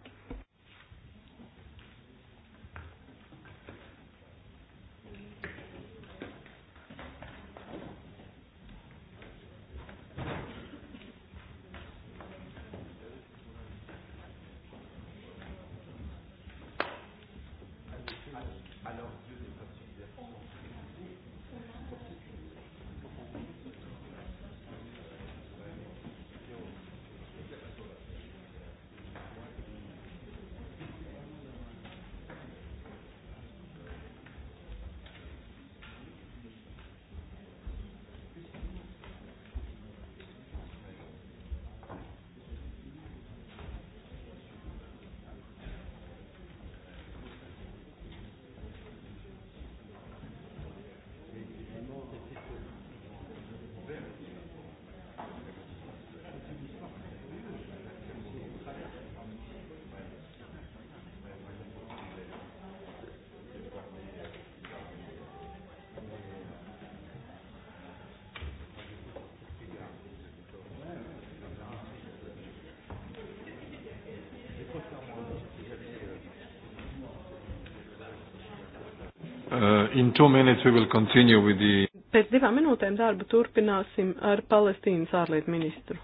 Uh, the... Pēc divām minūtēm darbu turpināsim ar Palestīnas ārlietu ministru.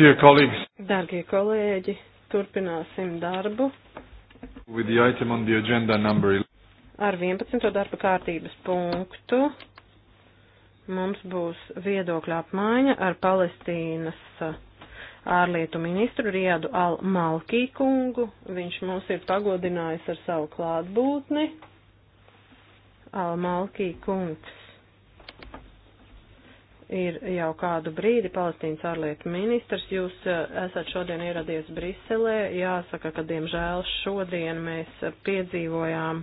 Darbie kolēģi, turpināsim darbu. Ar 11. darba kārtības punktu mums būs viedokļa apmaiņa ar Palestīnas eh, ārlietu ministru Riadu Al-Malkī kungu. Viņš mūs ir pagodinājis ar savu klātbūtni. Al-Malkī kungs ir jau kādu brīdi Palestīnas ārlietu ministrs. Jūs eh, esat šodien ieradies Briselē. Jāsaka, ka diemžēl šodien mēs piedzīvojām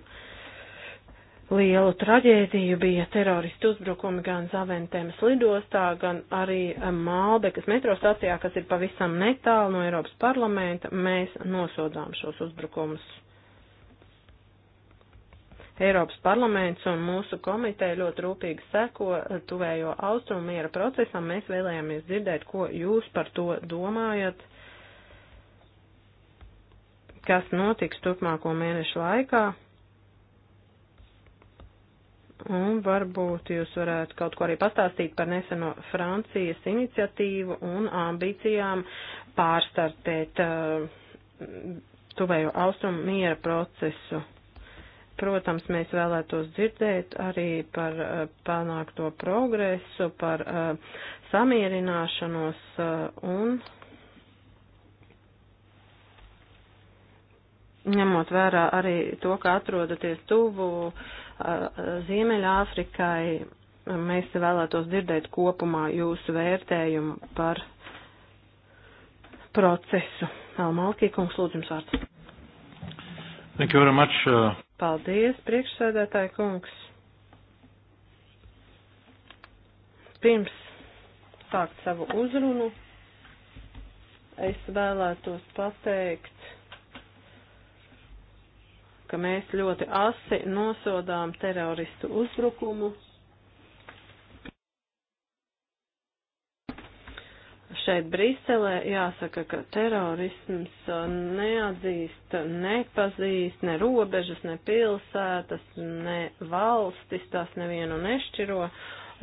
lielu traģēdiju. Bija teroristu uzbrukumi gan Zaventemes lidostā, gan arī eh, Malbekas metrostacijā, kas ir pavisam netālu no Eiropas parlamenta. Mēs nosodām šos uzbrukumus. Eiropas parlaments un mūsu komiteja ļoti rūpīgi seko tuvējo austrumu miera procesam. Mēs vēlējāmies dzirdēt, ko jūs par to domājat, kas notiks turpmāko mēnešu laikā. Un varbūt jūs varētu kaut ko arī pastāstīt par neseno Francijas iniciatīvu un ambīcijām pārstartēt uh, tuvējo austrumu miera procesu. Protams, mēs vēlētos dzirdēt arī par eh, panākto progresu, par eh, samierināšanos eh, un ņemot vērā arī to, ka atrodaties tuvu Ziemeļāfrikai, mēs vēlētos dzirdēt kopumā jūsu vērtējumu par procesu. Almalkī, kungs, lūdzu jums vārds. Thank you very much. Uh... Paldies, priekšsēdētāji kungs. Pirms sākt savu uzrunu, es vēlētos pateikt, ka mēs ļoti asi nosodām teroristu uzbrukumu šeit Briselē jāsaka, ka terorisms uh, neatzīst, nepazīst ne robežas, ne pilsētas, ne valstis, tās nevienu nešķiro,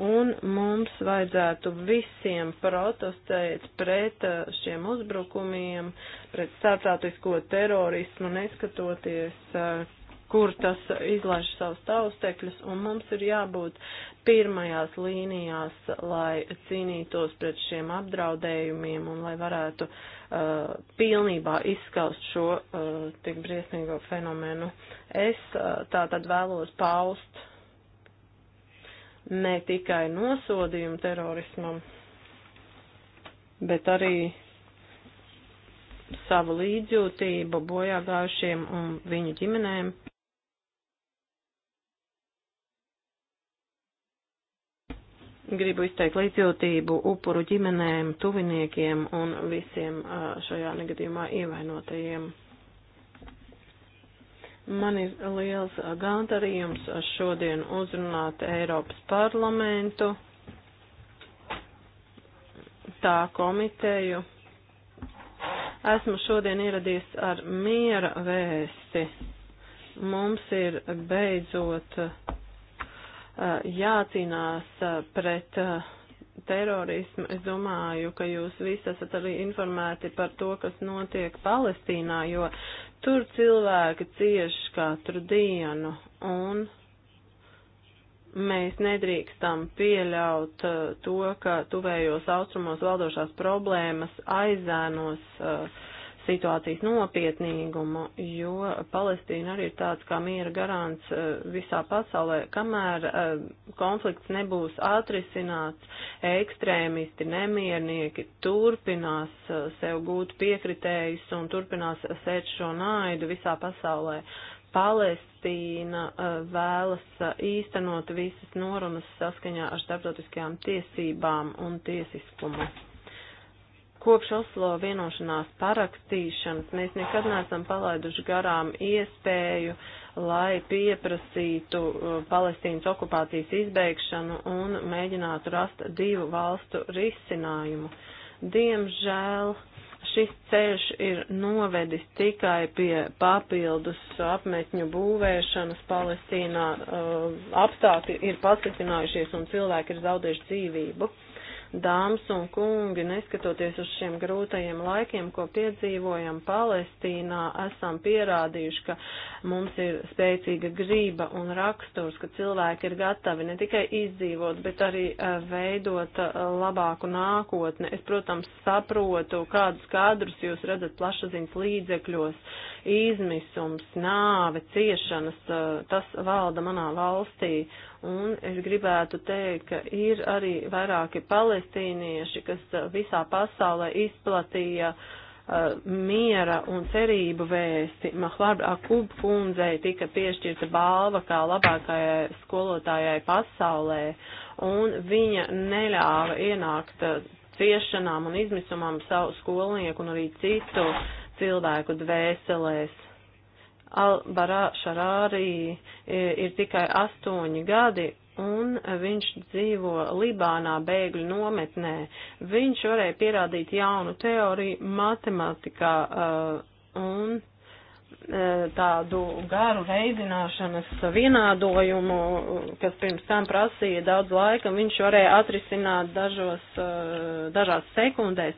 un mums vajadzētu visiem protestēt pret uh, šiem uzbrukumiem, pret starptautisko terorismu, neskatoties, uh, kur tas izlaiž savus taustekļus, un mums ir jābūt pirmajās līnijās, lai cīnītos pret šiem apdraudējumiem un lai varētu uh, pilnībā izskaust šo uh, tik briesmīgo fenomenu. Es uh, tā tad vēlos paust ne tikai nosodījumu terorismam, bet arī savu līdzjūtību bojā gājušiem un viņu ģimenēm. gribu izteikt līdzjūtību upuru ģimenēm, tuviniekiem un visiem šajā negadījumā ievainotajiem. Man ir liels gandarījums šodien uzrunāt Eiropas parlamentu, tā komiteju. Esmu šodien ieradies ar miera vēsti. Mums ir beidzot uh, Eh, jācīnās eh, pret eh, terorismu. Es domāju, ka jūs visi esat arī informēti par to, kas notiek Palestīnā, jo tur cilvēki cieši katru dienu un mēs nedrīkstam pieļaut to, ka tuvējos austrumos valdošās problēmas aizēnos uh, situācijas nopietnīgumu, jo Palestīna arī ir tāds kā miera garants eh, visā pasaulē. Kamēr eh, konflikts nebūs atrisināts, ekstrēmisti, nemiernieki turpinās eh, sev gūt piekritējus un turpinās sēt šo naidu visā pasaulē. Palestīna vēlas īstenot visas norunas saskaņā ar starptautiskajām tiesībām un tiesiskumu. Kopš Oslo vienošanās parakstīšanas mēs nekad neesam palaiduši garām iespēju, lai pieprasītu uh, Palestīnas okupācijas izbeigšanu un mēģinātu rast divu valstu risinājumu. Diemžēl šis ceļš ir novedis tikai pie papildus apmetņu būvēšanas Palestīnā, uh, apstākļi ir pasliktinājušies un cilvēki ir zaudējuši dzīvību. Dāmas un kungi, neskatoties uz šiem grūtajiem laikiem, ko piedzīvojam Palestīnā, esam pierādījuši, ka mums ir spēcīga grība un raksturs, ka cilvēki ir gatavi ne tikai izdzīvot, bet arī e, veidot e, labāku nākotni. Es, protams, saprotu, kādus kadrus jūs redzat plašsaziņas līdzekļos, izmisums, nāve, ciešanas, e, tas valda manā valstī Un es gribētu teikt, ka ir arī vairāki palestīnieši, kas uh, visā pasaulē izplatīja uh, miera un cerību vēsti. Mahvard Akub kundzei tika piešķirta balva kā labākajai skolotājai pasaulē, un viņa neļāva ienākt uh, ciešanām un izmisumam savu skolnieku un arī citu cilvēku dvēselēs Albarā Šarārī e, ir tikai astoņi gadi un viņš dzīvo Libānā bēgļu nometnē. Viņš varēja pierādīt jaunu teoriju matemātikā uh, un E, tādu garu reizināšanas vienādojumu, kas pirms tam prasīja daudz laika, viņš varēja atrisināt dažos, e, dažās sekundēs,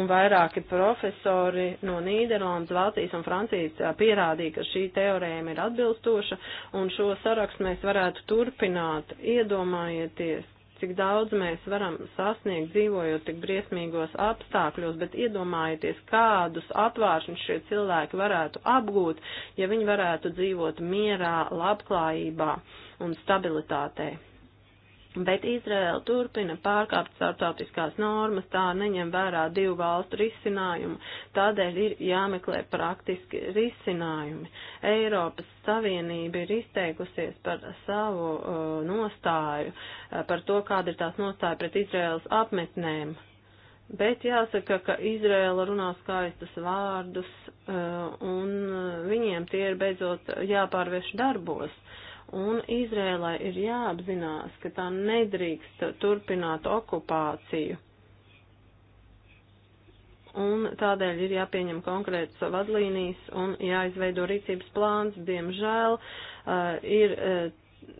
un vairāki profesori no Nīderlandes, Vācijas un Francijas e, pierādīja, ka šī teorēma ir atbilstoša, un šo sarakstu mēs varētu turpināt, iedomājieties cik daudz mēs varam sasniegt dzīvojot tik briesmīgos apstākļos, bet iedomājieties, kādus atvāršanas šie cilvēki varētu apgūt, ja viņi varētu dzīvot mierā, labklājībā un stabilitātei. Bet Izraela turpina pārkāpt starptautiskās normas, tā neņem vērā divu valstu risinājumu, tādēļ ir jāmeklē praktiski risinājumi. Eiropas Savienība ir izteikusies par savu uh, nostāju, uh, par to, kāda ir tās nostāja pret Izraels apmetnēm. Bet jāsaka, ka Izrēla runā skaistus vārdus, uh, un uh, viņiem tie ir beidzot jāpārvērš darbos. Uh, Un Izrēlai ir jāapzinās, ka tā nedrīkst turpināt okupāciju. Un tādēļ ir jāpieņem konkrētas vadlīnijas un jāizveido rīcības plāns. Diemžēl uh, ir uh,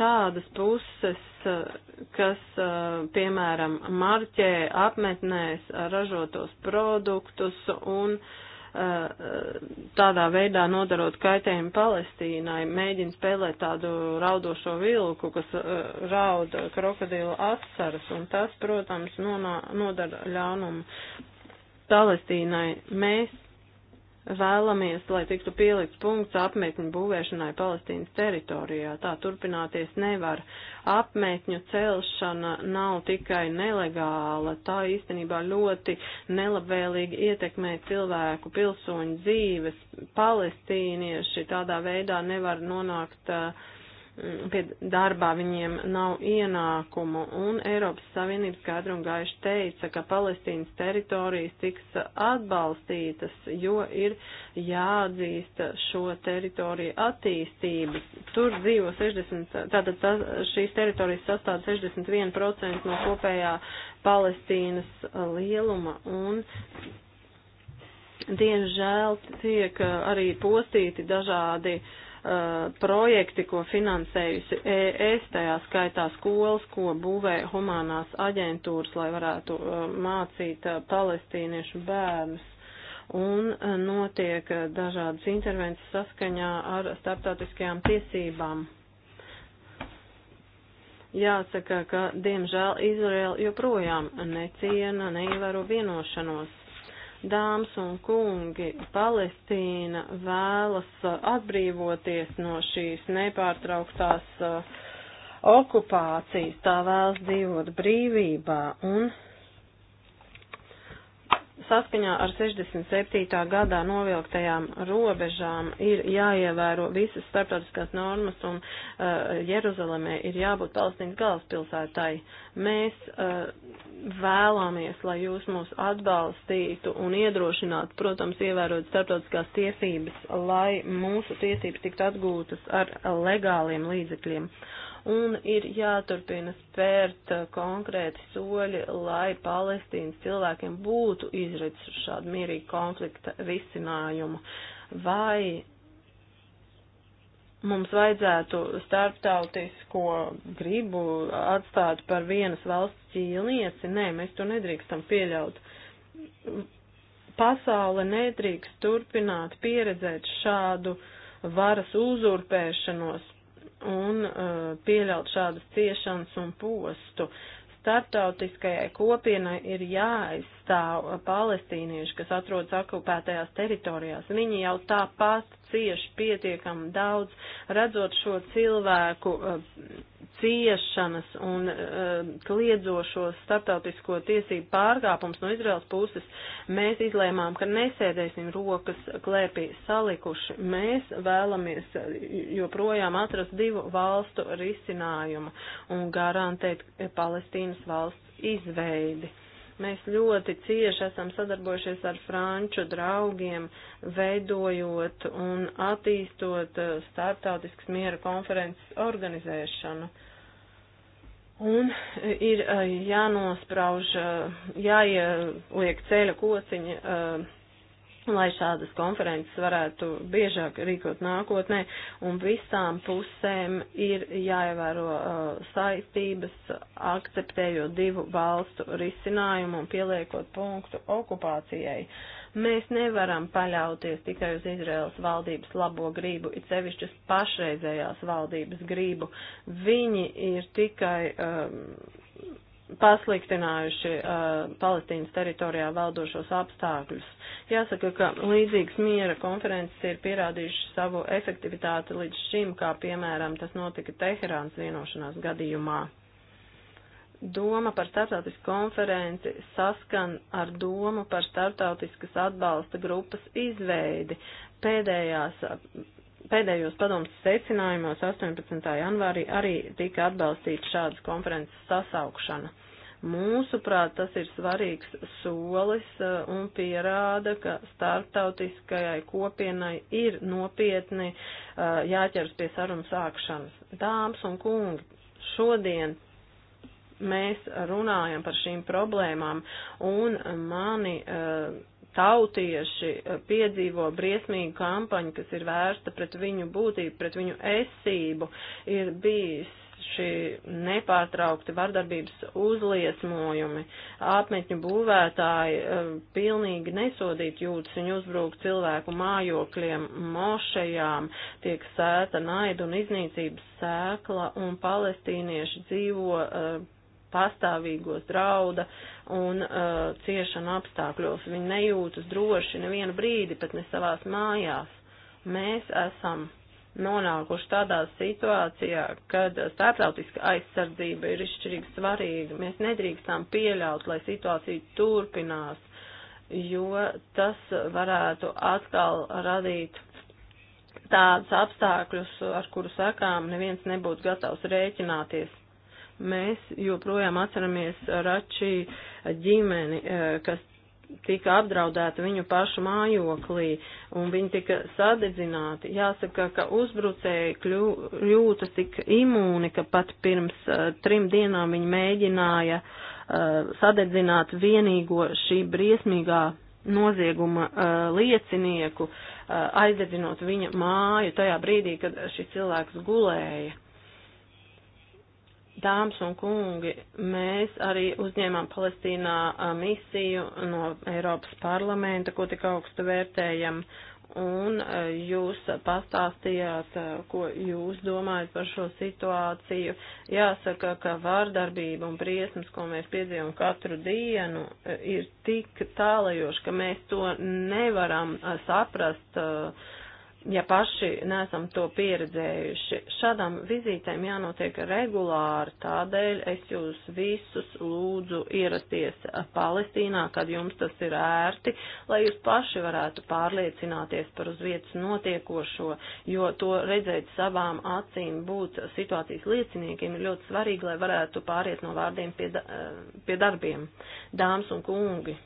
tādas puses, uh, kas, uh, piemēram, marķē apmetnēs ražotos produktus un uh, tādā veidā nodarot kaitējumu Palestīnai, mēģina spēlēt tādu raudošo vilku, kas uh, rauda krokodilu asaras, un tas, protams, nodara ļaunumu Palestīnai. Mēs vēlamies, lai tiktu pielikts punkts apmetņu būvēšanai Palestīnas teritorijā. Tā turpināties nevar. Apmetņu celšana nav tikai nelegāla, tā īstenībā ļoti nelabvēlīgi ietekmē cilvēku pilsoņu dzīves. Palestīnieši tādā veidā nevar nonākt uh, pie darbā viņiem nav ienākumu, un Eiropas Savienības skaidru un gaišu teica, ka Palestīnas teritorijas tiks atbalstītas, jo ir jāatzīst šo teritoriju attīstību. Tur dzīvo 60, tātad tā, šīs teritorijas sastāv 61% no kopējā Palestīnas lieluma, un diemžēl tiek arī postīti dažādi uh, Uh, projekti, ko finansējusi ES, tajā skaitā skolas, ko būvē humanās aģentūras, lai varētu uh, mācīt uh, palestīniešu bērnus. Un notiek dažādas intervences saskaņā ar starptautiskajām tiesībām. Jāsaka, ka diemžēl Izraela joprojām neciena, neievēro vienošanos Dāmas un kungi, Palestīna vēlas uh, atbrīvoties no šīs nepārtrauktās uh, okupācijas, tā vēlas dzīvot brīvībā un Saskaņā ar 67. gadā novilktajām robežām ir jāievēro visas starptautiskās normas un uh, Jeruzalemē ir jābūt Palestīnas galvaspilsētai. Mēs uh, vēlamies, lai jūs mūs atbalstītu un iedrošinātu, protams, ievērot starptautiskās tiesības, lai mūsu tiesības tiktu atgūtas ar legāliem līdzekļiem un ir jāturpina spērt uh, konkrēti soļi, lai Palestīnas cilvēkiem būtu izredzes šādu mierīgu konflikta risinājumu. Vai mums vajadzētu starptautisko gribu atstāt par vienas valsts ķīlnieci? Nē, mēs to nedrīkstam pieļaut. Pasaule nedrīkst turpināt pieredzēt šādu varas uzurpēšanos un uh, pieļaut šādas ciešanas un postu. Startautiskajai kopienai ir jāaizstāv palestīnieši, kas atrodas okupētajās teritorijās. Viņi jau tāpat cieši pietiekam daudz, redzot šo cilvēku eh, ciešanas un eh, kliedzošos starptautisko tiesību pārkāpums no Izraels puses, mēs izlēmām, ka nesēdēsim rokas klēpī salikuši. Mēs vēlamies eh, joprojām atrast divu valstu risinājumu un garantēt Palestīnas valsts izveidi. Mēs ļoti cieši esam sadarbojušies ar franču draugiem, veidojot un attīstot uh, starptautiskas miera konferences organizēšanu. Un uh, ir uh, jānosprauž, jāieliek ceļa kociņa lai šādas konferences varētu biežāk rīkot nākotnē, un visām pusēm ir jāievēro uh, saistības, akceptējot divu valstu risinājumu un pieliekot punktu okupācijai. Mēs nevaram paļauties tikai uz Izraels valdības labo gribu, it sevišķi uz pašreizējās valdības gribu. Viņi ir tikai. Um, pasliktinājuši uh, Palestīnas teritorijā valdošos apstākļus. Jāsaka, ka līdzīgas miera konferences ir pierādījušas savu efektivitāti līdz šim, kā piemēram tas notika Teherāns vienošanās gadījumā. Doma par starptautisku konferenci saskan ar domu par starptautiskas atbalsta grupas izveidi. Pēdējās pēdējos padomus secinājumos 18. janvārī arī tika atbalstīta šādas konferences sasaukšana. Mūsuprāt, tas ir svarīgs solis uh, un pierāda, ka starptautiskajai kopienai ir nopietni uh, jāķers pie sarunu sākšanas. Dāmas un kungi, šodien mēs runājam par šīm problēmām un mani uh, tautieši eh, piedzīvo briesmīgu kampaņu, kas ir vērsta pret viņu būtību, pret viņu esību, ir bijis šī nepārtraukti vardarbības uzliesmojumi, apmetņu būvētāji eh, pilnīgi nesodīt jūtas, viņi uzbrūk cilvēku mājokļiem, mošajām, tiek sēta naidu un iznīcības sēkla, un palestīnieši dzīvo eh, pastāvīgos drauda uh, un uh, ciešana apstākļos. Viņi nejūtas droši nevienu brīdi, pat ne savās mājās. Mēs esam nonākuši tādā situācijā, kad starptautiska aizsardzība ir izšķirīgi svarīga. Mēs nedrīkstām pieļaut, lai situācija turpinās, jo tas varētu atkal radīt tādus apstākļus, ar kuru sakām neviens nebūtu gatavs rēķināties. Mēs joprojām atceramies Račī ģimeni, eh, kas tika apdraudēta viņu pašu mājoklī un viņi tika sadedzināti. Jāsaka, ka uzbrucēji kļūta tik imūni, ka pat pirms uh, trim dienām viņi mēģināja uh, sadedzināt vienīgo šī briesmīgā nozieguma uh, liecinieku, uh, aizdedzinot viņa māju tajā brīdī, kad šis cilvēks gulēja. Dāmas un kungi, mēs arī uzņēmām Palestīnā misiju no Eiropas parlamenta, ko tik augstu vērtējam, un jūs pastāstījāt, ko jūs domājat par šo situāciju. Jāsaka, ka vārdarbība un briesmas, ko mēs piedzīvam katru dienu, ir tik tālajoši, ka mēs to nevaram saprast. Uh, ja paši nesam to pieredzējuši. Šādām vizītēm jānotiek regulāri, tādēļ es jūs visus lūdzu ierasties Palestīnā, kad jums tas ir ērti, lai jūs paši varētu pārliecināties par uz vietas notiekošo, jo to redzēt savām acīm, būt situācijas lieciniekiem ir ļoti svarīgi, lai varētu pāriet no vārdiem pie, da eh, pie darbiem. Dāmas un kungi,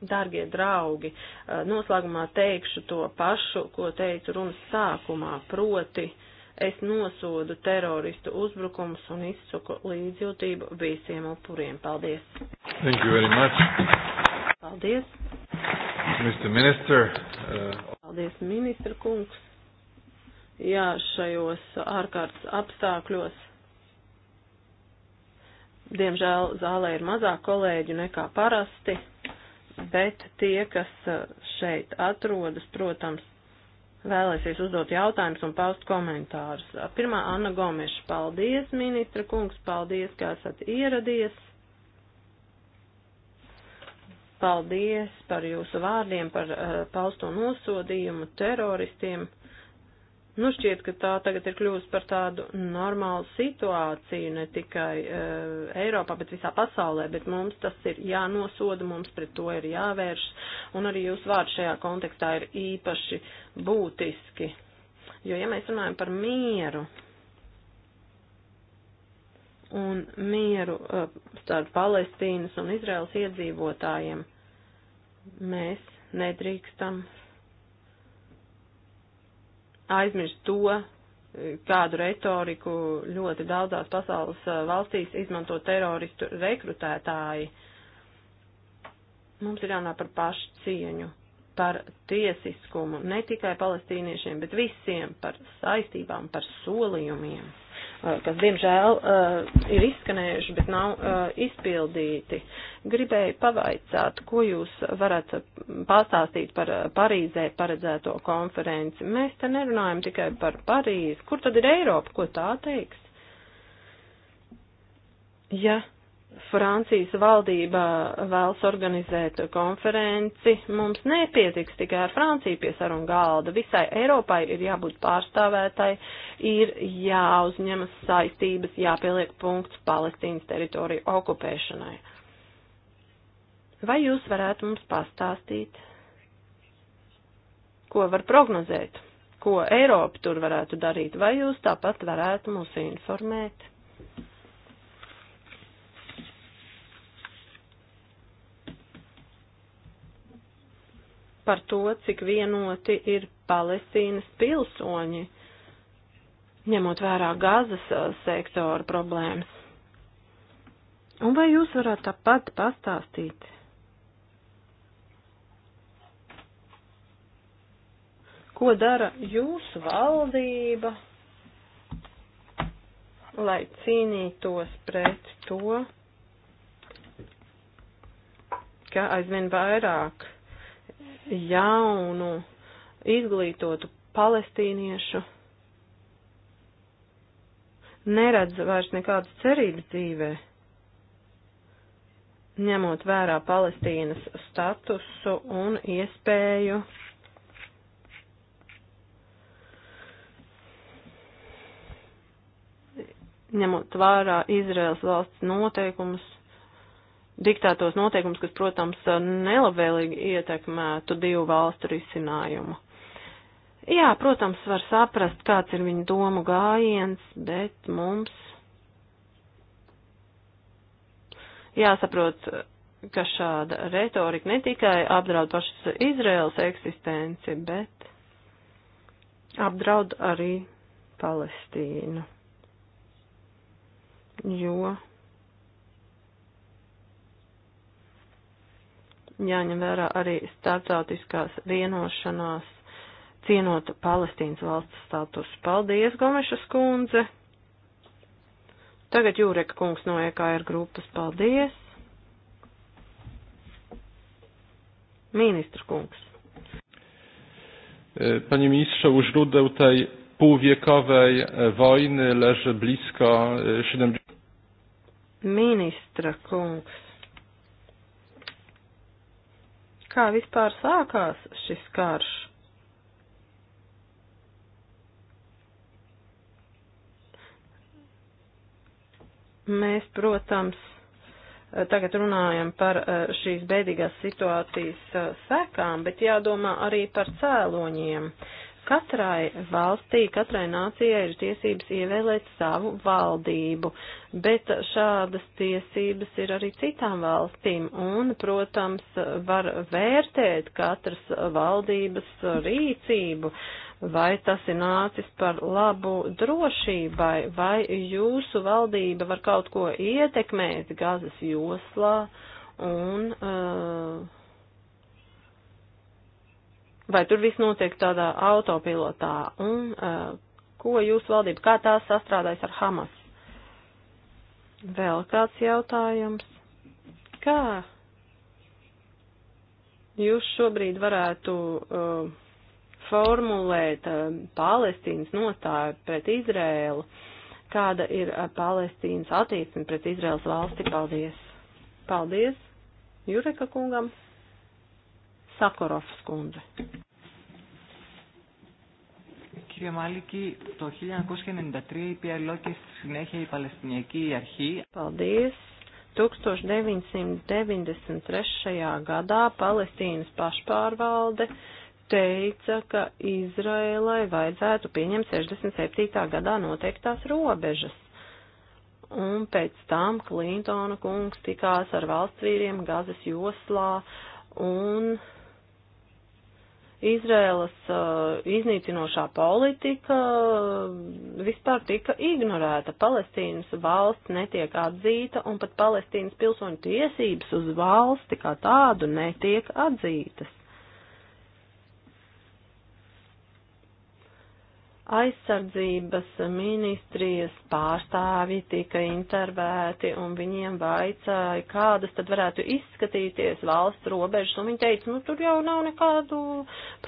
Dargie draugi, eh, noslēgumā teikšu to pašu, ko teicu runas sākumā, proti es nosodu teroristu uzbrukums un izsaku līdzjūtību visiem upuriem. Paldies! Thank you very much! Paldies! Mr. Minister! Uh... Paldies, ministra kungs! Jā, šajos ārkārtas apstākļos Diemžēl zālē ir mazāk kolēģu nekā parasti bet tie, kas uh, šeit atrodas, protams, vēlēsies uzdot jautājumus un paust komentārus. Uh, pirmā Anna Gomeša, paldies, ministra kungs, paldies, ka esat ieradies. Paldies par jūsu vārdiem, par uh, pausto nosodījumu teroristiem. Nu, šķiet, ka tā tagad ir kļuvusi par tādu normālu situāciju ne tikai e, Eiropā, bet visā pasaulē, bet mums tas ir jānosoda, mums pret to ir jāvērš, un arī jūs vārds šajā kontekstā ir īpaši būtiski. Jo, ja mēs runājam par mieru, un mieru e, starp Palestīnas un Izraels iedzīvotājiem, mēs nedrīkstam aizmirst to, kādu retoriku ļoti daudzās pasaules eh, valstīs izmanto teroristu rekrutētāji. Mums ir jānāk par pašcieņu, par tiesiskumu, ne tikai palestīniešiem, bet visiem par saistībām, par solījumiem. Eh, kas diemžēl eh, ir izskanējuši, bet nav eh, izpildīti. Gribēju pavaicāt, ko jūs varat pastāstīt par Parīzē paredzēto konferenci. Mēs te nerunājam tikai par Parīzi. Kur tad ir Eiropa? Ko tā teiks? Ja Francijas valdība vēlas organizēt konferenci. Mums nepietiks tikai ar Franciju pie sarunu galda. Visai Eiropai ir jābūt pārstāvētai, ir jāuzņemas saistības, jāpieliek punkts Palestīnas teritoriju okupēšanai. Vai jūs varētu mums pastāstīt, ko var prognozēt, ko Eiropa tur varētu darīt, vai jūs tāpat varētu mūs informēt? par to, cik vienoti ir Palestīnas pilsoņi, ņemot vērā gazas sektora problēmas. Un vai jūs varētu tāpat pastāstīt? Ko dara jūsu valdība, lai cīnītos pret to, ka aizvien vairāk jaunu, izglītotu palestīniešu neredz vairs nekādas cerības dzīvē, ņemot vērā Palestīnas statusu un iespēju ņemot vērā Izraels valsts noteikumus diktētos noteikums, kas, protams, nelabvēlīgi ietekmētu divu valstu risinājumu. Jā, protams, var saprast, kāds ir viņa domu gājiens, bet mums jāsaprot, ka šāda retorika ne tikai apdraud pašas Izraels eksistenci, bet apdraud arī Palestīnu. Jo jāņem vērā arī starptautiskās vienošanās cienot Palestīnas valsts status. Paldies, Gomešas kundze! Tagad Jūreka kungs no EKR grupas, paldies! Ministra kungs. E, panie ministrze, u źródeł tej półwiekowej e, wojny leży blisko 70... E, Ministra kungs kā vispār sākās šis karš. Mēs, protams, tagad runājam par e, šīs bēdīgās situācijas e, sekām, bet jādomā arī par cēloņiem. Uh, Katrai valstī, katrai nācijai ir tiesības ievēlēt savu valdību, bet šādas tiesības ir arī citām valstīm un, protams, var vērtēt katras valdības rīcību, vai tas ir nācis par labu drošībai, vai jūsu valdība var kaut ko ietekmēt gazas joslā un. Uh, vai tur viss notiek tādā autopilotā, un uh, ko jūs valdība, kā tās sastrādājas ar Hamas? Vēl kāds jautājums. Kā jūs šobrīd varētu uh, formulēt uh, Palestīnas nostāju pret Izrēlu? Kāda ir uh, Palestīnas attieksme pret Izrēlas valsti? Paldies! Paldies Jureka kungam! Σάκοροφ Σκούντζε. Κύριε Μάλικη, το 1993 η PLO και στη συνέχεια η Παλαιστινιακή Αρχή. Paldies. 1993. gadā Palestīnas pašpārvalde teica, ka Izrēlai vajadzētu pieņemt 67. gadā noteiktās robežas. Un pēc tam Klintona kungs tikās ar valsts vīriem Gazas joslā un Izrēlas uh, iznīcinošā politika uh, vispār tika ignorēta. Palestīnas valsts netiek atzīta un pat Palestīnas pilsoņu tiesības uz valsti kā tādu netiek atzītas. Aizsardzības ministrijas pārstāvji tika intervēti un viņiem vaicāja, kādas tad varētu izskatīties valsts robežas, un viņi teica, nu tur jau nav nekādu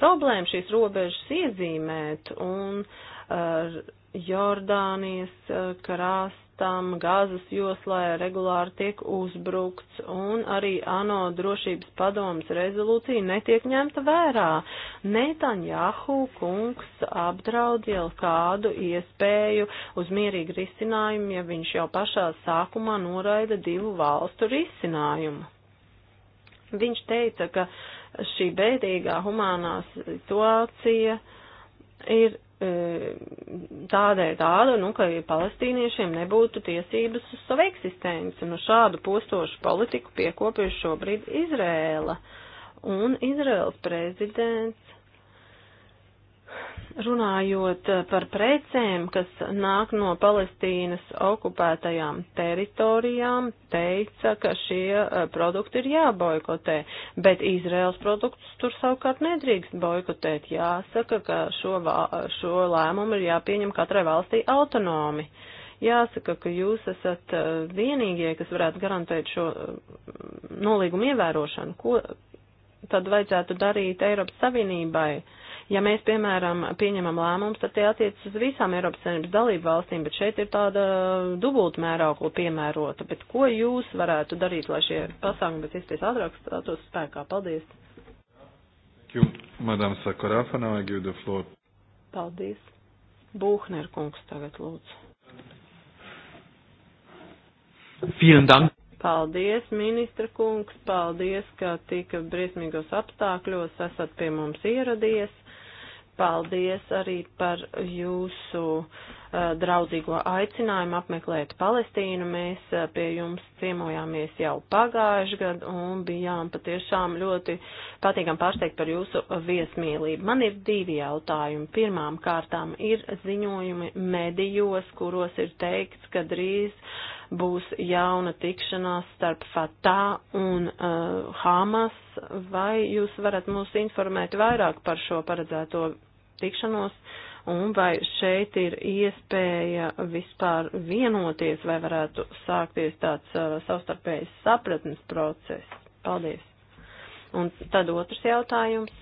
problēmu šīs robežas iezīmēt, un uh, Jordānijas uh, krāsts ostām, gāzes joslē regulāri tiek uzbrukts, un arī ANO drošības padomas rezolūcija netiek ņemta vērā. Netanjahu kungs apdraud jau kādu iespēju uz mierīgu risinājumu, ja viņš jau pašā sākumā noraida divu valstu risinājumu. Viņš teica, ka šī bēdīgā humānā situācija ir E, tādēļ tāda, nu, ka palestīniešiem nebūtu tiesības uz savu eksistenci. Nu, šādu postošu politiku piekopjuši šobrīd Izrēla. Un Izraels prezidents Runājot eh, par precēm, kas nāk no Palestīnas okupētajām teritorijām, teica, ka šie eh, produkti ir jāboikotē, bet Izraels produktus tur savukārt nedrīkst boikotēt. Jāsaka, ka šo, šo lēmumu ir jāpieņem katrai valstī autonomi. Jāsaka, ka jūs esat eh, vienīgie, kas varētu garantēt šo nolīgumu ievērošanu. Ko tad vajadzētu darīt Eiropas Savienībai? Ja mēs, piemēram, pieņemam lēmumus, tad tie attiecas uz visām Eiropas Savienības dalību valstīm, bet šeit ir tāda dubulta mēraukla piemērota. Bet ko jūs varētu darīt, lai šie pasākumi pēc iespējas ātrāk stātos spēkā? Paldies! Thank you, Madam Sakurafa. Now I give the floor. Paldies. Būhner kungs tagad lūdzu. Vielen Dank. Paldies, ministra kungs, paldies, ka tik briesmīgos apstākļos esat pie mums ieradies. Paldies arī par jūsu uh, draudzīgo aicinājumu apmeklēt Palestīnu. Mēs uh, pie jums ciemojāmies jau pagājuši gadu un bijām patiešām ļoti patīkam pārsteigt par jūsu viesmīlību. Man ir divi jautājumi. Pirmām kārtām ir ziņojumi medijos, kuros ir teikts, ka drīz uh, būs jauna tikšanās starp Fatā un uh, Hamas, vai jūs varat mūs informēt vairāk par šo paredzēto tikšanos, un vai šeit ir iespēja vispār vienoties, vai varētu sākties tāds uh, savstarpējs sapratnes process? Paldies. Un tad otrs jautājums.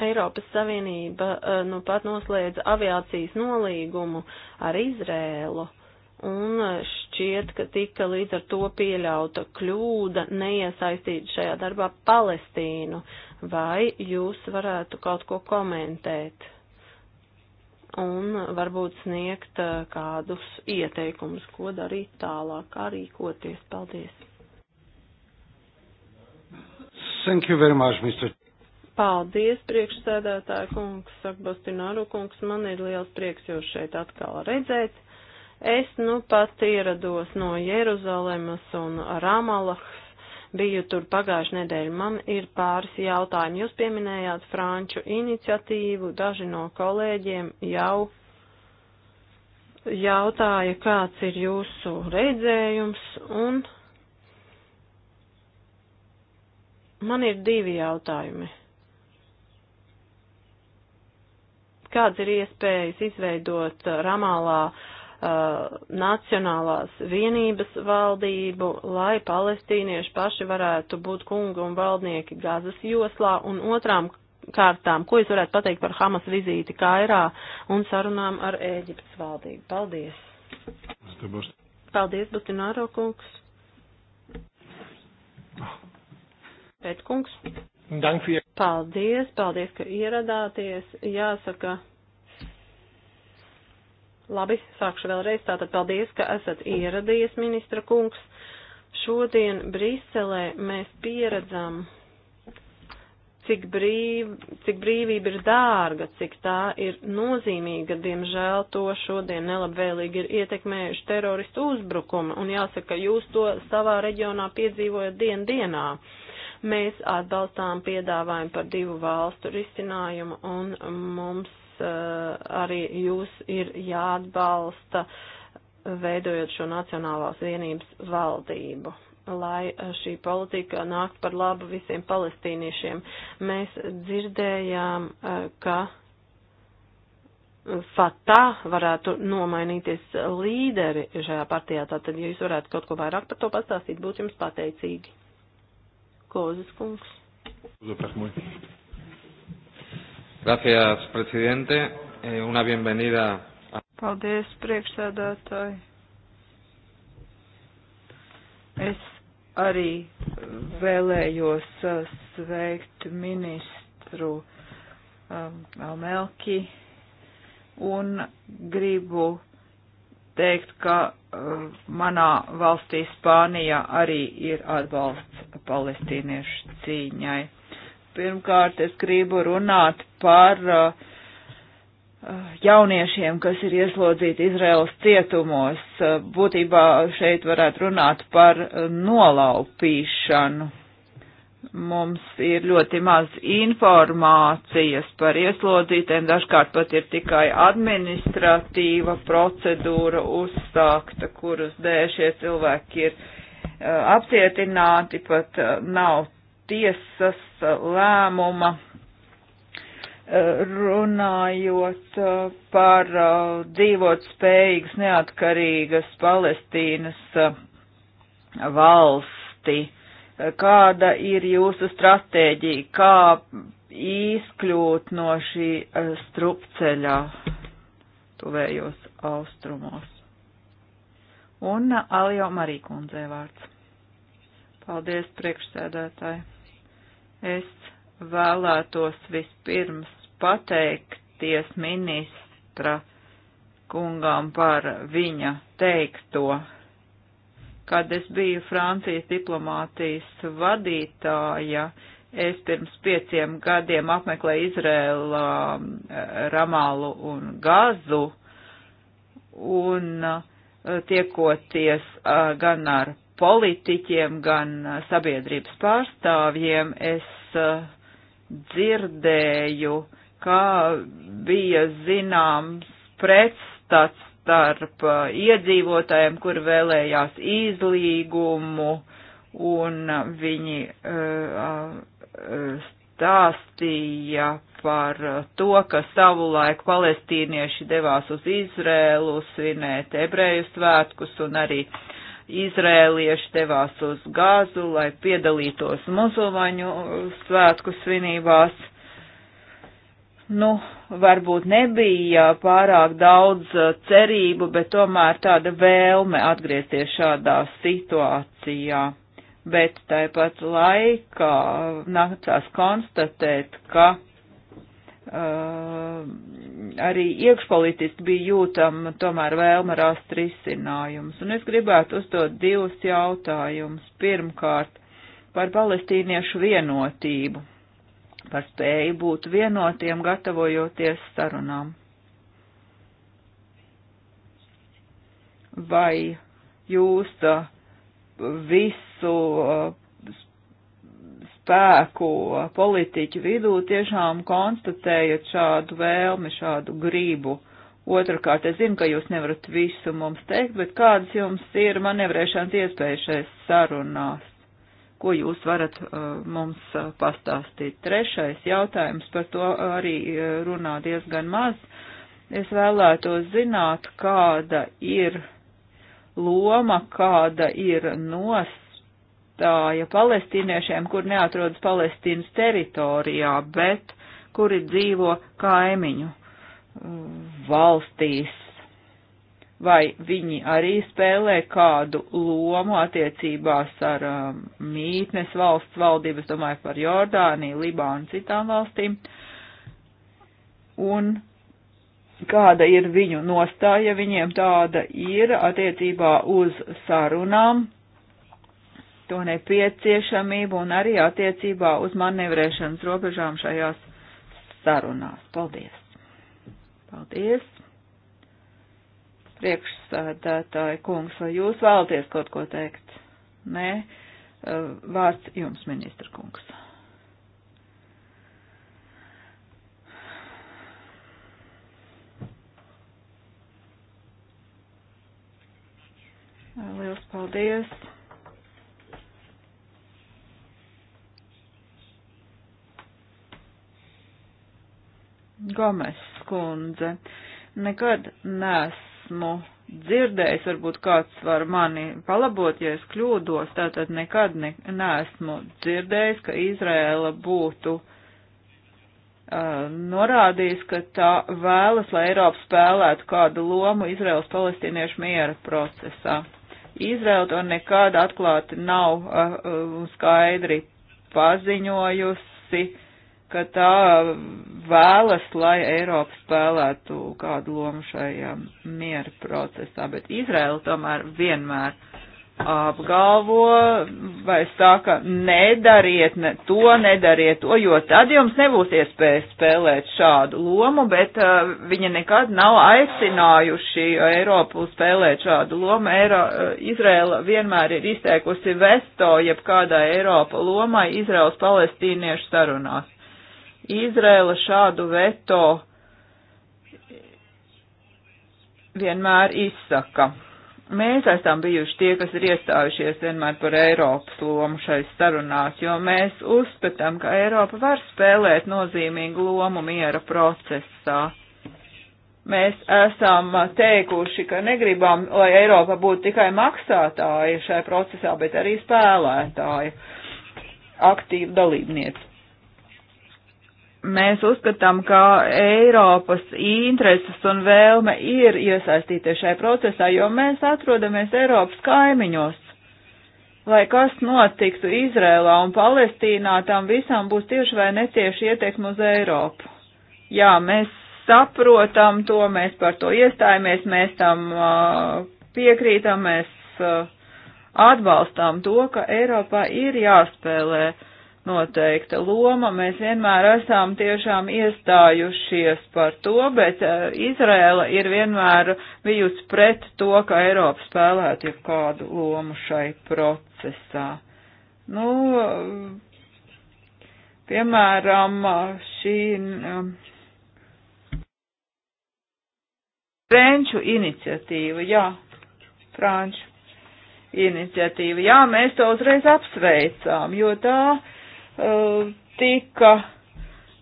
Eiropas Savienība e, nu pat noslēdza aviācijas nolīgumu ar Izrēlu, un e, šķiet, ka tika līdz ar to pieļauta kļūda neiesaistīt šajā darbā Palestīnu. Vai jūs varētu kaut ko komentēt? Un varbūt sniegt e, kādus ieteikumus, ko darīt tālāk, kā rīkoties. Paldies! Thank you very much, Mr. Paldies, priekšsēdētāja kungs, saka Bostināru kungs, man ir liels prieks jūs šeit atkal redzēt. Es nu pat ierados no Jeruzalemas un Ramalahs, biju tur pagājuši nedēļu. Man ir pāris jautājumi. Jūs pieminējāt Franču iniciatīvu, daži no kolēģiem jau jautāja, kāds ir jūsu redzējums, un man ir divi jautājumi. kādas ir iespējas izveidot uh, Ramālā uh, nacionālās vienības valdību, lai palestīnieši paši varētu būt kungi un valdnieki Gazas joslā un otrām kārtām, ko jūs varētu pateikt par Hamas vizīti Kairā un sarunām ar Ēģiptes valdību. Paldies! Paldies, Bustināro kungs! Pētkungs. Paldies, paldies, ka ieradāties. Jāsaka, labi, sākšu vēlreiz. Tātad paldies, ka esat ieradies, ministra kungs. Šodien Briselē mēs pieredzam, cik, brīv, cik brīvība ir dārga, cik tā ir nozīmīga. Diemžēl to šodien nelabvēlīgi ir ietekmējuši teroristu uzbrukumi, un jāsaka, jūs to savā reģionā piedzīvojat dien dienā. dienā Mēs atbalstām piedāvājumu par divu valstu risinājumu un mums uh, arī jūs ir jāatbalsta veidojot šo Nacionālās vienības valdību lai eh, šī politika nāktu par labu visiem palestīniešiem. Mēs dzirdējām, eh, ka Fatā varētu nomainīties līderi šajā partijā. Tātad, ja jūs varētu kaut ko vairāk par to pastāstīt, būtu jums pateicīgi. Kozas kungs. Gracias, presidente. Eh, una bienvenida. Paldies, priekšsēdētāji. Es arī vēlējos uh, sveikt ministru um, Melki un gribu teikt, ka eh, manā valstī Spānijā arī ir atbalsts palestīniešu cīņai. Pirmkārt, es gribu runāt par uh, jauniešiem, kas ir ieslodzīti Izraels cietumos. Eh, būtībā šeit varētu runāt par nolaupīšanu. Mums ir ļoti maz informācijas par ieslodzītēm, dažkārt pat ir tikai administratīva procedūra uzsākta, kuras dēļ šie cilvēki ir uh, apcietināti, pat uh, nav tiesas uh, lēmuma runājot par dzīvot spējīgas neatkarīgas Palestīnas valsti kāda ir jūsu stratēģija, kā izkļūt no šī eh, strupceļā tuvējos austrumos. Un eh, Aljo Marī kundzē vārds. Paldies, priekšsēdētāji. Es vēlētos vispirms pateikties ministra kungām par viņa teikto kad es biju Francijas diplomātijas vadītāja, es pirms pieciem gadiem apmeklēju Izrēlā um, Ramalu un Gazu un uh, tiekoties uh, gan ar politiķiem, gan uh, sabiedrības pārstāvjiem, es dzirdēju, kā bija zināms pretstats starp uh, iedzīvotājiem, kur vēlējās izlīgumu, un uh, viņi uh, stāstīja par to, ka savulaik palestīnieši devās uz Izrēlu svinēt ebreju svētkus un arī izrēlieši devās uz Gāzu, lai piedalītos musulmaņu svētku svinībās nu, varbūt nebija pārāk daudz eh, cerību, bet tomēr tāda vēlme atgriezties šādā situācijā. Bet tāpat laikā nācās konstatēt, ka uh, arī iekšpolitiski bija jūtama tomēr vēlme rast risinājumus. Un es gribētu uzdot divus jautājumus. Pirmkārt, par palestīniešu vienotību par spēju būt vienotiem, gatavojoties sarunām. Vai jūs uh, visu uh, spēku uh, politiķu vidū tiešām konstatējat šādu vēlmi, šādu gribu? Otrakārt, es zinu, ka jūs nevarat visu mums teikt, bet kādas jums ir manevrēšanas iespējas šais sarunās? ko jūs varat uh, mums uh, pastāstīt. Trešais jautājums, par to arī uh, runā diezgan maz. Es vēlētos zināt, kāda ir loma, kāda ir nostāja palestīniešiem, kur neatrodas Palestīnas teritorijā, bet kuri dzīvo kaimiņu uh, valstīs vai viņi arī spēlē kādu lomu attiecībās ar um, mītnes valsts valdības, domāju par Jordāniju, Libānu, citām valstīm, un kāda ir viņu nostāja, viņiem tāda ir attiecībā uz sarunām, to nepieciešamību un arī attiecībā uz manevrēšanas robežām šajās sarunās. Paldies! Paldies! Priekšsādātāji kungs, vai jūs vēlaties kaut ko teikt? Nē, uh, vārds jums, ministra kungs. Uh, liels paldies! Gomes skundze. Nekad nes esmu dzirdējis, varbūt kāds var mani palabot, ja es kļūdos, tātad nekad ne, neesmu dzirdējis, ka Izrēla būtu uh, norādījis, ka tā vēlas, lai Eiropa spēlētu kādu lomu Izraels palestīniešu miera procesā. Izraela to nekad atklāti nav uh, skaidri paziņojusi. Uh, ka tā vēlas, lai Eiropa spēlētu kādu lomu šajā miera procesā, bet Izraela tomēr vienmēr apgalvo vai saka, nedariet ne, to, nedariet to, jo tad jums nebūs iespēja spēlēt šādu lomu, bet uh, viņi nekad nav aicinājuši Eiropu spēlēt šādu lomu. Eiro, uh, Izraela vienmēr ir izteikusi vesto jebkādai Eiropa lomai Izraels palestīniešu sarunās Izrēla šādu veto vienmēr izsaka. Mēs esam bijuši tie, kas ir iestājušies vienmēr par Eiropas lomu šais sarunās, jo mēs uzskatām, ka Eiropa var spēlēt nozīmīgu lomu miera procesā. Mēs esam teikuši, ka negribam, lai Eiropa būtu tikai maksātāja šajā procesā, bet arī spēlētāja, aktīva dalībniece mēs uzskatām, ka Eiropas intereses un vēlme ir iesaistīties šai procesā, jo mēs atrodamies Eiropas kaimiņos. Lai kas notiktu Izrēlā un Palestīnā, tam visam būs tieši vai netieši ietekmi uz Eiropu. Jā, mēs saprotam to, mēs par to iestājamies, mēs tam uh, piekrītam, mēs uh, atbalstām to, ka Eiropā ir jāspēlē uh, noteikta loma. Mēs vienmēr esam tiešām iestājušies par to, bet eh, Izraela ir vienmēr bijusi pret to, ka Eiropa spēlētu jau kādu lomu šai procesā. Nu, piemēram, šī. Um, Franču iniciatīva, jā, Franču iniciatīva, jā, mēs to uzreiz apsveicām, jo tā Eh, tika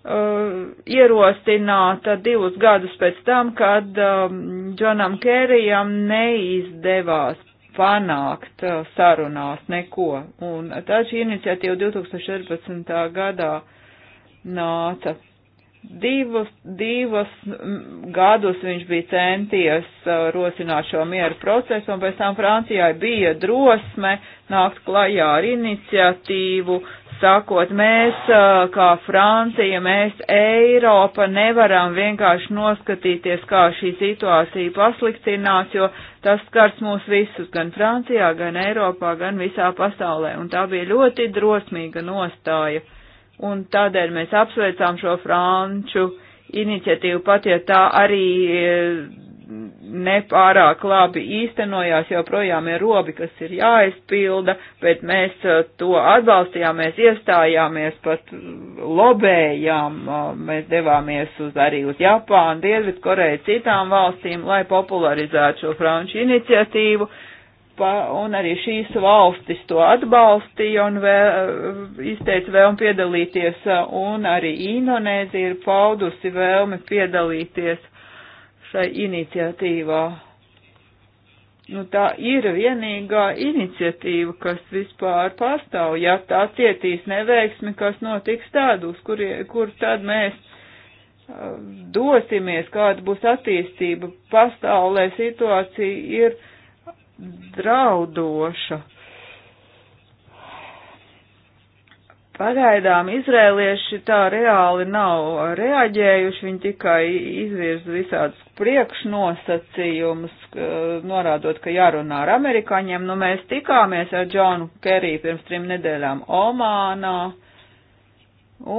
eh, ierosināta divus gadus pēc tam, kad ehm, Džonam Kērijam neizdevās panākt eh, sarunās neko. Un tā šī iniciatīva 2014. gadā nāca divus, divus gadus viņš bija centies uh, rosināt šo mieru procesu, un pēc tam Francijai bija drosme nākt klajā ar iniciatīvu, sakot, mēs uh, kā Francija, mēs Eiropa nevaram vienkārši noskatīties, kā šī situācija pasliktinās, jo tas skars mūs visus gan Francijā, gan Eiropā, gan visā pasaulē. Un tā bija ļoti drosmīga nostāja. Un tādēļ mēs apsveicām šo franču iniciatīvu, pat ja tā arī eh, nepārāk labi īstenojās, joprojām ir robi, kas ir jāizpilda, bet mēs uh, to atbalstījām, mēs iestājāmies, pat uh, lobējām, uh, mēs devāmies uz, arī uz Japānu, Dienvidkoreju, citām valstīm, lai popularizētu šo franču iniciatīvu. Pa, un arī šīs valstis to atbalstīja un vēl, izteica vēlmi piedalīties, un arī Indonēzija ir paudusi vēlmi piedalīties šai iniciatīvā. Nu, tā ir vienīgā iniciatīva, kas vispār pastāv. Ja tā cietīs neveiksmi, kas notiks tādus, kur, kur tad mēs uh, dosimies, kāda būs attīstība pasaulē, situācija ir draudoša. Pagaidām izrēlieši tā reāli nav reaģējuši, viņi tikai izvirza visādus priekšnosacījumus, norādot, ka jārunā ar amerikāņiem. Nu, mēs tikāmies ar Džonu Keriju pirms trim nedēļām Omānā,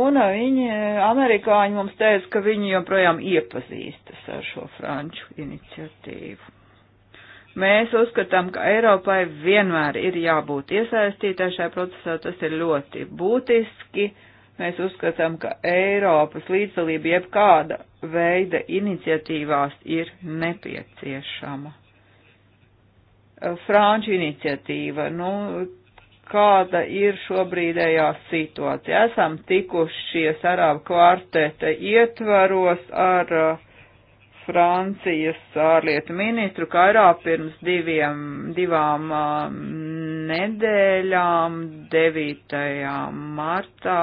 un viņi, amerikāņi mums teica, ka viņi joprojām iepazīstas ar šo franču iniciatīvu. Mēs uzskatām, ka Eiropai vienmēr ir jābūt iesaistītā šajā procesā, tas ir ļoti būtiski. Mēs uzskatām, ka Eiropas līdzdalība jebkāda veida iniciatīvās ir nepieciešama. Franču iniciatīva, nu, kāda ir šobrīdējā situācija. Esam tikušies Arābu kvarteta ietvaros ar uh, Francijas ārlietu ministru Kairā pirms diviem, divām um, nedēļām, 9. martā,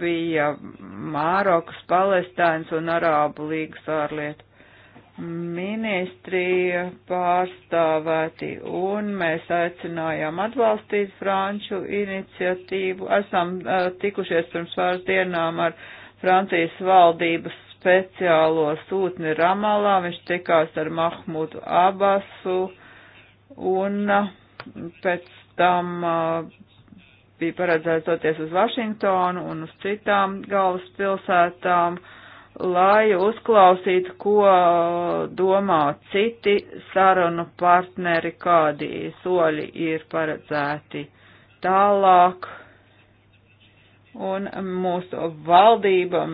bija Mārokas, Palestīnas un Arābu līgas ārlietu ministrija pārstāvēti, un mēs aicinājām atbalstīt Franču iniciatīvu. Esam uh, tikušies pirms pāris dienām ar Francijas valdības speciālo sūtni Ramalā, viņš tikās ar Mahmudu Abasu un uh, pēc tam uh, bija paredzēts doties uz Vašingtonu un uz citām galvaspilsētām, lai uzklausītu, ko uh, domā citi sarunu partneri, kādi soļi ir paredzēti tālāk un mūsu valdība,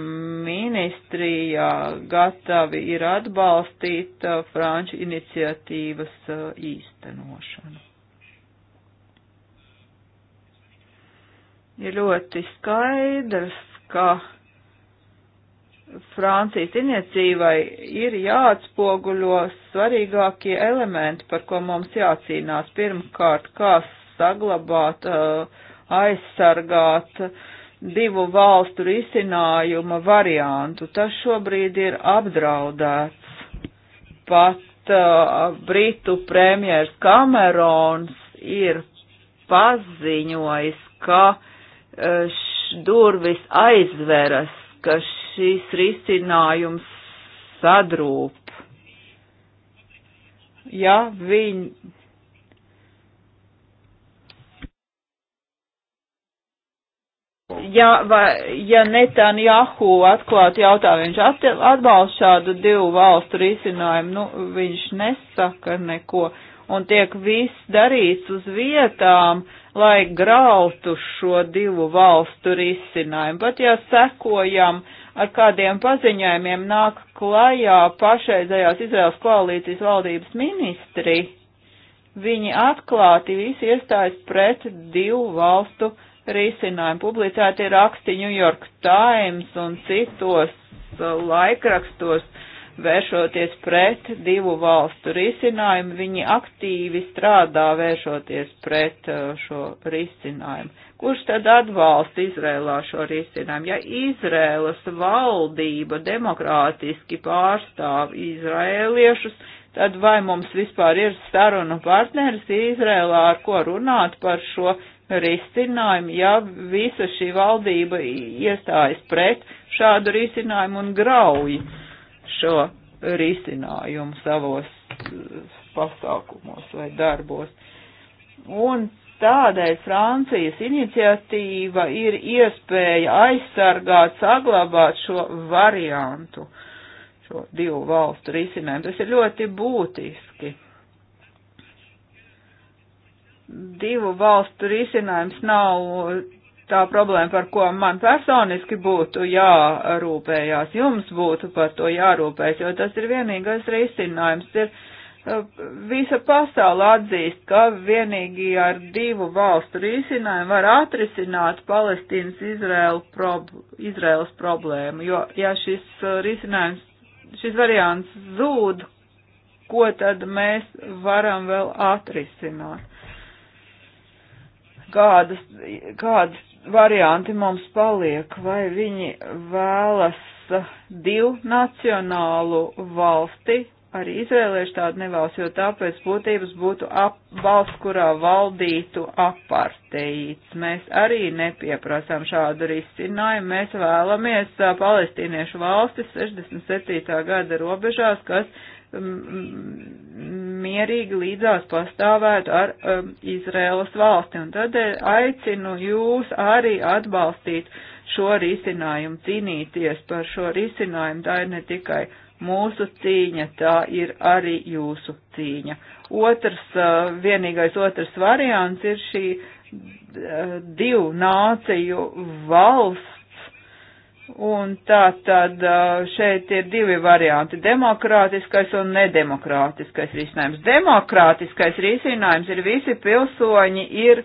ministrija gatavi ir atbalstīt uh, franču iniciatīvas uh, īstenošanu. Ir ļoti skaidrs, ka Francijas iniciatīvai ir jāatspoguļo svarīgākie elementi, par ko mums jācīnās. Pirmkārt, kā saglabāt, uh, aizsargāt uh, divu valstu risinājuma variantu. Tas šobrīd ir apdraudēts. Pat uh, Britu premjers Kamerons ir paziņojis, ka uh, durvis aizveras, ka šis risinājums sadrūp. Ja viņi ja, vai, ja Netanjahu atklāti jautā, viņš atbalsta šādu divu valstu risinājumu, nu, viņš nesaka neko, un tiek viss darīts uz vietām, lai grautu šo divu valstu risinājumu. Pat ja sekojam, ar kādiem paziņojumiem nāk klajā pašreizējās Izraels koalīcijas valdības ministri, viņi atklāti visi iestājas pret divu valstu risinājumu risinājumu. Publicēti raksti New York Times un citos uh, laikrakstos, vēršoties pret divu valstu risinājumu. Viņi aktīvi strādā vēršoties pret uh, šo risinājumu. Kurš tad atbalsta Izrēlā šo risinājumu? Ja Izrēlas valdība demokrātiski pārstāv izrēliešus, tad vai mums vispār ir sarunu partneris Izrēlā, ar ko runāt par šo risinājumu? risinājumu, ja visa šī valdība iestājas pret šādu risinājumu un grauj šo risinājumu savos eh, pasākumos vai darbos. Un tādēļ Francijas iniciatīva ir iespēja aizsargāt, saglabāt šo variantu, šo divu valstu risinājumu. Tas ir ļoti būtiski divu valstu risinājums nav tā problēma, par ko man personiski būtu jārūpējās. Jums būtu par to jārūpējas, jo tas ir vienīgais risinājums. Ir uh, visa pasaule atzīst, ka vienīgi ar divu valstu risinājumu var atrisināt Palestīnas Izraēlu prob Izraēlas problēmu, jo ja šis uh, risinājums, šis variants zūd, ko tad mēs varam vēl atrisināt? kādas, kādas varianti mums paliek, vai viņi vēlas divu nacionālu valsti, arī izvēlēšu tādu nevalsts, jo tāpēc būtības būtu ap, valsts, kurā valdītu aparteīts. Mēs arī nepieprasām šādu risinājumu, mēs vēlamies palestīniešu valsti 67. gada robežās, kas mierīgi līdzās pastāvētu ar um, Izraēlas valsti. Un tādēļ eh, aicinu jūs arī atbalstīt šo risinājumu, cīnīties par šo risinājumu. Tā ir ne tikai mūsu cīņa, tā ir arī jūsu cīņa. Otrs, uh, vienīgais otrs variants ir šī uh, divu nāciju valsts Un tā tad šeit ir divi varianti - demokrātiskais un nedemokrātiskais risinājums. Demokrātiskais risinājums ir visi pilsoņi ir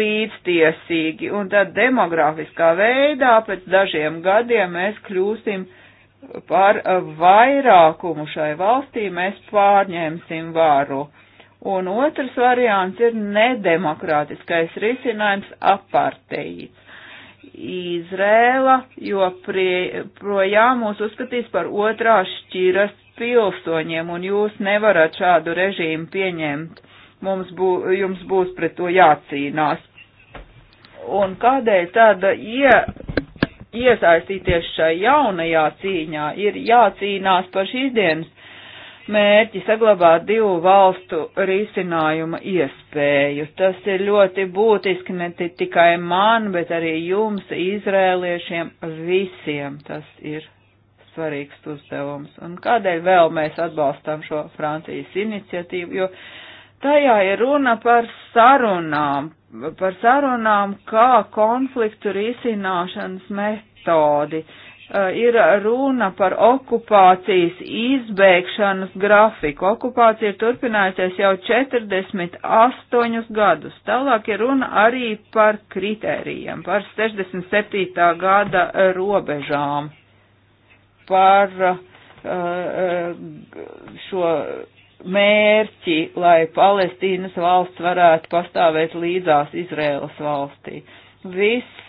līdztiesīgi, un tad demografiskā veidā pēc dažiem gadiem mēs kļūsim par vairākumu šai valstī, mēs pārņemsim varu. Un otrs variants ir nedemokrātiskais risinājums - aparteīts Izrēla joprojām mūs uzskatīs par otrās šķiras pilsoņiem, un jūs nevarat šādu režīmu pieņemt. Mums bū, jums būs pret to jācīnās. Un kādēļ tāda ie, iesaistīties šai jaunajā cīņā ir jācīnās par šīs dienas mērķi saglabāt divu valstu risinājuma iespēju. Tas ir ļoti būtiski ne tikai man, bet arī jums, izrēliešiem, visiem tas ir svarīgs uzdevums. Un kādēļ vēl mēs atbalstām šo Francijas iniciatīvu? Jo tajā ir runa par sarunām, par sarunām kā konfliktu risināšanas metodi Eh, ir runa par okupācijas izbēgšanas grafiku. Okupācija ir turpinājusies jau 48 gadus. Tālāk ir runa arī par kritērijiem, par 67. gada robežām, par eh, eh, šo mērķi, lai Palestīnas valsts varētu pastāvēt līdzās Izrēlas valstī. Viss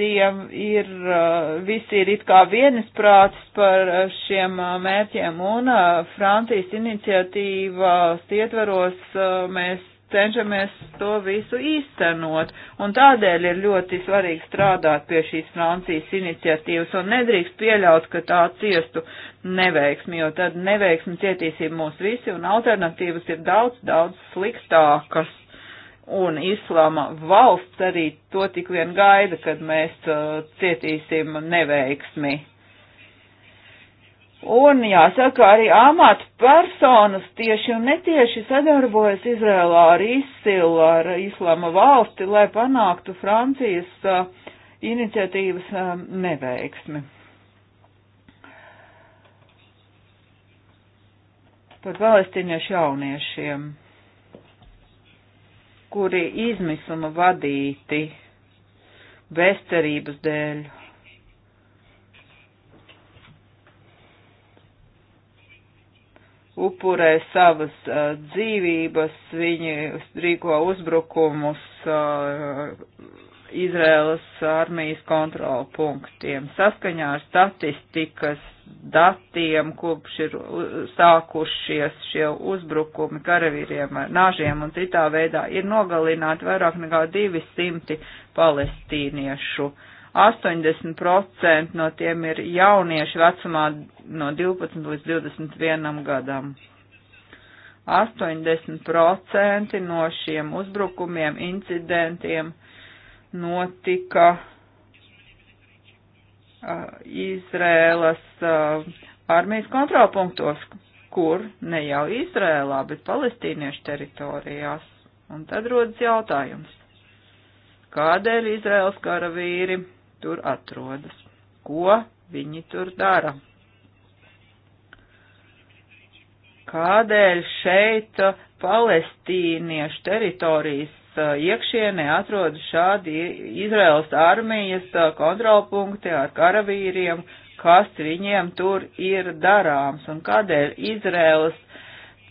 visiem ir, eh, visi ir it kā vienisprāts par eh, šiem eh, mērķiem, un Francijas iniciatīvas ietveros mēs cenšamies to visu īstenot, un tādēļ ir ļoti svarīgi strādāt pie šīs Francijas iniciatīvas, un nedrīkst pieļaut, ka tā ciestu neveiksmi, jo tad neveiksmi cietīsim mūs visi, un alternatīvas ir daudz, daudz sliktākas un islāma valsts arī to tik vien gaida, kad mēs uh, cietīsim neveiksmi. Un jāsaka, arī amata personas tieši un netieši sadarbojas Izrēlā ar ISIL, ar islāma valsti, lai panāktu Francijas uh, iniciatīvas uh, neveiksmi. Par palestīniešu jauniešiem kuri izmisuma vadīti bezcerības dēļ. Upurē savas uh, dzīvības, viņi rīko uzbrukumus uh, Izraēlas armijas kontrola punktiem. Saskaņā ar statistikas datiem, kopš ir sākušies šie uzbrukumi karavīriem ar nažiem un citā veidā, ir nogalināti vairāk nekā 200 palestīniešu. 80% no tiem ir jaunieši vecumā no 12 līdz 21 gadam. 80% no šiem uzbrukumiem, incidentiem, uh, notika Izrēlas armijas kontrolpunktos, kur ne jau Izrēlā, bet palestīniešu teritorijās. Un tad rodas jautājums, kādēļ Izrēlas karavīri tur atrodas, ko viņi tur dara. Kādēļ šeit palestīniešu teritorijas iekšienē atrodas šādi Izraels armijas uh, kontrolpunkti ar karavīriem, kas viņiem tur ir darāms un kādēļ Izraels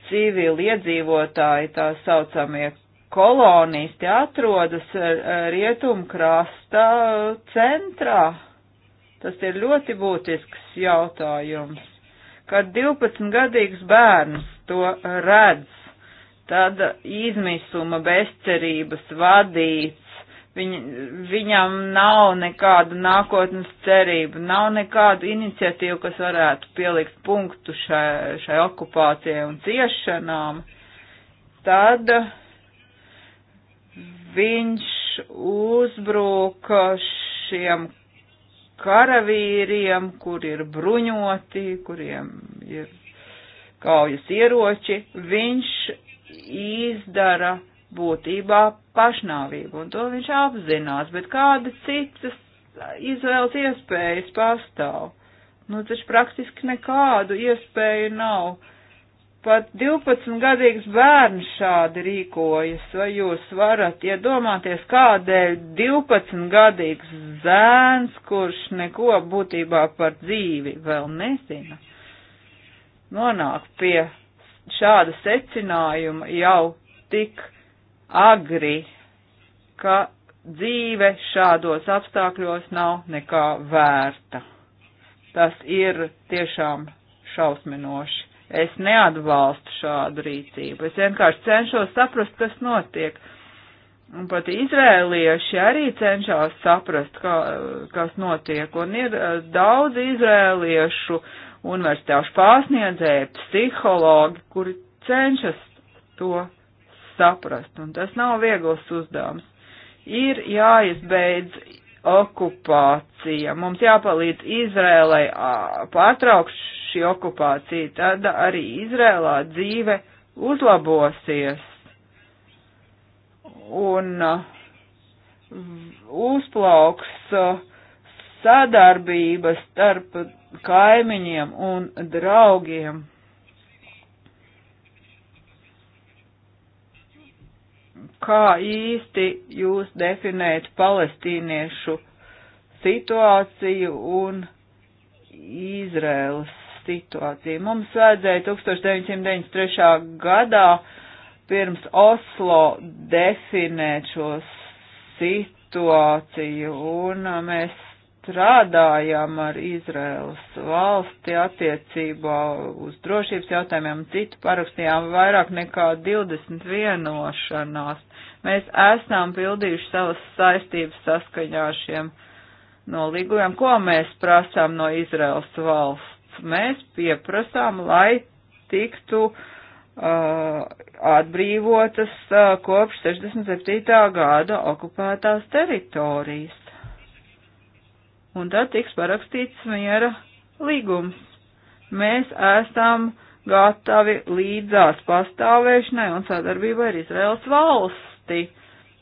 civili iedzīvotāji, tā saucamie kolonisti, atrodas uh, rietumkrasta uh, centrā. Tas ir ļoti būtisks jautājums. Kad 12 gadīgs bērns to redz, tad izmisuma bezcerības vadīts. Viņ, viņam nav nekāda nākotnes cerība, nav nekādu iniciatīvu, kas varētu pielikt punktu šai, šai okupācijai un ciešanām, tad viņš uzbrūk šiem karavīriem, kur ir bruņoti, kuriem ir kaujas ieroči, viņš izdara būtībā pašnāvību, un to viņš apzinās, bet kāda citas izvēles iespējas pastāv? Nu, taču praktiski nekādu iespēju nav. Pat 12-gadīgs bērns šādi rīkojas, vai jūs varat iedomāties, kādēļ 12-gadīgs zēns, kurš neko būtībā par dzīvi vēl nezina, nonāk pie šāda secinājuma jau tik agri, ka dzīve šādos apstākļos nav nekā vērta. Tas ir tiešām šausminoši. Es neatbalstu šādu rīcību. Es vienkārši cenšos saprast, kas notiek. Un pat izrēlieši arī cenšas saprast, kā, kas notiek. Un ir eh, daudz izrēliešu uh, universitāšu pārsniedzēji, psihologi, kuri cenšas to saprast, un tas nav viegls uzdevums. Ir jāizbeidz okupācija, mums jāpalīdz Izrēlai pārtraukt šī okupācija, tad arī Izrēlā dzīve uzlabosies. Un uh, uzplauks uh, sadarbības starp kaimiņiem un draugiem. Kā īsti jūs definējat palestīniešu situāciju un Izraēlas situāciju? Mums vajadzēja 1993. gadā pirms Oslo definēt šo situāciju, un mēs strādājam ar Izraels valsti attiecībā uz drošības jautājumiem, citu parakstījām vairāk nekā 20 vienošanās. Mēs esam pildījuši savas saistības saskaņā ar šiem nolīgumiem. Ko mēs prasām no Izraels valsts? Mēs pieprasām, lai tiktu uh, atbrīvotas uh, kopš 67. gada okupētās teritorijas un tad tiks parakstīts miera līgums. Mēs esam gatavi līdzās pastāvēšanai un sadarbībai ar Izraels valsti.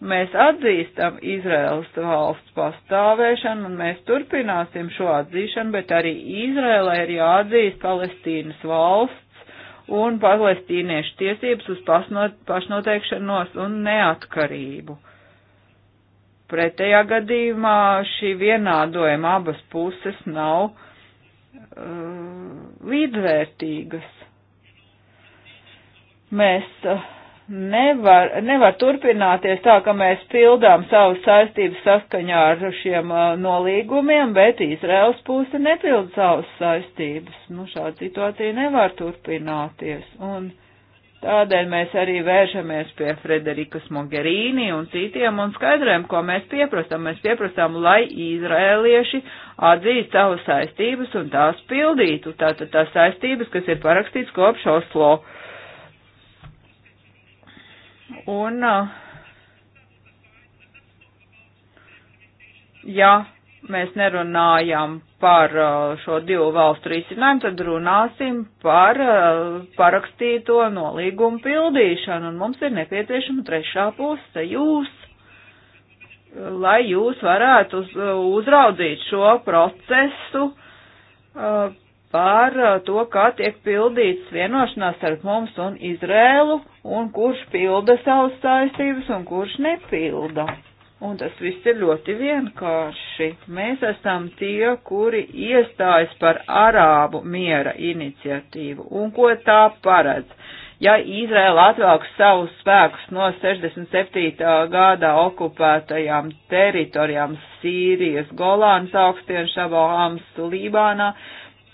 Mēs atzīstam Izraels valsts pastāvēšanu un mēs turpināsim šo atzīšanu, bet arī Izraelai ir jāatzīst Palestīnas valsts un palestīniešu tiesības uz pašnoteikšanos un neatkarību. Pretējā gadījumā šī vienādojuma abas puses nav uh, līdzvērtīgas. Mēs uh, nevar, nevar turpināties tā, ka mēs pildām savas saistības saskaņā ar šiem uh, nolīgumiem, bet Izraels puse nepild savas saistības. Nu, šāda situācija nevar turpināties. Un, uh, Tādēļ mēs arī vēršamies pie Frederikas Mogherīni un citiem un skaidrojam, ko mēs pieprasām. Mēs pieprasām, lai izrēlieši atzīst savas saistības un tās pildītu. Tātad tās saistības, kas ir parakstīts kopš Oslo. Un, ja mēs nerunājam par uh, šo divu valstu risinājumu, tad runāsim par uh, parakstīto nolīgumu pildīšanu, un mums ir nepieciešama trešā puse - jūs, lai jūs varētu uz, uzraudzīt šo procesu uh, par to, kā tiek pildīts vienošanās starp mums un Izrēlu, un kurš pilda savas saistības un kurš nepilda. Un tas viss ir ļoti vienkārši. Mēs esam tie, kuri iestājas par Arābu miera iniciatīvu. Un ko tā paredz? Ja Izraela atvēlks savus spēkus no 67. gadā okupētajām teritorijām Sīrijas, Golānas augstienas, Šabohams, Lībānā,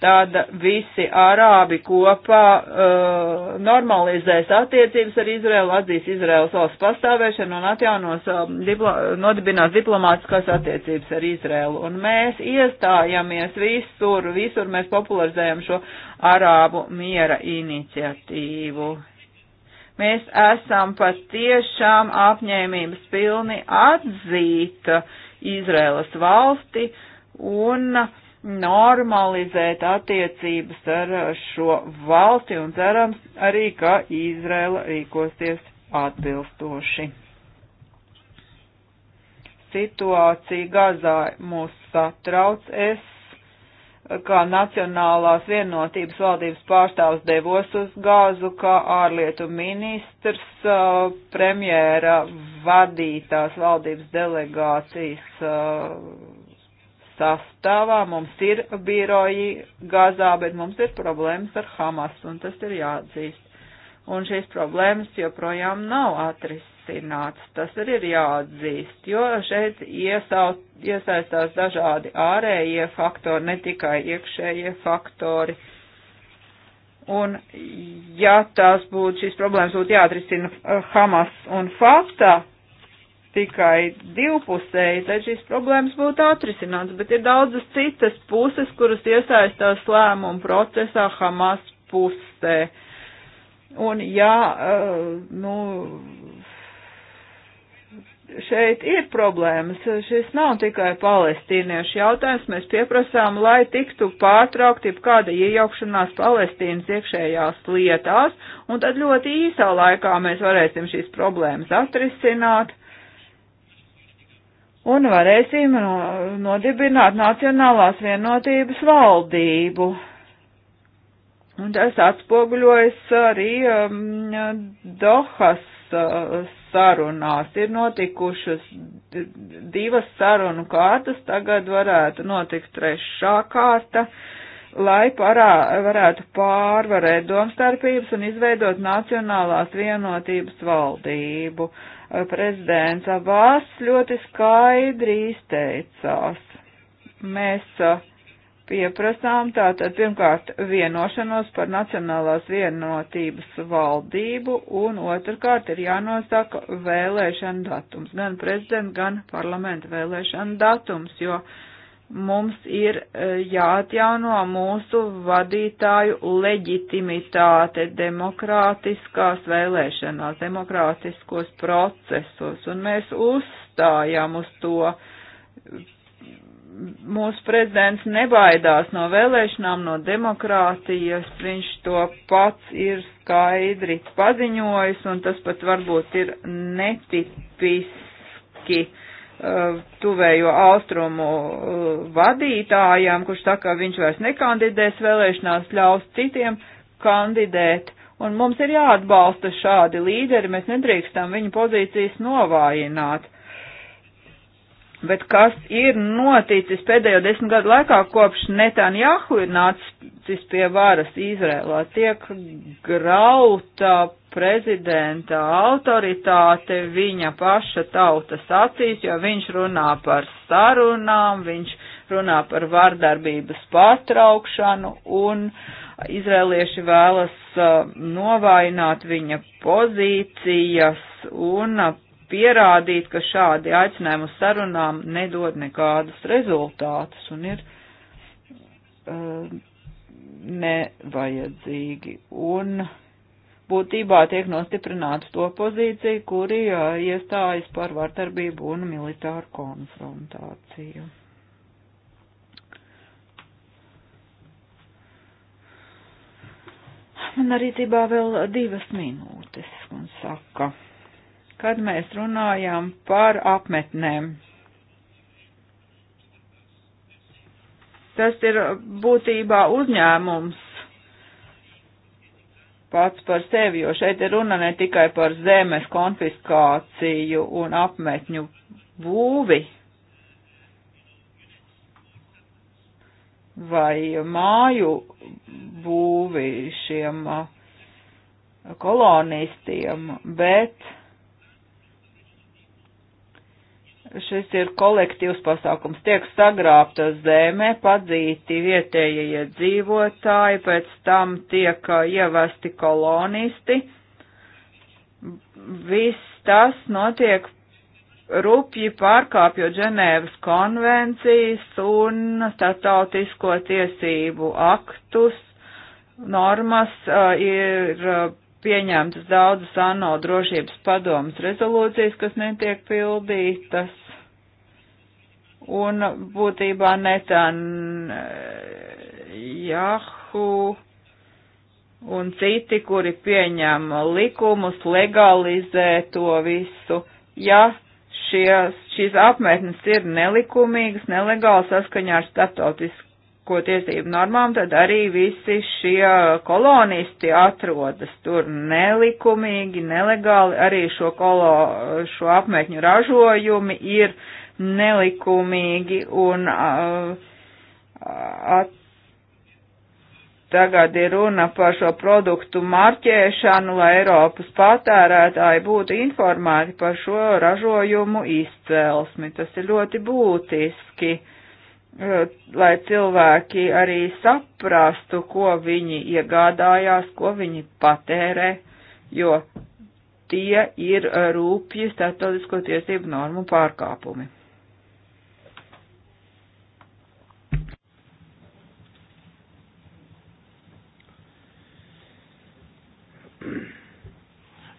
tad visi arābi kopā uh, normalizēs attiecības ar Izraelu, atzīs Izraels valsts pastāvēšanu un atjaunos, uh, diplo nodibinās diplomātiskās attiecības ar Izraelu. Un mēs iestājamies visur, visur mēs popularizējam šo arābu miera iniciatīvu. Mēs esam patiešām apņēmības pilni atzīt Izraēlas valsti un uh, normalizēt attiecības ar uh, šo valsti un cerams arī, ka Izraela rīkosies atbilstoši. Situācija Gazā mūs satrauc. Es, uh, kā Nacionālās vienotības valdības pārstāvs, devos uz Gāzu, kā ārlietu ministrs, uh, premjēra vadītās valdības delegācijas sastāvā, mums ir biroji Gazā, bet mums ir problēmas ar Hamas, un tas ir jāatzīst. Un šīs problēmas joprojām nav atrisināts, tas arī ir jāatzīst, jo šeit iesaut, iesaistās dažādi ārējie faktori, ne tikai iekšējie faktori. Un ja tās būtu, šīs problēmas būtu jāatrisina eh, Hamas un Fatah, tikai divpusēji, tad šīs problēmas būtu atrisināts, bet ir daudzas citas puses, kuras iesaistās lēmumu procesā Hamas pusē. Un jā, eh, nu, šeit ir problēmas. Šis nav tikai palestīniešu jautājums. Mēs pieprasām, lai tiktu pārtraukti kāda iejaukšanās Palestīnas iekšējās lietās, un tad ļoti īsā laikā mēs varēsim šīs problēmas atrisināt un varēsim uh, nodibināt Nacionālās vienotības valdību. Un tas atspoguļojas arī um, Dohas uh, sarunās. Ir notikušas divas sarunu kārtas, tagad varētu notikt trešā kārta, lai parā, varētu pārvarēt domstarpības un izveidot Nacionālās vienotības valdību. Uh, prezidents Abās ļoti skaidri izteicās. Mēs pieprasām tātad pirmkārt vienošanos par Nacionālās vienotības valdību un otrkārt ir jānosaka vēlēšana datums, gan prezidenta, gan parlamenta vēlēšana datums, jo uh, mums ir e, jāatjauno mūsu vadītāju leģitimitāte demokrātiskās vēlēšanās, demokrātiskos procesos, un mēs uzstājām uz to. Mūsu prezidents nebaidās no vēlēšanām, no demokrātijas, viņš to pats ir skaidri paziņojis, un tas pat varbūt ir netipiski Uh, tuvējo austrumu uh, vadītājām, kurš saka, ka viņš vairs nekandidēs vēlēšanās, ļaus citiem kandidēt. Un mums ir jāatbalsta šādi līderi, mēs nedrīkstam viņu pozīcijas novājināt. Bet kas ir noticis pēdējo desmit gadu laikā, kopš Netanjahu ir nācis pie varas Izrēlā? Tiek grauta prezidenta autoritāte viņa paša tautas acīs, jo viņš runā par sarunām, viņš runā par vardarbības pārtraukšanu un izrēlieši vēlas uh, novainot viņa pozīcijas un pierādīt, ka šādi aicinājumi uz sarunām nedod nekādus rezultātus un ir uh, nevajadzīgi. Un, uh, būtībā tiek nostiprināta to pozīcija, kuri iestājas par vardarbību un militāru konfrontāciju. Man arī tībā vēl divas minūtes, un saka, kad mēs runājām par apmetnēm. Tas ir būtībā uzņēmums, pats par sevi, jo šeit ir runa ne tikai par zemes konfiskāciju un apmetņu būvi vai māju būvi šiem uh, kolonistiem, bet Šis ir kolektīvs pasākums. Tiek sagrābta zeme, padzīti vietējie dzīvotāji, pēc tam tiek uh, ievesti kolonisti. Viss tas notiek rupji pārkāpjot Ženēvas konvencijas un statautisko tiesību aktus. Normas uh, ir uh, pieņemtas daudzas ANO drošības padomas rezolūcijas, kas netiek pildītas un būtībā netan Jahu eh, un citi, kuri pieņem likumus, legalizē to visu. Ja šie, šīs apmetnes ir nelikumīgas, nelegāli saskaņā ar starptautisko tiesību normām, tad arī visi šie kolonisti atrodas tur nelikumīgi, nelegāli. Arī šo, kolo, šo apmetņu ražojumi ir uh, nelikumīgi un uh, at, tagad ir runa par šo produktu marķēšanu, lai Eiropas patērētāji būtu informēti par šo ražojumu izcelsmi. Tas ir ļoti būtiski, uh, lai cilvēki arī saprastu, ko viņi iegādājās, ko viņi patērē, jo tie ir rūpji starptautisko tiesību normu pārkāpumi.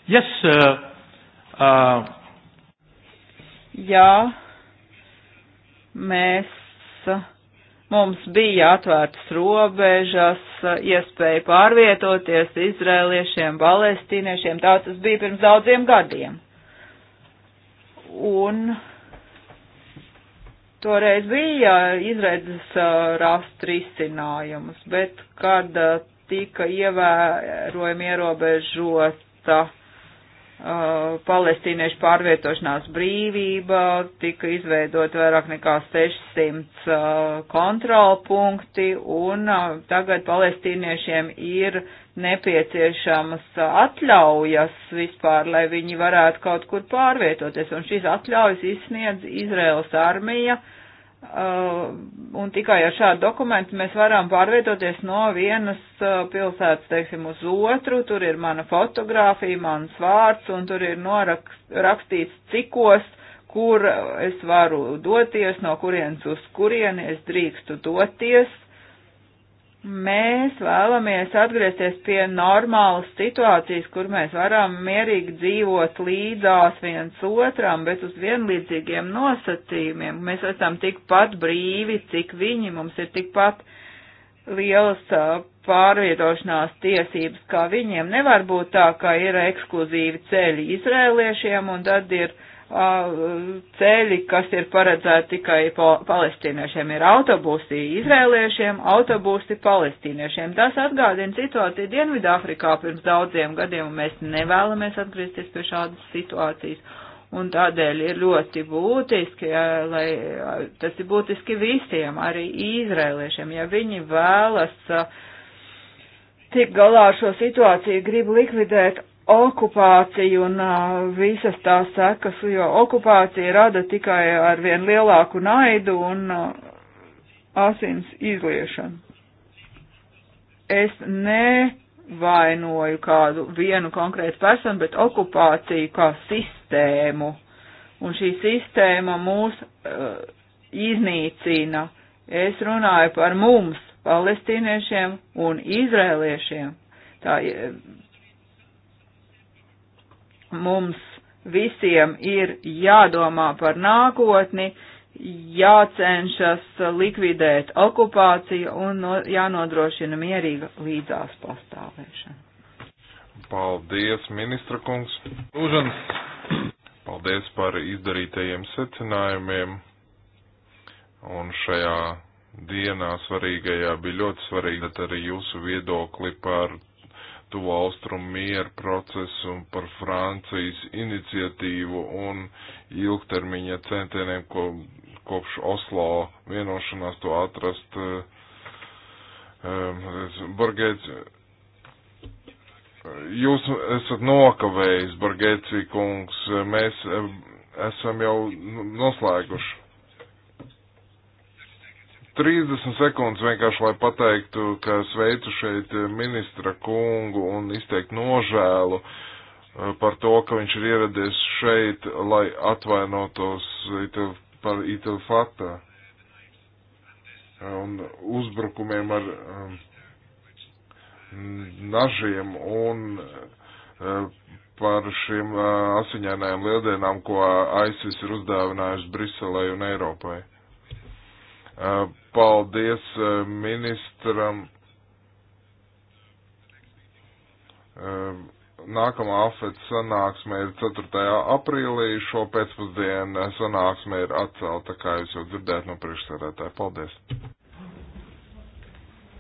Yes. Uh, uh, Jā, mēs, mums bija atvērtas robežas, iespēja pārvietoties izrēliešiem, palestīniešiem, tā tas bija pirms daudziem gadiem. Un toreiz bija izredzes uh, rast risinājumus, bet kad uh, tika ievērojami ierobežota Uh, palestīniešu pārvietošanās brīvība, tika izveidot vairāk nekā 600 uh, kontrolpunkti, un uh, tagad palestīniešiem ir nepieciešamas atļaujas vispār, lai viņi varētu kaut kur pārvietoties, un šīs atļaujas izsniedz Izraels armija, uh, Uh, un tikai ar šādu dokumentu mēs varam pārvietoties no vienas uh, pilsētas, teiksim, uz otru, tur ir mana fotografija, mans vārds, un tur ir norakstīts cikos, kur es varu doties, no kurienes uz kurieni es drīkstu doties, Mēs vēlamies atgriezties pie normālas situācijas, kur mēs varam mierīgi dzīvot līdzās viens otram, bet uz vienlīdzīgiem nosacījumiem. Mēs esam tikpat brīvi, cik viņi mums ir tikpat lielas pārvietošanās tiesības kā viņiem. Nevar būt tā, ka ir ekskluzīvi ceļi izrēliešiem un tad ir ceļi, kas ir paredzēti tikai palestīniešiem, ir autobusi izrēliešiem, autobusi palestīniešiem. Tas atgādina situāciju Dienvidāfrikā pirms daudziem gadiem, un mēs nevēlamies atgriezties pie šādas situācijas. Un tādēļ ir ļoti būtiski, ja, lai tas ir būtiski visiem, arī izrēliešiem, ja viņi vēlas uh, tik galā ar šo situāciju, grib likvidēt okupācija un uh, visas tās sekas, jo okupācija rada tikai ar vien lielāku naidu un uh, asins izliešanu. Es nevainoju kādu vienu konkrētu personu, bet okupāciju kā sistēmu. Un šī sistēma mūs uh, iznīcina. Es runāju par mums, palestīniešiem un izrēliešiem. Tā mums visiem ir jādomā par nākotni, jācenšas likvidēt okupāciju un no, jānodrošina mierīga līdzās pastāvēšana. Paldies, ministra kungs. Lūžans. Paldies par izdarītajiem secinājumiem. Un šajā dienā svarīgajā bija ļoti svarīga arī jūsu viedokli par tuvo austrumu mieru procesu un par Francijas iniciatīvu un ilgtermiņa centieniem, ko kopš Oslo vienošanās to atrast. Eh, eh, Bargēts, jūs esat nokavējis, Bargētsī kungs, mēs eh, esam jau noslēguši 30 sekundes vienkārši, lai pateiktu, ka sveicu šeit eh, ministra kungu un izteikt nožēlu eh, par to, ka viņš ir ieradies šeit, lai atvainotos itel, par Itālijā eh, un uzbrukumiem ar um, nažiem un um, par šīm uh, asiņainajām lieldienām, ko ISIS ir uzdāvinājusi Briselē un Eiropai. Uh, paldies eh, ministram. Eh, nākamā afet sanāksme ir 4. aprīlī, šo pēcpusdienu sanāksme ir atcelta, kā jūs jau dzirdējat no priekšsēdētāja. Paldies!